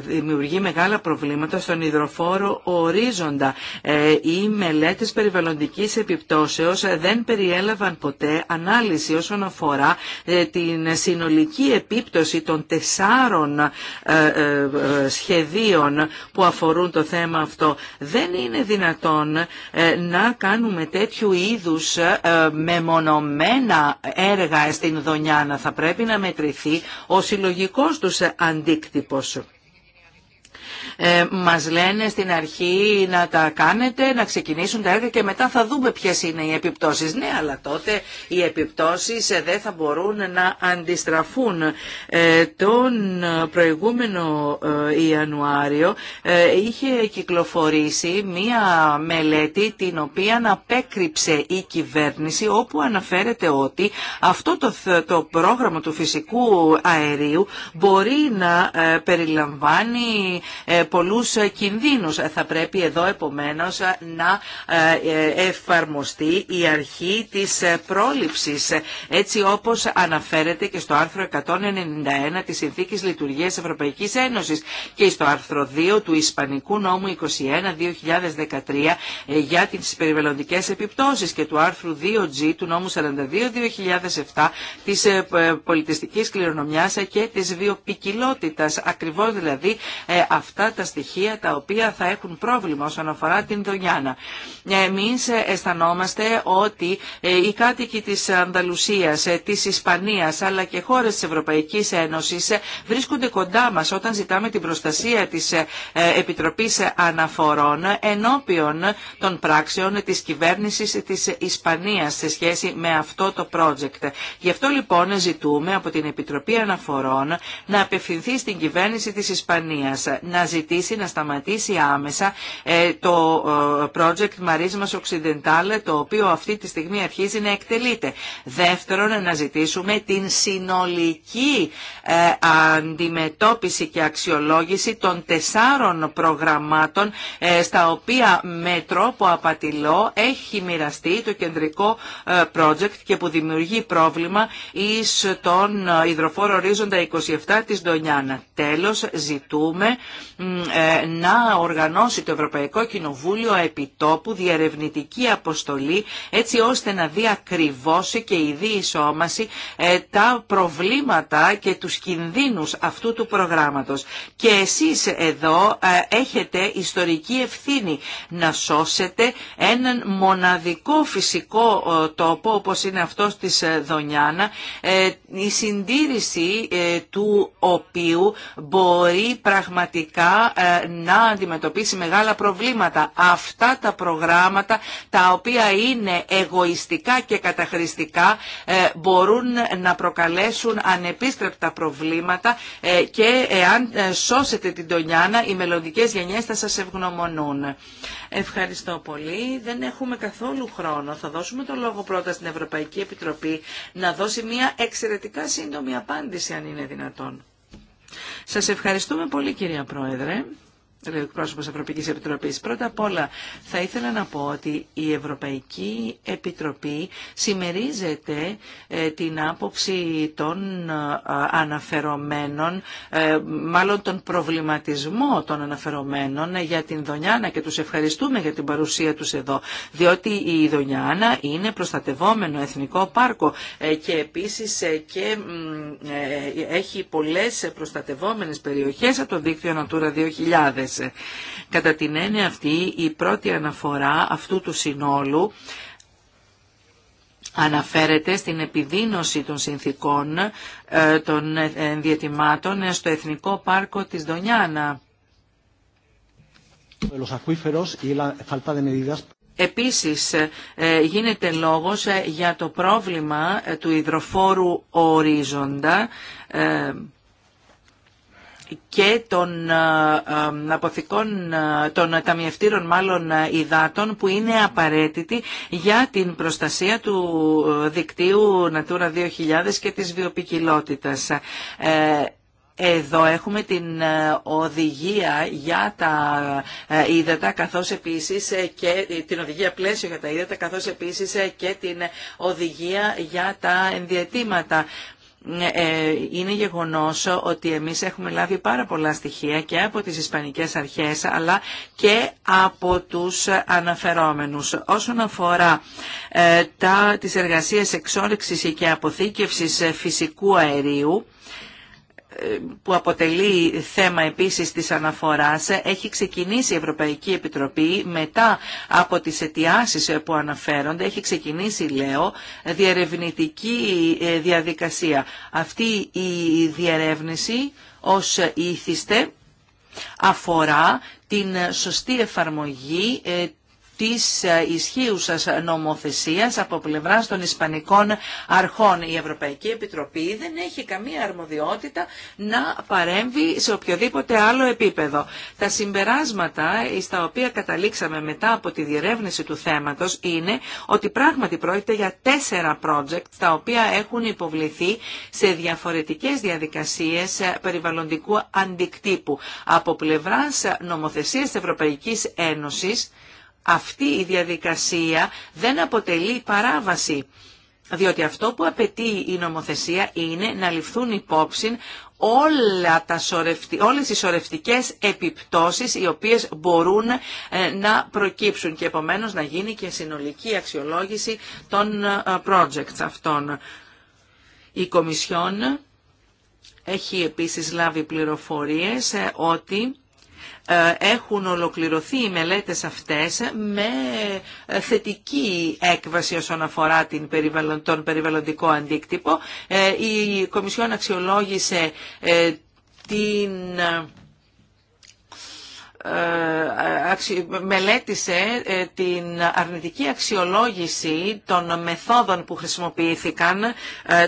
δημιουργεί μεγάλα προβλήματα στον υδροφόρο ορίζοντα. Ε, οι μελέτες περιβαλλοντικής επιπτώσεως ε, δεν περιέλαβαν ποτέ ανάλυση όσον αφορά ε, την συνολική επίπτωση των τεσσάρων σχεδίων που αφορούν το θέμα αυτό. Δεν είναι δυνατόν να κάνουμε τέτοιου είδους μεμονωμένα έργα στην να Θα πρέπει να μετρηθεί ο συλλογικός τους αντίκτυπος ε, μας λένε στην αρχή να τα κάνετε, να ξεκινήσουν τα έργα και μετά θα δούμε ποιες είναι οι επιπτώσεις. Ναι, αλλά τότε οι επιπτώσεις ε, δεν θα μπορούν να αντιστραφούν. Ε, τον προηγούμενο ε, Ιανουάριο είχε κυκλοφορήσει μία μελέτη την οποία απέκρυψε η κυβέρνηση όπου αναφέρεται ότι αυτό το, το πρόγραμμα του φυσικού αερίου μπορεί να περιλαμβάνει πολλούς ε, κινδύνους. Ε, θα πρέπει εδώ επομένως ε, να εφαρμοστεί η αρχή της πρόληψης, έτσι όπως αναφέρεται και στο άρθρο 191 της Συνθήκης Λειτουργίας Ευρωπαϊκής Ένωσης και στο άρθρο 2 του Ισπανικού Νόμου 21-2013 για τις περιβαλλοντικές επιπτώσεις και του άρθρου 2G του νόμου 42-2007 της πολιτιστικής κληρονομιάς και της βιοπικιλότητας. Ακριβώς δηλαδή αυτά τα στοιχεία τα οποία θα έχουν πρόβλημα όσον αφορά την Δονιάνα. Εμείς αισθανόμαστε ότι ε, οι κάτοικοι της Ανταλουσία, ε, της Ισπανίας αλλά και χώρες της Ευρωπαϊκής Ένωσης ε, βρίσκονται κοντά μας όταν ζητάμε την προστασία της Επιτροπής Αναφορών ενώπιον των πράξεων της κυβέρνησης της Ισπανίας σε σχέση με αυτό το project. Γι' αυτό λοιπόν ζητούμε από την Επιτροπή Αναφορών να απευθυνθεί στην κυβέρνηση της Ισπανίας, να ζητήσει να σταματήσει άμεσα ε, το ε, project μαρίζμα Occidental, το οποίο αυτή τη στιγμή αρχίζει να εκτελείται. Δεύτερον, να ζητήσουμε την συνολική ε, αντιμετώπιση και αξιολόγηση των τεσσάρων προγραμμάτων στα οποία με τρόπο απατηλό έχει μοιραστεί το κεντρικό project και που δημιουργεί πρόβλημα εις τον υδροφόρο ορίζοντα 27 της Ντονιάνα. Τέλος, ζητούμε ε, να οργανώσει το Ευρωπαϊκό Κοινοβούλιο επιτόπου διαρευνητική αποστολή έτσι ώστε να δει και η διεισόμαση ε, τα προβλήματα και τους κινδύνους αυτού του προγράμματος. Και εσείς εδώ ε, έχετε ιστορική ευθύνη να σώσετε έναν μοναδικό φυσικό τόπο όπως είναι αυτός της Δονιάνα η συντήρηση του οποίου μπορεί πραγματικά ε, να αντιμετωπίσει μεγάλα προβλήματα. Αυτά τα προγράμματα τα οποία είναι εγωιστικά και καταχρηστικά ε, μπορούν να προκαλέσουν ανεπίστρεπτα προβλήματα ε, και εάν σώσετε την Τονιάνα οι μελλοντικέ γενιές θα σας ευγνωμονούν. Ευχαριστώ πολύ. Δεν έχουμε καθόλου χρόνο. Θα δώσουμε το λόγο πρώτα στην Ευρωπαϊκή Επιτροπή να δώσει μια εξαιρετικά σύντομη απάντηση αν είναι δυνατόν. Σας ευχαριστούμε πολύ κυρία Πρόεδρε λέει ο Ευρωπαϊκή Ευρωπαϊκής Επιτροπής. Πρώτα απ' όλα θα ήθελα να πω ότι η Ευρωπαϊκή Επιτροπή συμμερίζεται ε, την άποψη των ε, αναφερομένων, ε, μάλλον τον προβληματισμό των αναφερομένων για την Δονιάνα και τους ευχαριστούμε για την παρουσία τους εδώ, διότι η Δονιάνα είναι προστατευόμενο εθνικό πάρκο και επίσης και έχει πολλές προστατευόμενες περιοχές από το δίκτυο Natura 2000. Κατά την έννοια αυτή η πρώτη αναφορά αυτού του συνόλου αναφέρεται στην επιδίνωση των συνθήκων ε, των διατημάτων στο Εθνικό Πάρκο της Δονιάνα. Επίσης ε, γίνεται λόγος ε, για το πρόβλημα του υδροφόρου ορίζοντα και των ε, ε, αποθηκών ε, των ταμιευτήρων μάλλον υδάτων που είναι απαραίτητη για την προστασία του δικτύου Natura 2000 και της βιοπικιλότητας. Εδώ έχουμε την οδηγία για τα ύδατα, καθώς επίσης και την οδηγία πλαίσιο για τα ύδατα, καθώς επίσης και την οδηγία για τα ενδιατήματα. Ναι, ε, είναι γεγονός ότι εμείς έχουμε λάβει πάρα πολλά στοιχεία και από τις Ισπανικές αρχές αλλά και από τους αναφερόμενους. Όσον αφορά ε, τα, τις εργασίες εξόρυξης και αποθήκευσης ε, φυσικού αερίου, που αποτελεί θέμα επίσης της αναφοράς, έχει ξεκινήσει η Ευρωπαϊκή Επιτροπή μετά από τις αιτιάσεις που αναφέρονται, έχει ξεκινήσει, λέω, διερευνητική ε, διαδικασία. Αυτή η διερεύνηση ως ήθιστε αφορά την σωστή εφαρμογή ε, της ε, ισχύουσας νομοθεσίας από πλευράς των Ισπανικών αρχών. Η Ευρωπαϊκή Επιτροπή δεν έχει καμία αρμοδιότητα να παρέμβει σε οποιοδήποτε άλλο επίπεδο. Τα συμπεράσματα στα οποία καταλήξαμε μετά από τη διερεύνηση του θέματος είναι ότι πράγματι πρόκειται για τέσσερα project τα οποία έχουν υποβληθεί σε διαφορετικές διαδικασίες ε, περιβαλλοντικού αντικτύπου από πλευράς νομοθεσίας της Ευρωπαϊκής Ένωσης αυτή η διαδικασία δεν αποτελεί παράβαση. Διότι αυτό που απαιτεί η νομοθεσία είναι να ληφθούν υπόψη όλα τα όλες οι σορευτικές επιπτώσεις οι οποίες μπορούν ε, να προκύψουν και επομένως να γίνει και συνολική αξιολόγηση των ε, projects αυτών. Η Κομισιόν έχει επίσης λάβει πληροφορίες ε, ότι ε, έχουν ολοκληρωθεί οι μελέτες αυτές με ε, θετική έκβαση όσον αφορά την τον περιβαλλοντικό αντίκτυπο. Ε, η Κομισιόν αξιολόγησε την μελέτησε την αρνητική αξιολόγηση των μεθόδων που χρησιμοποιήθηκαν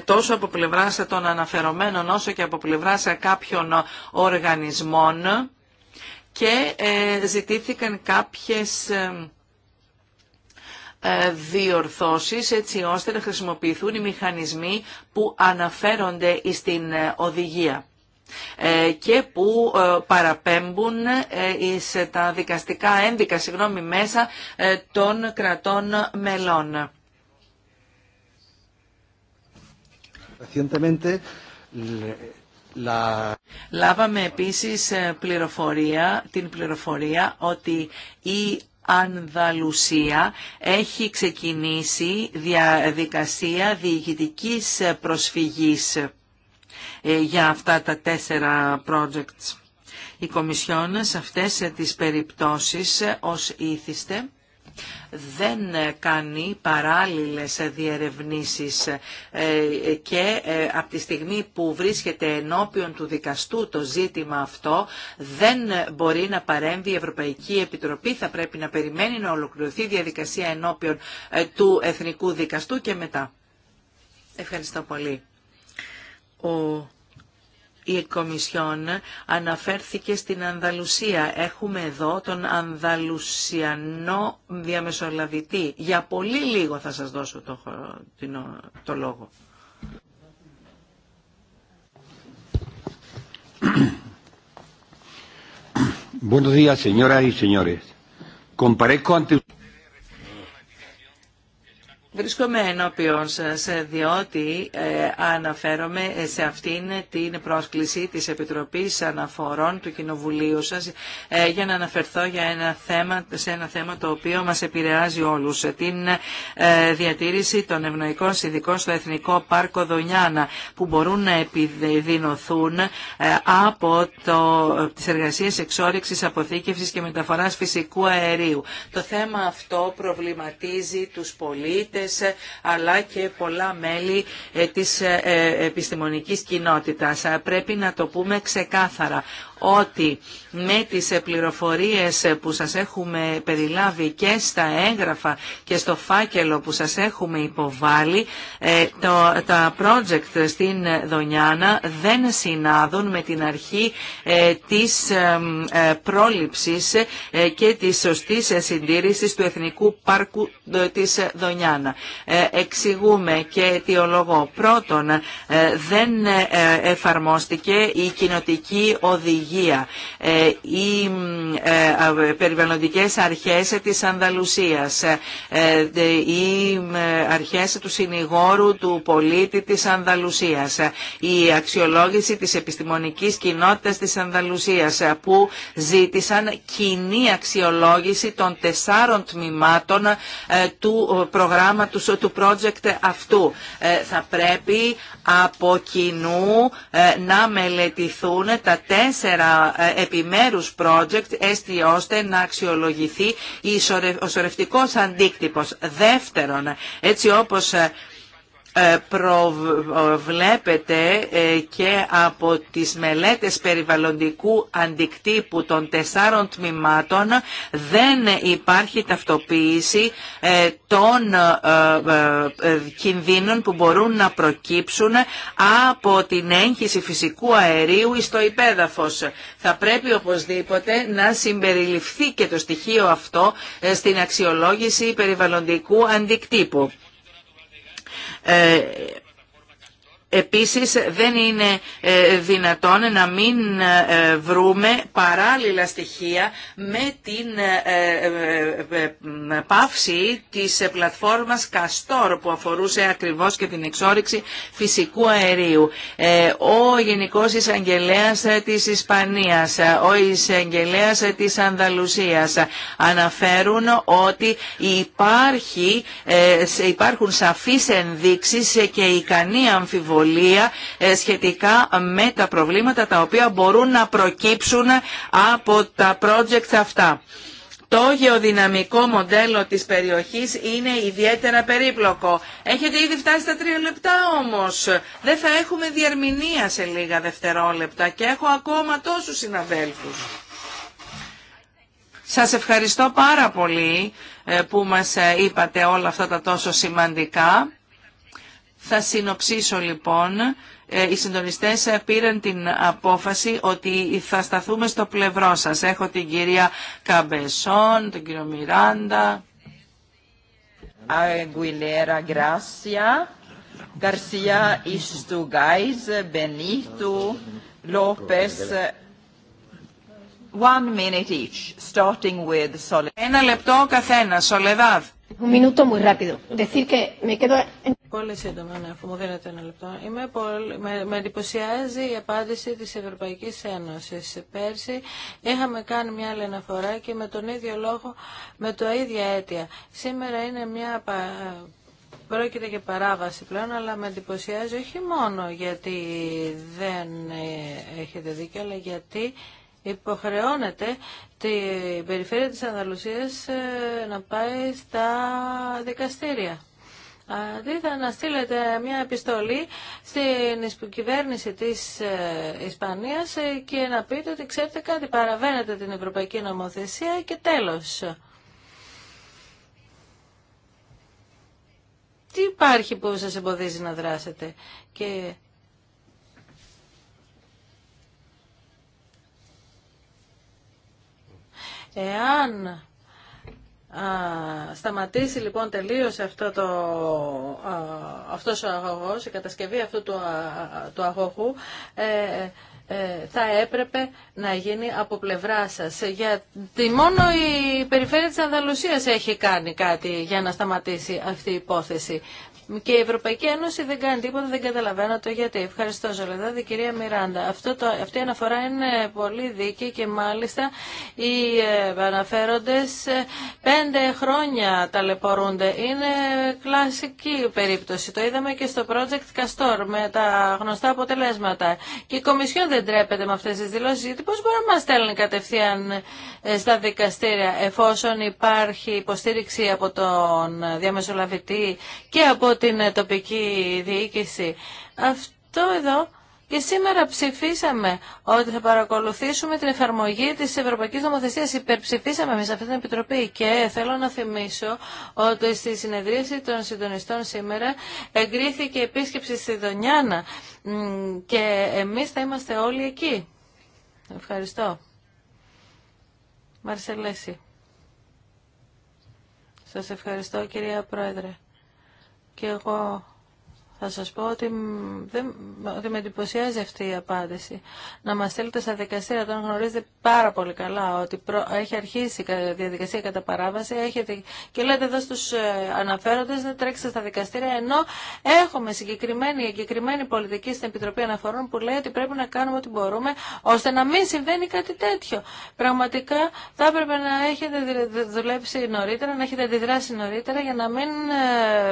τόσο από πλευράς των αναφερομένων όσο και από πλευράς κάποιων οργανισμών και ε, ζητήθηκαν κάποιες ε, ε, διορθώσεις έτσι ώστε να χρησιμοποιηθούν οι μηχανισμοί που αναφέρονται στην οδηγία και που παραπέμπουν σε τα δικαστικά ένδικα συγγνώμη, μέσα των κρατών μελών. Λάβαμε επίσης ε, πληροφορία, την πληροφορία ότι η Ανδαλουσία έχει ξεκινήσει διαδικασία διοικητικής προσφυγής ε, για αυτά τα τέσσερα projects. Η Κομισιόν σε αυτές τις περιπτώσεις ε, ως ήθιστε δεν κάνει παράλληλες διερευνήσεις ε, και ε, από τη στιγμή που βρίσκεται ενώπιον του δικαστού το ζήτημα αυτό δεν μπορεί να παρέμβει η Ευρωπαϊκή Επιτροπή θα πρέπει να περιμένει να ολοκληρωθεί η διαδικασία ενώπιον ε, του Εθνικού Δικαστού και μετά. Ευχαριστώ πολύ η Κομισιόν αναφέρθηκε στην Ανδαλουσία. Έχουμε εδώ τον Ανδαλουσιανό διαμεσολαβητή. Για πολύ λίγο θα σας δώσω το, το λόγο. Βρίσκομαι ενώπιον σας ε, διότι ε, αναφέρομαι ε, σε αυτήν την πρόσκληση της Επιτροπής Αναφορών του Κοινοβουλίου σας για να αναφερθώ για ένα θέμα, σε ένα θέμα το οποίο μας επηρεάζει όλους. Την διατήρηση των ευνοϊκών συνδικών στο Εθνικό Πάρκο Δονιάνα που μπορούν να επιδεινωθούν από το, τις εργασίες εξόριξης και μεταφοράς φυσικού αερίου. Το θέμα αυτό προβληματίζει τους πολίτες ε, αλλά και πολλά μέλη ε, της ε, επιστημονικής κοινότητας. Πρέπει να το πούμε ξεκάθαρα ότι με τις πληροφορίες που σας έχουμε περιλάβει και στα έγγραφα και στο φάκελο που σας έχουμε υποβάλει, ε, το, τα project στην Δονιάνα δεν συνάδουν με την αρχή ε, της ε, πρόληψης και της σωστής συντήρησης του Εθνικού Πάρκου της Δονιάνα. Εξηγούμε και αιτιολογώ. Πρώτον, δεν εφαρμόστηκε η κοινοτική οδηγία η ε, οι ε, περιβαλλοντικές αρχές της Ανδαλουσίας ε, οι αρχές του συνηγόρου του πολίτη της Ανδαλουσίας η αξιολόγηση της επιστημονικής κοινότητας της Ανδαλουσίας που ζήτησαν κοινή αξιολόγηση των τεσσάρων τμήματων του προγράμματος του project αυτού. Θα πρέπει από κοινού να μελετηθούν τα τέσσερα ε, επιμέρους project έστει ώστε να αξιολογηθεί ο σορευτικός αντίκτυπος. Δεύτερον, έτσι όπως ε, ε, προβλέπεται ε, και από τις μελέτες περιβαλλοντικού αντικτύπου των τεσσάρων τμήματων δεν υπάρχει ταυτοποίηση ε, των κινδύνων που μπορούν να προκύψουν από την έγχυση φυσικού αερίου στο υπέδαφος. Θα πρέπει οπωσδήποτε να συμπεριληφθεί και το στοιχείο αυτό στην αξιολόγηση περιβαλλοντικού αντικτύπου ε, Επίσης δεν είναι ε, δυνατόν να μην ε, ε, βρούμε παράλληλα στοιχεία με την πάυση της πλατφόρμας Καστόρ που αφορούσε ακριβώς και την εξόριξη φυσικού αερίου. Ο Γενικός Εισαγγελέας της Ισπανίας, ο Εισαγγελέας της Ανδαλουσίας αναφέρουν ότι υπάρχει, υπάρχουν σαφείς ενδείξεις και ικανή αμφιβολία ε, σχετικά με τα προβλήματα τα οποία μπορούν να προκύψουν από τα projects αυτά. Το γεωδυναμικό μοντέλο της περιοχής είναι ιδιαίτερα περίπλοκο. Έχετε ήδη φτάσει στα τρία λεπτά όμως. Δεν θα έχουμε διαρμηνία σε λίγα δευτερόλεπτα και έχω ακόμα τόσους συναδέλφους. Σας ευχαριστώ πάρα πολύ ε, που μας ε, είπατε όλα αυτά τα τόσο σημαντικά. Θα συνοψίσω λοιπόν, ε, οι συντονιστές ε, πήραν την απόφαση ότι θα σταθούμε στο πλευρό σας. Έχω την κυρία Καμπεσόν, τον κύριο Μιράντα. Αγγουιλέρα Γκράσια, Γκαρσία Ιστουγκάιζ, Μπενίτου, Λόπες, One minute each, starting with Soledad. Ένα λεπτό καθένα καθένας, Πολύ σύντομα, ναι, αφού μου δίνετε ένα λεπτό. Είμαι πολύ... με, με εντυπωσιάζει η απάντηση της Ευρωπαϊκής Ένωσης. Πέρσι είχαμε κάνει μια άλλη αναφορά και με τον ίδιο λόγο, με το ίδια αίτια. Σήμερα είναι μια πρόκειται για παράβαση πλέον, αλλά με εντυπωσιάζει όχι μόνο γιατί δεν ε, έχετε δίκιο, αλλά γιατί υποχρεώνεται την περιφέρεια της Ανδαλουσίας ε, να πάει στα δικαστήρια. Δηλαδή να στείλετε μια επιστολή στην κυβέρνηση της ε, Ισπανίας ε, και να πείτε ότι ξέρετε κάτι, παραβαίνετε την Ευρωπαϊκή Νομοθεσία και τέλος. Τι υπάρχει που σας εμποδίζει να δράσετε και Εάν σταματήσει λοιπόν τελείως αυτό το, αυτός ο αγωγός, η κατασκευή αυτού του, του αγωγού, ε, ε, θα έπρεπε να γίνει από πλευρά σας. Γιατί μόνο η περιφέρεια της Ανδαλουσίας έχει κάνει κάτι για να σταματήσει αυτή η υπόθεση. Και η Ευρωπαϊκή Ένωση δεν κάνει τίποτα, δεν καταλαβαίνω το γιατί. Ευχαριστώ, Ζολεδάδη, κυρία Μιράντα. Αυτό το, αυτή η αναφορά είναι πολύ δίκη και μάλιστα οι ε, αναφέροντες ε, πέντε χρόνια ταλαιπωρούνται. Είναι κλασική περίπτωση. Το είδαμε και στο project Castor με τα γνωστά αποτελέσματα. Και η Κομισιόν δεν τρέπεται με αυτές τις δηλώσεις, γιατί πώς μπορεί να μας στέλνει κατευθείαν ε, στα δικαστήρια εφόσον υπάρχει υποστήριξη από τον διαμεσολαβητή και από την ε, τοπική διοίκηση. Αυτό εδώ και σήμερα ψηφίσαμε ότι θα παρακολουθήσουμε την εφαρμογή της Ευρωπαϊκής Νομοθεσία. Υπερψηφίσαμε εμείς αυτή την Επιτροπή. Και θέλω να θυμίσω ότι στη συνεδρίαση των συντονιστών σήμερα εγκρίθηκε επίσκεψη στη Δονιάνα. Και εμείς θα είμαστε όλοι εκεί. Ευχαριστώ. Μαρσελέση. Σας ευχαριστώ κυρία Πρόεδρε και εγώ θα σας πω ότι, δεν, ότι με εντυπωσιάζει αυτή η απάντηση. Να μας στέλνετε στα δικαστήρια, όταν γνωρίζετε πάρα πολύ καλά ότι έχει αρχίσει η διαδικασία κατά παράβαση έχετε, και λέτε εδώ στους ε, αναφέροντες να τρέξετε στα δικαστήρια, ενώ έχουμε συγκεκριμένη, εγκεκριμένη πολιτική στην Επιτροπή Αναφορών που λέει ότι πρέπει να κάνουμε ό,τι μπορούμε ώστε να μην συμβαίνει κάτι τέτοιο. Πραγματικά θα έπρεπε να έχετε δουλέψει νωρίτερα, να έχετε αντιδράσει νωρίτερα για να μην ε,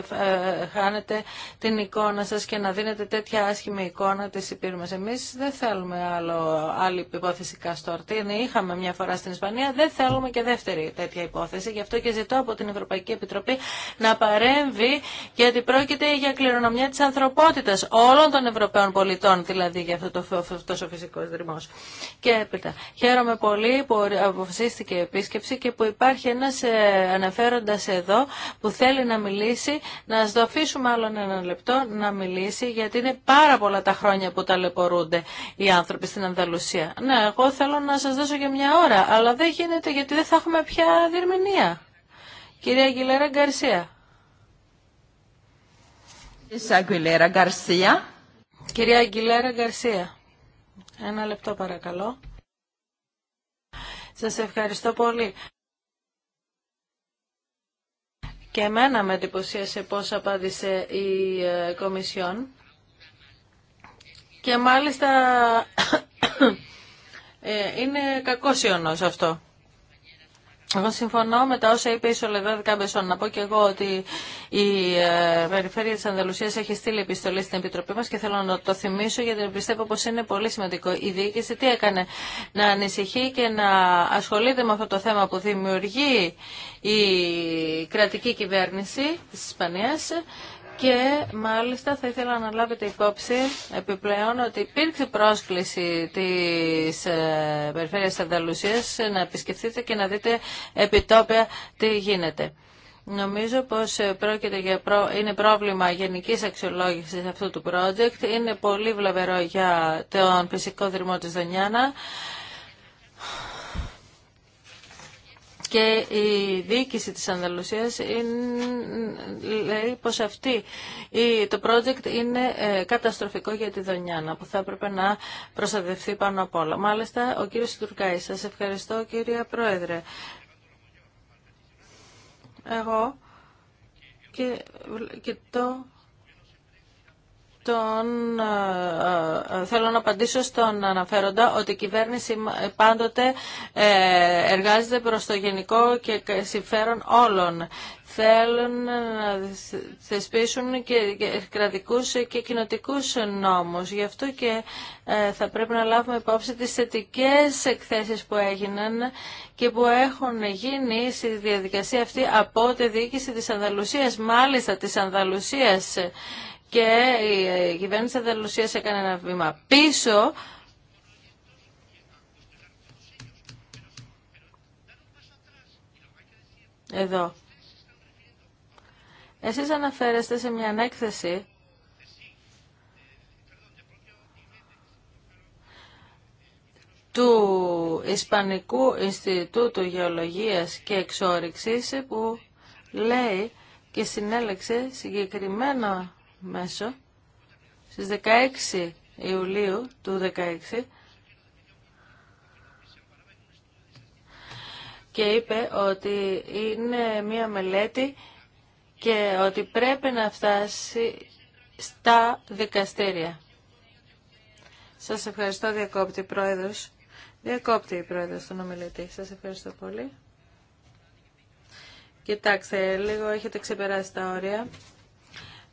ε, χάνετε την εικόνα εικόνα σας και να δίνετε τέτοια άσχημη εικόνα της Υπήρου μας. Εμείς δεν θέλουμε άλλο, άλλη υπόθεση καστορτίνη. Είχαμε μια φορά στην Ισπανία, δεν θέλουμε και δεύτερη τέτοια υπόθεση. Γι' αυτό και ζητώ από την Ευρωπαϊκή Επιτροπή να παρέμβει γιατί πρόκειται για κληρονομιά της ανθρωπότητας όλων των Ευρωπαίων πολιτών, δηλαδή για αυτό το τόσο φυσικό δρυμός. Και έπειτα, χαίρομαι πολύ που αποφασίστηκε η επίσκεψη και που υπάρχει ένας ε, αναφέροντας εδώ που θέλει να μιλήσει, να δοφήσουμε άλλον ένα λεπτό, να μιλήσει γιατί είναι πάρα πολλά τα χρόνια που ταλαιπωρούνται οι άνθρωποι στην Ανταλουσία. Ναι, εγώ θέλω να σας δώσω για μια ώρα, αλλά δεν γίνεται γιατί δεν θα έχουμε πια διερμηνία. Κυρία Αγγιλέρα Γκαρσία. Αγγιλέρα Γκαρσία. Κυρία Αγγιλέρα Γκαρσία. Ένα λεπτό παρακαλώ. Σας ευχαριστώ πολύ και εμένα με εντυπωσίασε πώς απάντησε η ε, Κομισιόν και μάλιστα ε, είναι κακό αυτό. Εγώ συμφωνώ με τα όσα είπε η Σολεδάδη Καμπεσόν. Να πω και εγώ ότι η ε, Περιφέρεια τη Ανδαλουσία έχει στείλει επιστολή στην Επιτροπή μα και θέλω να το θυμίσω γιατί πιστεύω πω είναι πολύ σημαντικό. Η διοίκηση τι έκανε, να ανησυχεί και να ασχολείται με αυτό το θέμα που δημιουργεί η κρατική κυβέρνηση τη Ισπανία και μάλιστα θα ήθελα να λάβετε υπόψη επιπλέον ότι υπήρξε πρόσκληση της ε, Περιφέρειας Ανταλουσίας να επισκεφθείτε και να δείτε επιτόπια τι γίνεται. Νομίζω πως ε, πρόκειται για είναι πρόβλημα γενικής αξιολόγησης αυτού του project. Είναι πολύ βλαβερό για τον φυσικό δρυμό της Δονιάνα και η διοίκηση της Ανδαλουσίας λέει πως αυτή το project είναι ε, καταστροφικό για τη Δονιάνα που θα έπρεπε να προστατευτεί πάνω απ' όλα. Μάλιστα ο κύριος Τουρκάης, σας ευχαριστώ κύριε Πρόεδρε. Εγώ και, και το ε, ε, ε, θέλω να απαντήσω στον αναφέροντα ότι η κυβέρνηση πάντοτε εργάζεται προς το γενικό και συμφέρον όλων. Θέλουν να θεσπίσουν και κρατικούς και κοινοτικού νόμους. Γι' αυτό και θα πρέπει να λάβουμε υπόψη τις θετικέ εκθέσεις που έγιναν και που έχουν γίνει στη διαδικασία αυτή από τη διοίκηση της Ανδαλουσίας, μάλιστα της Ανδαλουσίας και η κυβέρνηση Ανταλουσία έκανε ένα βήμα πίσω Εδώ. Εσείς αναφέρεστε σε μια ανέκθεση του Ισπανικού Ινστιτούτου Γεωλογίας και Εξόριξης που λέει και συνέλεξε συγκεκριμένα μέσο στις 16 Ιουλίου του 2016 και είπε ότι είναι μία μελέτη και ότι πρέπει να φτάσει στα δικαστήρια. Σας ευχαριστώ διακόπτη πρόεδρος. Διακόπτη η πρόεδρος του ομιλητή. Σας ευχαριστώ πολύ. Κοιτάξτε, λίγο έχετε ξεπεράσει τα όρια.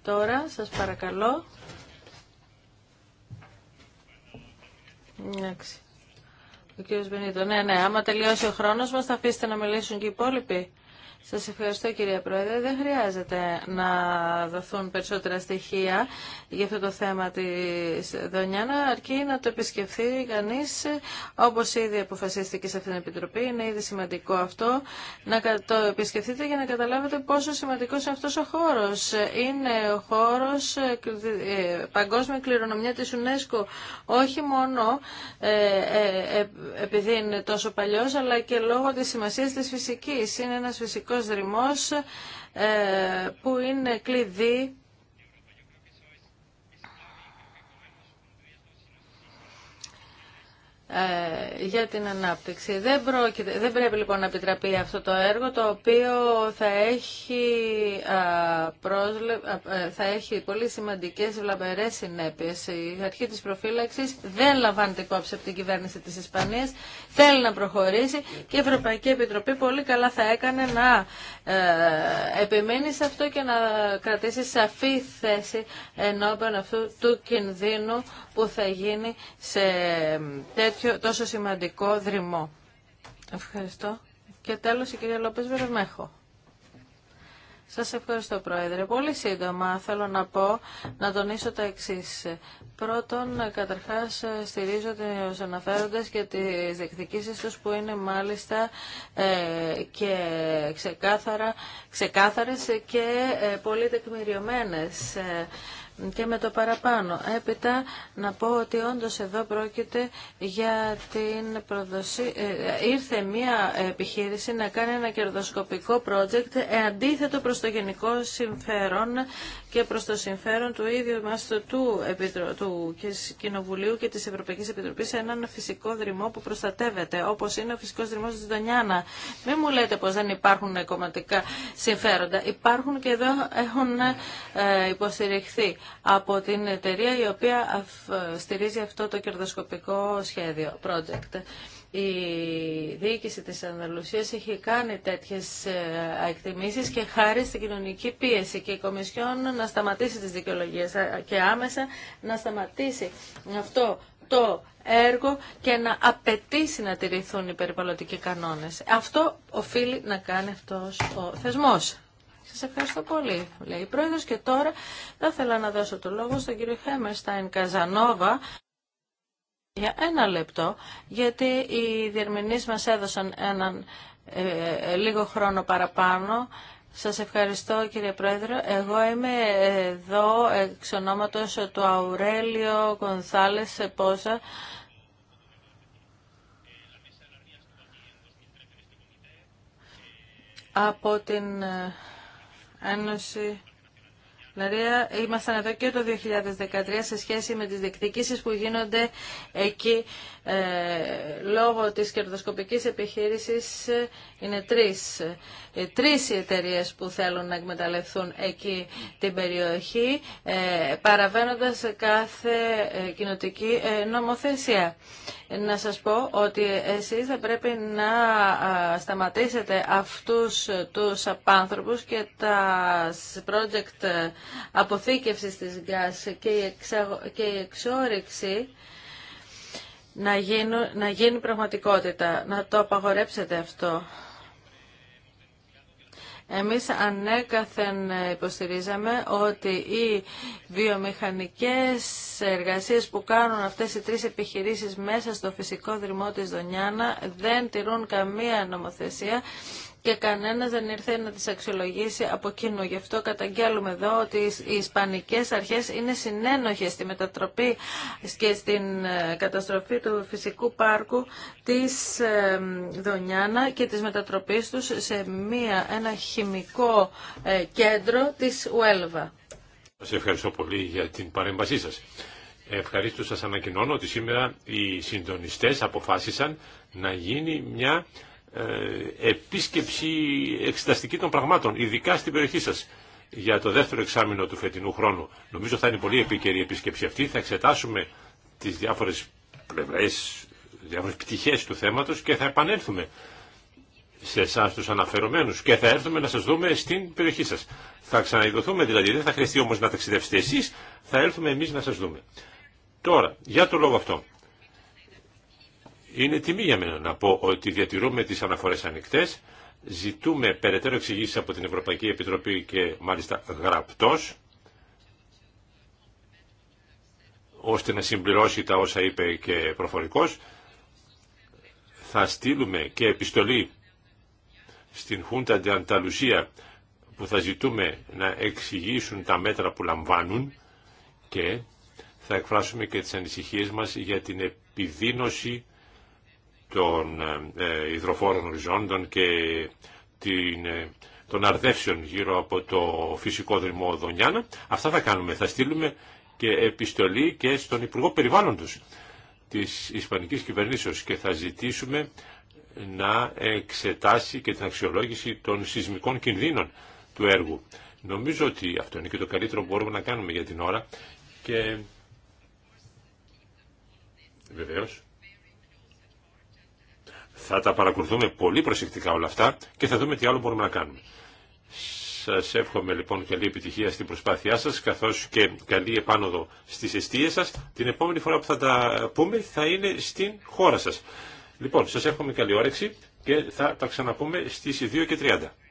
Τώρα σας παρακαλώ. Εντάξει. Ο κύριος Μπενίτο, ναι, ναι, άμα τελειώσει ο χρόνος μας θα αφήσετε να μιλήσουν και οι υπόλοιποι. Σας ευχαριστώ κυρία Πρόεδρε. Δεν χρειάζεται να δοθούν περισσότερα στοιχεία για αυτό το θέμα της Δονιάνα, αρκεί να το επισκεφθεί κανείς, όπως ήδη αποφασίστηκε σε αυτήν την Επιτροπή. Είναι ήδη σημαντικό αυτό να το επισκεφθείτε για να καταλάβετε πόσο σημαντικός είναι αυτός ο χώρος. Είναι ο χώρος ε, ε, παγκόσμια κληρονομιά της UNESCO, όχι μόνο ε, επειδή είναι τόσο παλιός, αλλά και λόγω της σημασίας της φυσικής. Είναι ένας φυσικός δρυμός ε, που είναι κλειδί Ε, για την ανάπτυξη. Δεν, δεν πρέπει λοιπόν να επιτραπεί αυτό το έργο το οποίο θα έχει, α, πρόσλε, ε, θα έχει πολύ σημαντικές βλαμπερές συνέπειες. Η αρχή της προφύλαξης δεν λαμβάνεται υπόψη από την κυβέρνηση της Ισπανίας, θέλει να προχωρήσει και η Ευρωπαϊκή Επιτροπή πολύ καλά θα έκανε να ε, επιμείνει σε αυτό και να κρατήσει σαφή θέση ενώπιον αυτού του κινδύνου που θα γίνει σε τέτοιο τόσο σημαντικό δρυμό. Ευχαριστώ. Και τέλος η κυρία Λόπες Βερεμέχο. Σας ευχαριστώ Πρόεδρε. Πολύ σύντομα θέλω να πω, να τονίσω τα εξής. Πρώτον, καταρχάς στηρίζω τους αναφέροντες και τις διεκδικήσεις τους που είναι μάλιστα ε, και ξεκάθαρα, ξεκάθαρες και ε, πολύ τεκμηριωμένες. Ε, και με το παραπάνω. Έπειτα να πω ότι όντως εδώ πρόκειται για την προδοσή... Ε, ε, ήρθε μια επιχείρηση να κάνει ένα κερδοσκοπικό project ε, αντίθετο προς το γενικό συμφέρον και προς το συμφέρον του ίδιου μας του, του Κοινοβουλίου και της Ευρωπαϊκής Επιτροπής έναν φυσικό δρυμό που προστατεύεται όπως είναι ο φυσικός δρυμός της Δονιάνα. Μην μου λέτε πως δεν υπάρχουν κομματικά συμφέροντα. Υπάρχουν και εδώ έχουν υποστηριχθεί από την εταιρεία η οποία στηρίζει αυτό το κερδοσκοπικό σχέδιο, project. Η διοίκηση της Ανδαλουσίας έχει κάνει τέτοιες ε, εκτιμήσεις και χάρη στην κοινωνική πίεση και η Κομισιόν να σταματήσει τις δικαιολογίες ε, και άμεσα να σταματήσει αυτό το έργο και να απαιτήσει να τηρηθούν οι περιβαλλοντικοί κανόνες. Αυτό οφείλει να κάνει αυτός ο θεσμός. Σας ευχαριστώ πολύ, λέει η Πρόεδρος. Και τώρα θα ήθελα να δώσω το λόγο στον κύριο Χέμερσταϊν Καζανόβα για ένα λεπτό, γιατί οι διερμηνείς μας έδωσαν έναν ε, ε, λίγο χρόνο παραπάνω. Σας ευχαριστώ κύριε Πρόεδρε. Εγώ είμαι εδώ εξ ονόματος του Αουρέλιο Κονθάλες Πόσα. Από την ε, Ένωση Δηλαδή, ε, ήμασταν εδώ και το 2013 σε σχέση με τις διεκδικήσεις που γίνονται εκεί ε, λόγω της κερδοσκοπικής επιχείρησης ε, είναι τρεις. Ε, τρεις οι εταιρείε που θέλουν να εκμεταλλευτούν εκεί την περιοχή ε, παραβαίνοντας κάθε κοινοτική νομοθεσία. Να σας πω ότι εσείς θα πρέπει να σταματήσετε αυτούς τους απάνθρωπους και τα project αποθήκευσης της γκάς και η, εξαγω... να, να γίνει πραγματικότητα. Να το απαγορέψετε αυτό. Εμείς ανέκαθεν υποστηρίζαμε ότι οι βιομηχανικές εργασίες που κάνουν αυτές οι τρεις επιχειρήσεις μέσα στο φυσικό δρυμό της Δονιάνα δεν τηρούν καμία νομοθεσία και κανένας δεν ήρθε να τις αξιολογήσει από κοινού. Γι' αυτό καταγγέλουμε εδώ ότι οι ισπανικές αρχές είναι συνένοχες στη μετατροπή και στην ε, καταστροφή του φυσικού πάρκου της ε, Δονιάνα και της μετατροπής τους σε μία, ένα χημικό ε, κέντρο της Ουέλβα. Σας ευχαριστώ πολύ για την παρέμβασή σας. Ευχαρίστω σας ανακοινώνω ότι σήμερα οι συντονιστές αποφάσισαν να γίνει μια ε, επίσκεψη εξεταστική των πραγμάτων, ειδικά στην περιοχή σας, για το δεύτερο εξάμεινο του φετινού χρόνου. Νομίζω θα είναι πολύ επίκαιρη η επίσκεψη αυτή. Θα εξετάσουμε τις διάφορες πλευρές, διάφορες πτυχές του θέματος και θα επανέλθουμε σε εσά του αναφερομένου και θα έρθουμε να σα δούμε στην περιοχή σα. Θα ξαναειδωθούμε δηλαδή, δεν θα χρειαστεί όμω να ταξιδεύσετε εσεί, θα έρθουμε εμεί να σα δούμε. Τώρα, για το λόγο αυτό, είναι τιμή για μένα να πω ότι διατηρούμε τις αναφορές ανοιχτές, ζητούμε περαιτέρω εξηγήσεις από την Ευρωπαϊκή Επιτροπή και μάλιστα γραπτός, ώστε να συμπληρώσει τα όσα είπε και προφορικός. Θα στείλουμε και επιστολή στην Χούντα Ανταλουσία που θα ζητούμε να εξηγήσουν τα μέτρα που λαμβάνουν και θα εκφράσουμε και τις ανησυχίες μας για την επιδίνωση των ε, ε, υδροφόρων οριζόντων και την, ε, των αρδεύσεων γύρω από το φυσικό δρυμό Δονιάνα. Αυτά θα κάνουμε. Θα στείλουμε και επιστολή και στον Υπουργό Περιβάλλοντος της Ισπανικής Κυβερνήσεως και θα ζητήσουμε να εξετάσει και την αξιολόγηση των σεισμικών κινδύνων του έργου. Νομίζω ότι αυτό είναι και το καλύτερο που μπορούμε να κάνουμε για την ώρα και βεβαίως θα τα παρακολουθούμε πολύ προσεκτικά όλα αυτά και θα δούμε τι άλλο μπορούμε να κάνουμε. Σας εύχομαι λοιπόν καλή επιτυχία στην προσπάθειά σας καθώς και καλή επάνωδο στις αιστείες σας. Την επόμενη φορά που θα τα πούμε θα είναι στην χώρα σας. Λοιπόν, σας εύχομαι καλή όρεξη και θα τα ξαναπούμε στις 2.30.